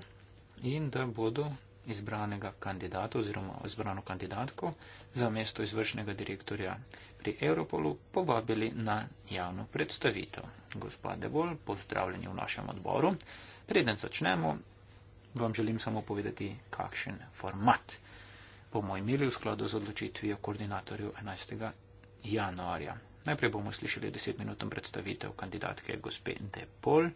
Speaker 2: in da bodo izbranega kandidata oziroma izbrano kandidatko za mesto izvršnega direktorja pri Europolu povabili na javno predstavitev. Gospa Debol, pozdravljeni v našem odboru. Preden začnemo, vam želim samo povedati, kakšen format bomo imeli v skladu z odločitvijo koordinatorjev 11. januarja. Najprej bomo slišali 10-minuten predstavitev kandidatke gospe De Pol,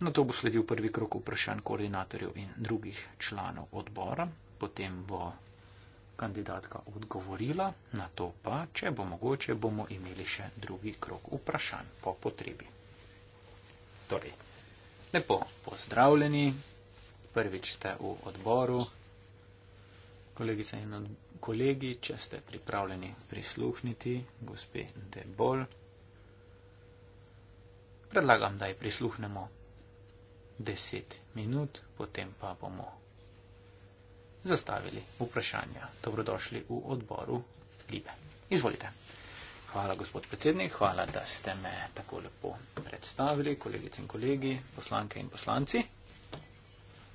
Speaker 2: na to bo sledil prvi krok vprašanj koordinatorjev in drugih članov odbora, potem bo kandidatka odgovorila, na to pa, če bo mogoče, bomo imeli še drugi krok vprašanj po potrebi. Torej, lepo pozdravljeni, prvič ste v odboru, kolegice in kolegi, če ste pripravljeni prisluhniti, gospe Debol, predlagam, da ji prisluhnemo deset minut, potem pa bomo zastavili vprašanja. Dobrodošli v odboru Libe. Izvolite. Hvala, gospod predsednik, hvala, da ste me tako lepo predstavili, kolegice in kolegi, poslanke in poslanci.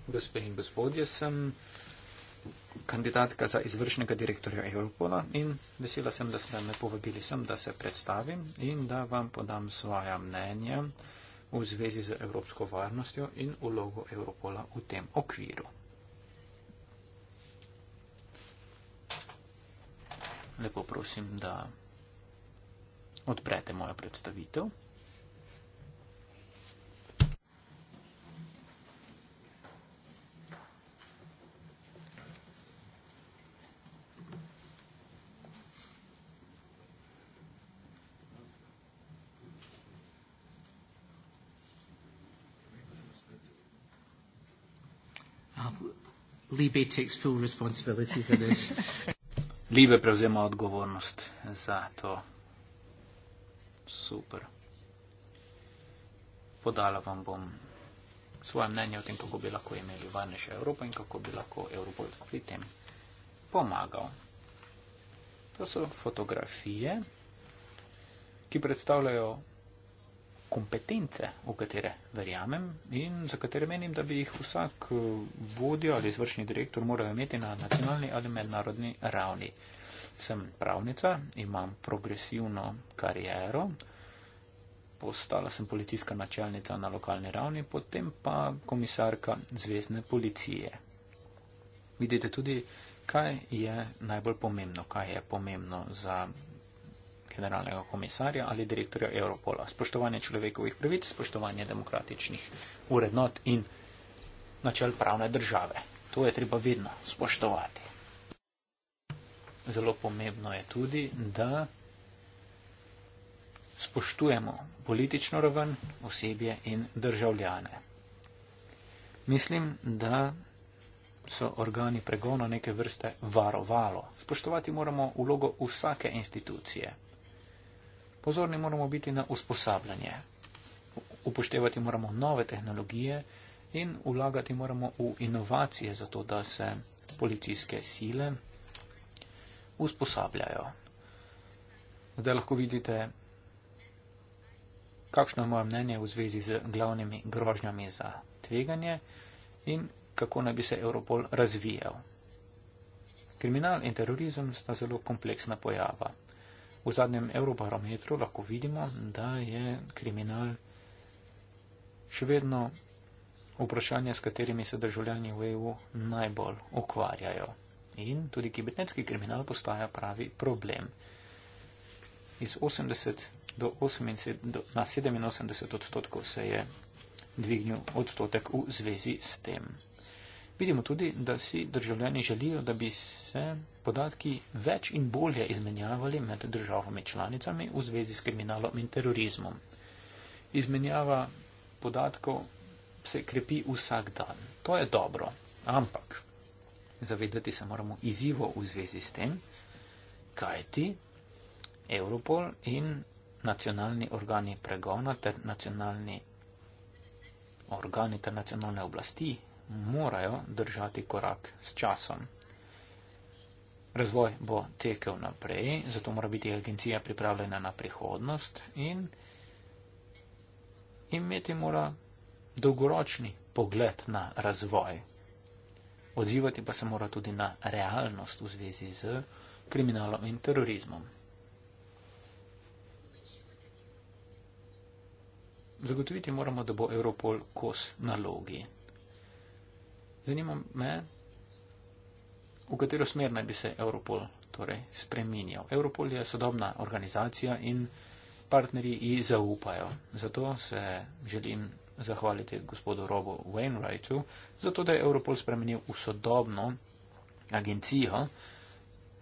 Speaker 2: Gospe in gospodje, sem kandidatka za izvršnega direktorja Evropola in vesela sem, da ste me povabili sem, da se predstavim in da vam podam svoja mnenja v zvezi z evropsko varnostjo in ulogo Evropola v tem okviru. Lepo prosim, da odprete mojo predstavitev. Libe takes full responsibility for this. Libe prevzema odgovornost za to. Super. Podala vam bom svoje mnenje o tem, kako bi lahko imeli varnejšo Evropo in kako bi lahko Evropol pri tem pomagal. To so fotografije, ki predstavljajo kompetence, v katere verjamem in za katere menim, da bi jih vsak eh, vodja ali izvršni direktor moral imeti na nacionalni ali mednarodni ravni. Sem pravnica, imam progresivno kariero, postala sem policijska načelnica na lokalni ravni, potem pa komisarka zvezdne policije. Vidite tudi, kaj je najbolj pomembno, kaj je pomembno za generalnega komisarja ali direktorja Europola. Spoštovanje človekovih pravic, spoštovanje demokratičnih urednot in načel pravne države. To je treba vedno spoštovati. Zelo pomembno je tudi, da spoštujemo politično raven osebje in državljane. Mislim, da so organi pregona neke vrste varovalo. Spoštovati moramo vlogo vsake institucije, pozorni moramo biti na usposabljanje. Upoštevati moramo nove tehnologije in vlagati moramo v inovacije, zato da se policijske sile usposabljajo. Zdaj lahko vidite, kakšno je moje mnenje v zvezi z glavnimi grožnjami za tveganje in kako naj bi se Europol razvijal. Kriminal in terorizem sta zelo kompleksna pojava v zadnjem evroparametru lahko vidimo, da je kriminal še vedno vprašanje, s katerimi se državljani v EU najbolj ukvarjajo. In tudi kibernetski kriminal postaja pravi problem. Iz 80 do 87, na 87 odstotkov se je dvignil odstotek v zvezi s tem. Vidimo tudi, da si državljani želijo, da bi se podatki več in bolje izmenjavali med državami članicami v zvezi s kriminalom in terorizmom. Izmenjava podatkov se krepi vsak dan. To je dobro, ampak zavedati se moramo izzivo v zvezi s tem, kaj ti Europol in nacionalni organi pregona ter nacionalni organi ter nacionalne oblasti morajo držati korak s časom. Razvoj bo tekel naprej, zato mora biti agencija pripravljena na prihodnost in imeti mora dolgoročni pogled na razvoj. Odzivati pa se mora tudi na realnost v zvezi z kriminalom in terorizmom. Zagotoviti moramo, da bo Europol kos nalogi. Zanima me, v katero smer naj bi se Europol torej, spremenjal. Europol je sodobna organizacija in partnerji ji zaupajo. Zato se želim zahvaliti gospodu Robo Wainwrightu, zato da je Europol spremenil v sodobno agencijo,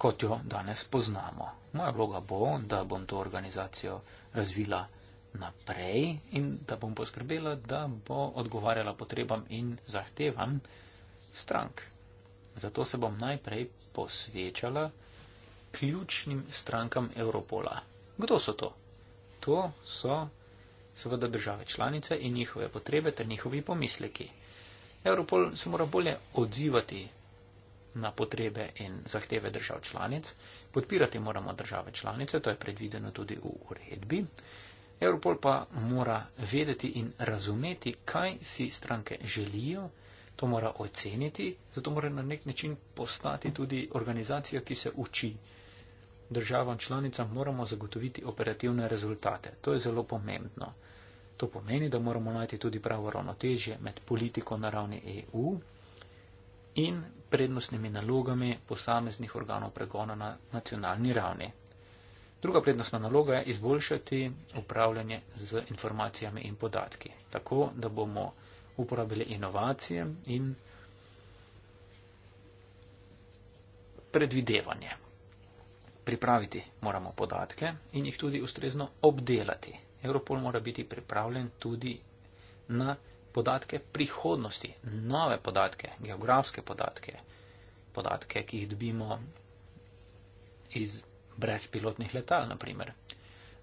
Speaker 2: kot jo danes poznamo. Moja vloga bo, da bom to organizacijo razvila naprej in da bom poskrbela, da bo odgovarjala potrebam in zahtevam, strank. Zato se bom najprej posvečala ključnim strankam Evropola. Kdo so to? To so seveda države članice in njihove potrebe ter njihovi pomisleki. Evropol se mora bolje odzivati na potrebe in zahteve držav članic, podpirati moramo države članice, to je predvideno tudi v uredbi. Evropol pa mora vedeti in razumeti, kaj si stranke želijo, to mora oceniti, zato mora na nek način postati tudi organizacija, ki se uči. Državam članicam moramo zagotoviti operativne rezultate. To je zelo pomembno. To pomeni, da moramo najti tudi pravo ravnotežje med politiko na ravni EU in prednostnimi nalogami posameznih organov pregona na nacionalni ravni. Druga prednostna naloga je izboljšati upravljanje z informacijami in podatki, tako da bomo uporabili inovacije in predvidevanje. Pripraviti moramo podatke in jih tudi ustrezno obdelati. Europol mora biti pripravljen tudi na podatke prihodnosti, nove podatke, geografske podatke, podatke, ki jih dobimo iz brezpilotnih letal, naprimer.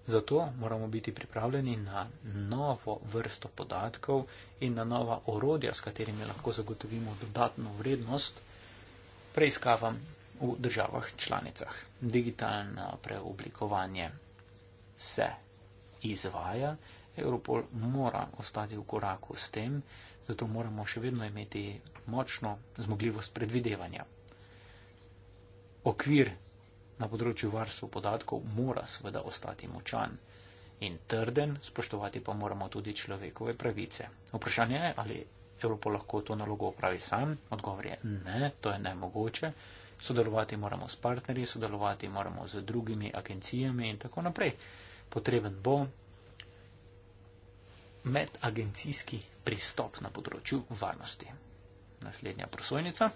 Speaker 2: Zato moramo biti pripravljeni na novo vrsto podatkov in na nova orodja, s katerimi lahko zagotovimo dodatno vrednost preiskavam v državah članicah. Digitalno preoblikovanje se izvaja, Europol mora ostati v koraku s tem, zato moramo še vedno imeti močno zmogljivost predvidevanja. Okvir na področju varstva podatkov mora seveda ostati močan in trden, spoštovati pa moramo tudi človekove pravice. Vprašanje je, ali Evropa lahko to nalogo upravi sam? Odgovor je ne, to je nemogoče. Sodelovati moramo s partnerji, sodelovati moramo z drugimi agencijami in tako naprej. Potreben bo medagencijski pristop na področju varnosti. Naslednja prosojnica.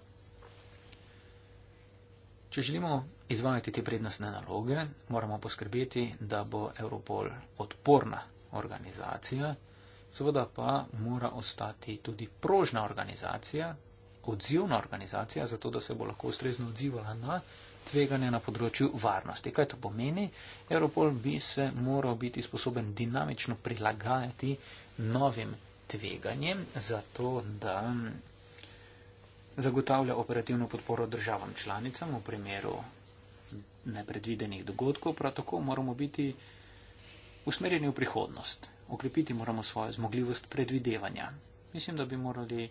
Speaker 2: Če želimo izvajati te prednostne naloge, moramo poskrbeti, da bo Europol odporna organizacija, seveda pa mora ostati tudi prožna organizacija, odzivna organizacija, zato da se bo lahko ustrezno odzivala na tveganje na področju varnosti. Kaj to pomeni? Europol bi se moral biti sposoben dinamično prilagajati novim tveganjem, zato da zagotavlja operativno podporo državam članicam v primeru nepredvidenih dogodkov, prav tako moramo biti usmerjeni v prihodnost, okrepiti moramo svojo zmogljivost predvidevanja. Mislim, da bi morali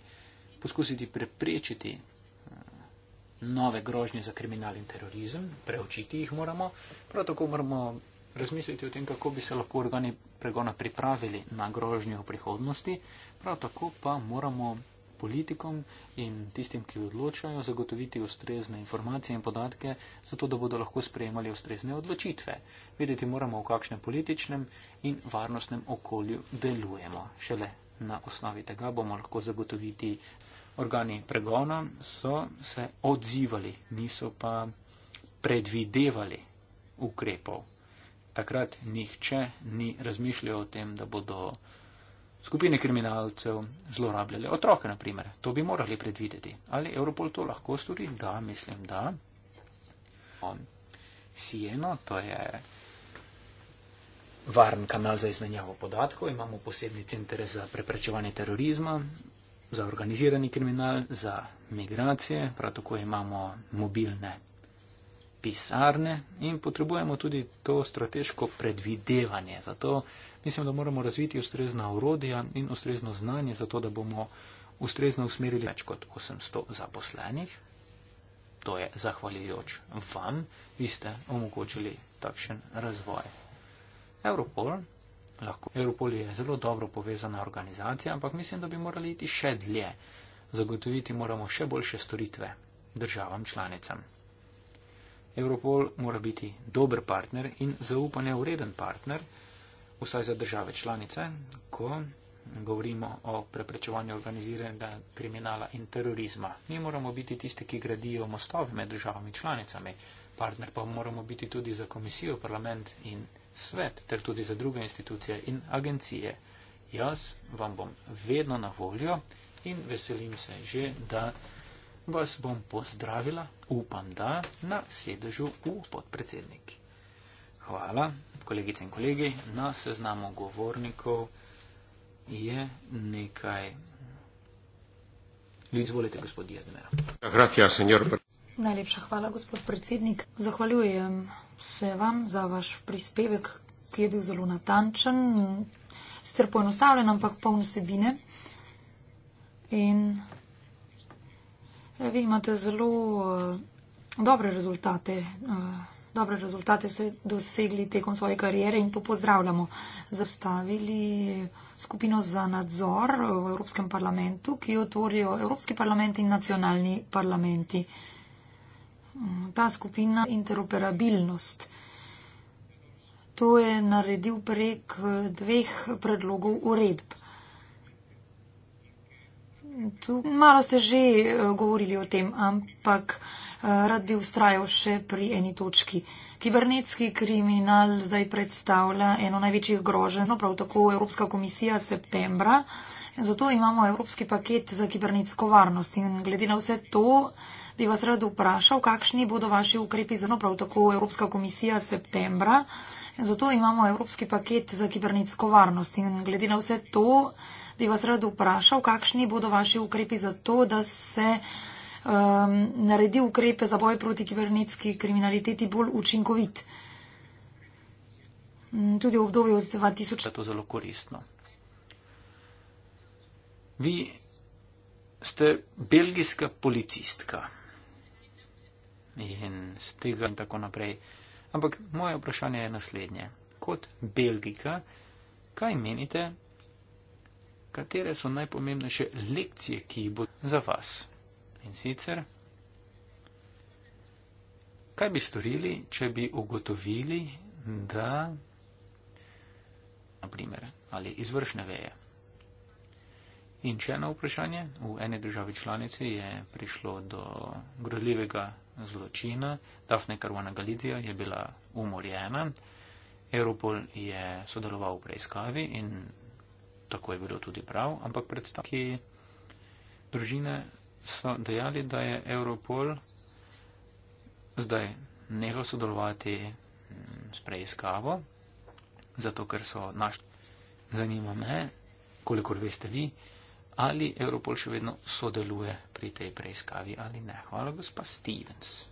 Speaker 2: poskusiti preprečiti eh, nove grožnje za kriminal in terorizem, preučiti jih moramo, prav tako moramo razmisliti o tem, kako bi se lahko organi pregona pripravili na grožnje v prihodnosti, prav tako pa moramo politikom in tistim, ki odločajo, zagotoviti ustrezne informacije in podatke, zato da bodo lahko sprejemali ustrezne odločitve. Vedeti moramo, v kakšnem političnem in varnostnem okolju delujemo. Šele na osnovi tega bomo lahko zagotoviti. Organi pregona so se odzivali, niso pa predvidevali ukrepov. Takrat nihče ni razmišljal o tem, da bodo skupine kriminalcev zlorabljale otroke, naprimer. To bi morali predvideti. Ali Europol to lahko stori? Da, mislim, da. Sieno, to je varen kanal za izmenjavo podatkov, imamo posebni center za preprečevanje terorizma, za organizirani kriminal, za migracije, prav tako imamo mobilne pisarne in potrebujemo tudi to strateško predvidevanje. Zato mislim, da moramo razviti ustrezna urodja in ustrezno znanje, zato da bomo ustrezno usmerili več kot 800 zaposlenih. To je zahvaljujoč vam, vi ste omogočili takšen razvoj. Europol, lahko. Europol je zelo dobro povezana organizacija, ampak mislim, da bi morali iti še dlje. Zagotoviti moramo še boljše storitve državam članicam. Europol mora biti dober partner in zaupanja vreden partner vsaj za države članice, ko govorimo o preprečevanju organiziranega kriminala in terorizma. Mi moramo biti tisti, ki gradijo mostove med državami članicami, partner pa moramo biti tudi za komisijo, parlament in svet, ter tudi za druge institucije in agencije. Jaz vam bom vedno na voljo in veselim se že, da vas bom pozdravila, upam, da na sedežu v podpredsednik. Hvala kolegice in kolegi, na seznamu govornikov je nekaj. Ljud, izvolite, gospod Jedmer.
Speaker 1: Najlepša hvala, gospod predsednik. Zahvaljujem se vam za vaš prispevek, ki je bil zelo natančen, sicer poenostavljen, ampak poln vsebine. In eh, vi imate zelo eh, dobre rezultate. Uh, dobre rezultate ste dosegli tekom svoje karijere in to pozdravljamo. Zastavili skupino za nadzor v Evropskem parlamentu, ki jo tvorijo Evropski parlament in nacionalni parlamenti. Mm, ta skupina interoperabilnost. To je naredil prek dveh predlogov uredb. Tu malo ste že eh, govorili o tem, ampak rad bi ustrajal še pri eni točki. Kibernetski kriminal zdaj predstavlja eno največjih groženj, no, prav tako Evropska komisija septembra. Zato imamo Evropski paket za kibernetsko varnost in glede na vse to bi vas rad vprašal, kakšni bodo vaši ukrepi za no, prav tako Evropska komisija septembra. Zato imamo Evropski paket za kibernetsko varnost in glede na vse to bi vas rad vprašal, kakšni bodo vaši ukrepi za to, da se um, naredi ukrepe za boj proti kibernetski kriminaliteti bolj učinkovit. Mm, tudi v obdobju od 2000.
Speaker 2: Je to zelo koristno. Vi ste belgijska policistka in z tega in tako naprej. Ampak moje vprašanje je naslednje. Kot belgika, kaj menite, katere so najpomembnejše lekcije, ki jih bo za vas In sicer, kaj bi storili, če bi ugotovili, da naprimer ali izvršne veje. In če eno vprašanje, v eni državi članici je prišlo do grozljivega zločina, Dafne Karvana Galidija je bila umorjena, Europol je sodeloval v preiskavi in tako je bilo tudi prav, ampak predstavki družine so dejali, da je Europol zdaj nehal sodelovati mm, s preiskavo, zato ker so naš, zanima me, kolikor veste vi, ali Europol še vedno sodeluje pri tej preiskavi ali ne. Hvala, gospa Stevens.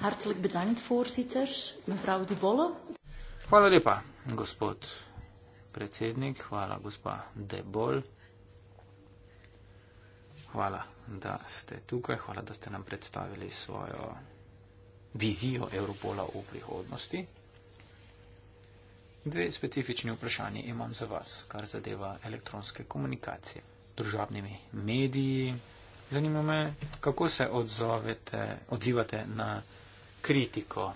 Speaker 1: Hartelijk bedankt, voorzitter, mevrouw de
Speaker 3: Bolle.
Speaker 2: Hvala lepa, gospod predsednik, hvala gospa de Bolle hvala, da ste tukaj, hvala, da ste nam predstavili svojo vizijo Evropola v prihodnosti. Dve specifični vprašanje imam za vas, kar zadeva elektronske komunikacije. Državnimi mediji. Zanima me, kako se odzovete, odzivate na kritiko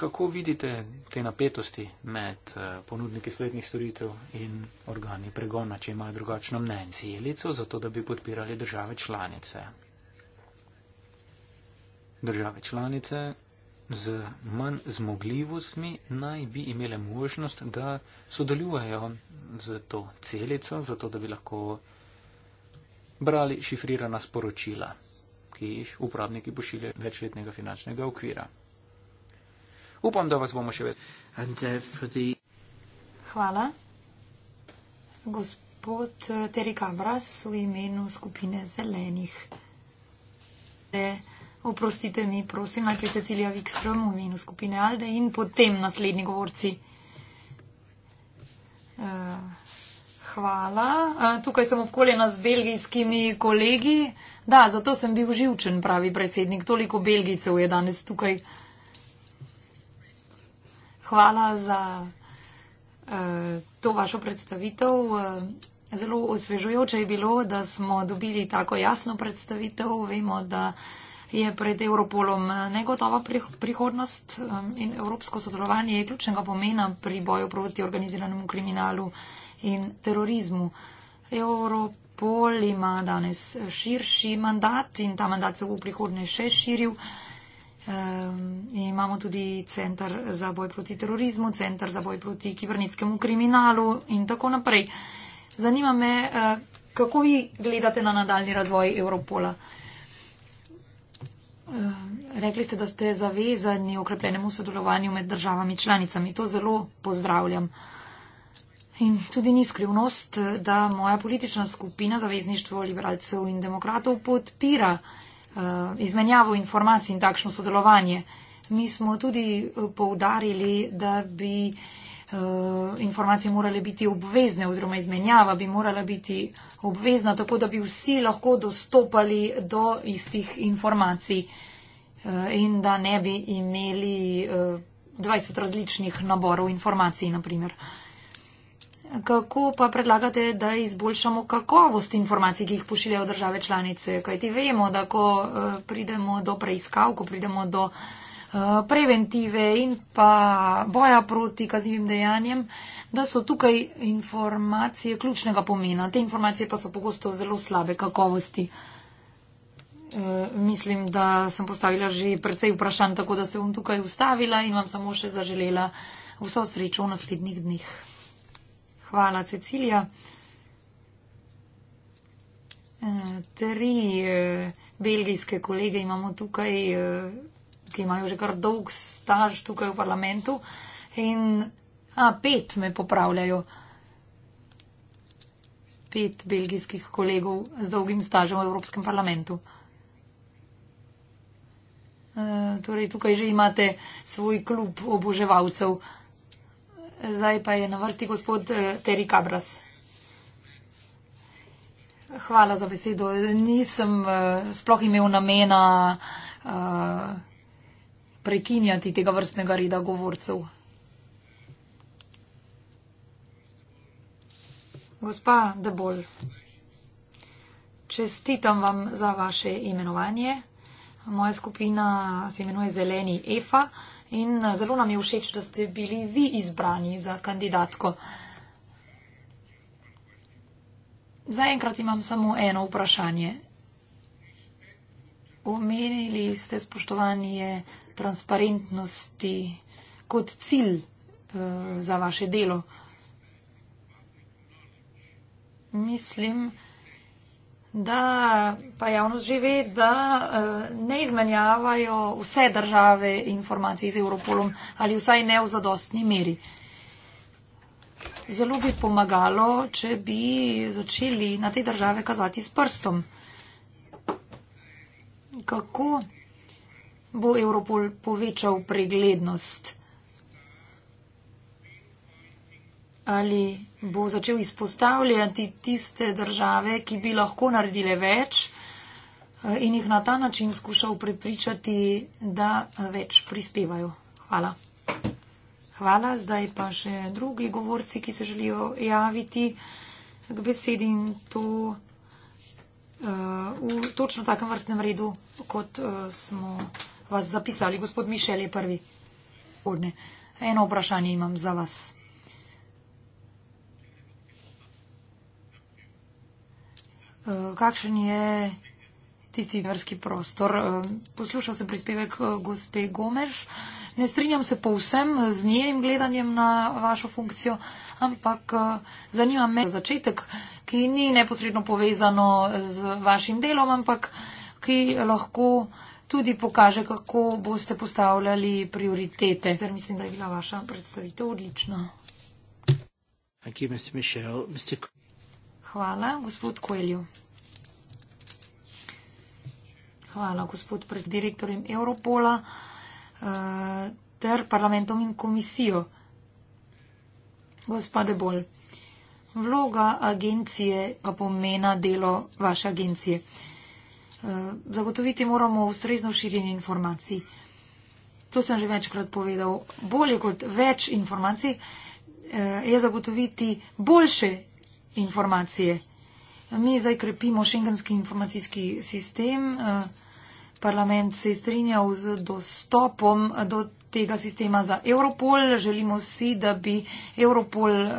Speaker 2: Kako vidite te napetosti med eh, ponudniki spletnih storitev in organi pregona, če imajo drugačno mnenje, celico za to, da bi podpirali države članice? Države članice z manj zmogljivostmi naj bi imele možnost, da sodelujejo z to celico, zato da bi lahko brali šifrirana sporočila, ki jih uporabniki pošiljajo večletnega finančnega okvira. Upam, da vas bomo še več. Uh,
Speaker 1: hvala. Gospod eh, Teri Kabras v imenu skupine zelenih. Oprostite mi, prosim, najprej Cecilija Vikström v imenu skupine Alde in potem naslednji govorci. Uh, hvala. Uh, tukaj sem obkoljena z belgijskimi kolegi. Da, zato sem bil živčen, pravi predsednik. Toliko belgijcev je danes tukaj hvala za uh, to vašo predstavitev. Eh, zelo osvežujoče je bilo, da smo dobili tako jasno predstavitev. Vemo, da je pred Europolom eh, negotova prihodnost in evropsko sodelovanje je ključnega pomena pri boju proti organiziranemu kriminalu in terorizmu. Europol ima danes širši mandat in ta mandat se bo v prihodnje še širil. Uh, Um, imamo tudi centr za boj proti terorizmu, centr za boj proti kibernetskemu kriminalu in tako naprej. Zanima me, uh, kako vi gledate na nadaljni razvoj Evropola. Eh, rekli ste, da ste zavezani okrepljenemu sodelovanju med državami članicami. To zelo pozdravljam. In tudi ni skrivnost, da moja politična skupina zavezništvo liberalcev in demokratov podpira uh, Eh, izmenjavo informacij in takšno sodelovanje. Mi smo tudi eh, poudarili, da bi eh, informacije morale biti obvezne oziroma izmenjava bi morala biti obvezna, tako da bi vsi lahko dostopali do istih informacij in da ne bi imeli 20 različnih naborov informacij, naprimer. Kako pa predlagate, da izboljšamo kakovost informacij, ki jih pošiljajo države članice? Kaj ti vemo, da ko eh, pridemo do preiskav, ko pridemo do eh, preventive in pa boja proti kaznjivim dejanjem, da so tukaj informacije ključnega pomena. Te informacije pa so pogosto zelo slabe kakovosti. Eh, mislim, da sem postavila že precej vprašanj, tako da se bom tukaj ustavila in vam samo še zaželela vso srečo v naslednjih dneh. Hvala, Cecilija. E, tri e, belgijske kolege imamo tukaj, e, ki imajo že kar dolg staž tukaj v parlamentu. In a, pet me popravljajo. Pet belgijskih kolegov z dolgim stažem v Evropskem parlamentu. Torej, tukaj že imate svoj klub oboževalcev. Zdaj pa je na vrsti gospod eh, Teri Kabras. Hvala za besedo. Nisem eh, sploh imel namena eh, prekinjati tega vrstnega reda govorcev. Gospa Debol, čestitam vam za vaše imenovanje. Moja skupina se imenuje Zeleni EFA in eh, zelo nam je všeč, da ste bili vi izbrani za kandidatko. Zaenkrat imam samo eno vprašanje. Omenili ste spoštovanje transparentnosti kot cilj eh, za vaše delo. Mislim, da pa javnost že ve, da eh, ne izmenjavajo vse države informacij z Europolom ali vsaj ne v zadostni meri. Zelo bi pomagalo, če bi začeli na te države kazati s prstom. Kako bo Europol povečal preglednost? ali bo začel izpostavljati tiste države, ki bi lahko naredile več eh, in jih na ta način skušal prepričati, da eh, več prispevajo. Hvala. Hvala. Zdaj pa še drugi govorci, ki se želijo javiti k besedi in to eh, v točno takem vrstnem redu, kot smo vas zapisali. Gospod Mišel je prvi. Eno vprašanje imam za vas. Eh, kakšen je tisti vrski prostor. Eh, poslušal sem prispevek eh, gospe Gomeš. Ne strinjam se povsem z njenim gledanjem na vašo funkcijo, ampak zanima me začetek, ki ni neposredno povezano z vašim delom, ampak ki lahko tudi pokaže, kako boste postavljali prioritete. Ter mislim, da je bila vaša predstavitev odlična. Thank you, Mr. Michel. Mr. Hvala, gospod Koelju. Hvala, gospod preddirektorjem Europola eh, ter parlamentom in komisijo. Gospode Bol, vloga agencije pa pomena delo vaše agencije. Eh, zagotoviti moramo ustrezno širjenje informacij. To sem že večkrat povedal. Bolje kot več informacij eh, je zagotoviti boljše informacije. Mi zdaj krepimo šengenski informacijski sistem. Parlament se je strinjal z dostopom do tega sistema za Europol. Želimo si, da bi Europol eh,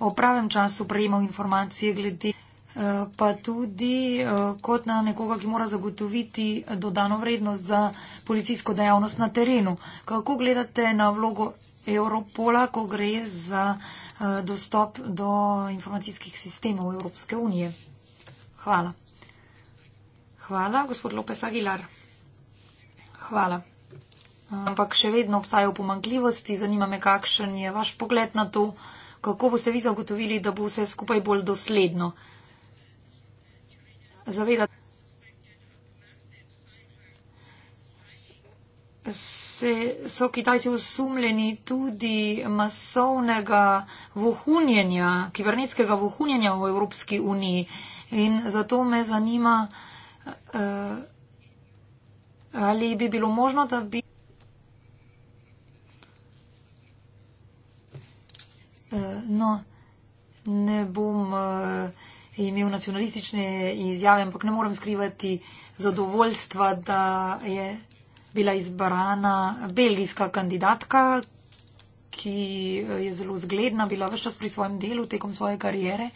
Speaker 1: v pravem času prejemal informacije glede. Eh, pa tudi eh, kot na nekoga, ki mora zagotoviti dodano vrednost za policijsko dejavnost na terenu. Kako gledate na vlogo Europola, ko gre za. Eh, dostop do informacijskih sistemov Evropske unije. Hvala. Hvala, gospod Lopes Aguilar. Hvala. Ampak še vedno obstajajo pomankljivosti. Zanima me, kakšen je vaš pogled na to, kako boste vi zagotovili, da bo vse skupaj bolj dosledno. Zavedati. se, so Kitajci usumljeni tudi masovnega vohunjenja, kibernetskega vohunjenja v Evropski uniji. In zato me zanima, uh, ali bi bilo možno, da bi. Uh, no, ne bom. Uh, imel nacionalistične izjave, ampak ne morem skrivati zadovoljstva, da je bila izbrana belgijska kandidatka, ki eh, je zelo zgledna, bila vse čas pri svojem delu tekom svoje karijere.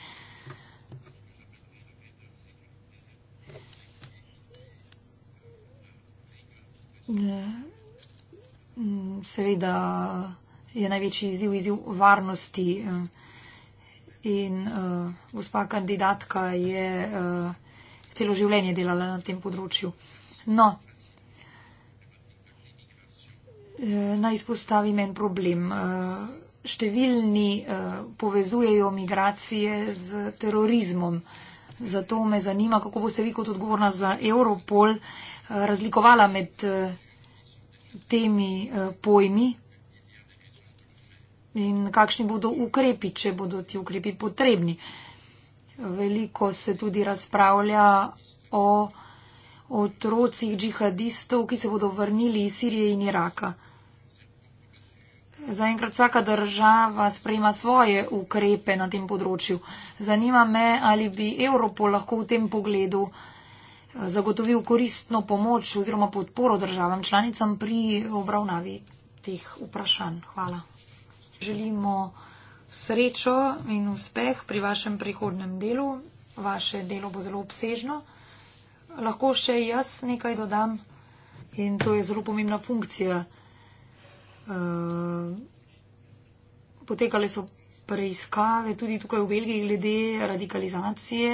Speaker 1: Eh, seveda je največji izziv izziv varnosti eh, in uh, gospa kandidatka je uh, celo življenje delala na tem področju. No, Eh, naj izpostavim en problem. Eh, številni eh, povezujejo migracije z terorizmom. Zato me zanima, kako boste vi kot odgovorna za Europol razlikovala med temi pojmi in kakšni bodo ukrepi, če bodo ti ukrepi potrebni. Veliko se tudi razpravlja o otrocih džihadistov, ki se bodo vrnili iz Sirije in Iraka. Zaenkrat vsaka država sprejema svoje ukrepe na tem področju. Zanima me, ali bi Evropo lahko v tem pogledu eh, zagotovil koristno pomoč oziroma podporo državam članicam pri obravnavi teh vprašanj. Hvala. Želimo srečo in uspeh pri vašem prihodnem delu. Vaše delo bo zelo obsežno. Lahko še jaz nekaj dodam in to je zelo pomembna funkcija. Eh, potekale so preiskave tudi tukaj v Belgiji glede radikalizacije.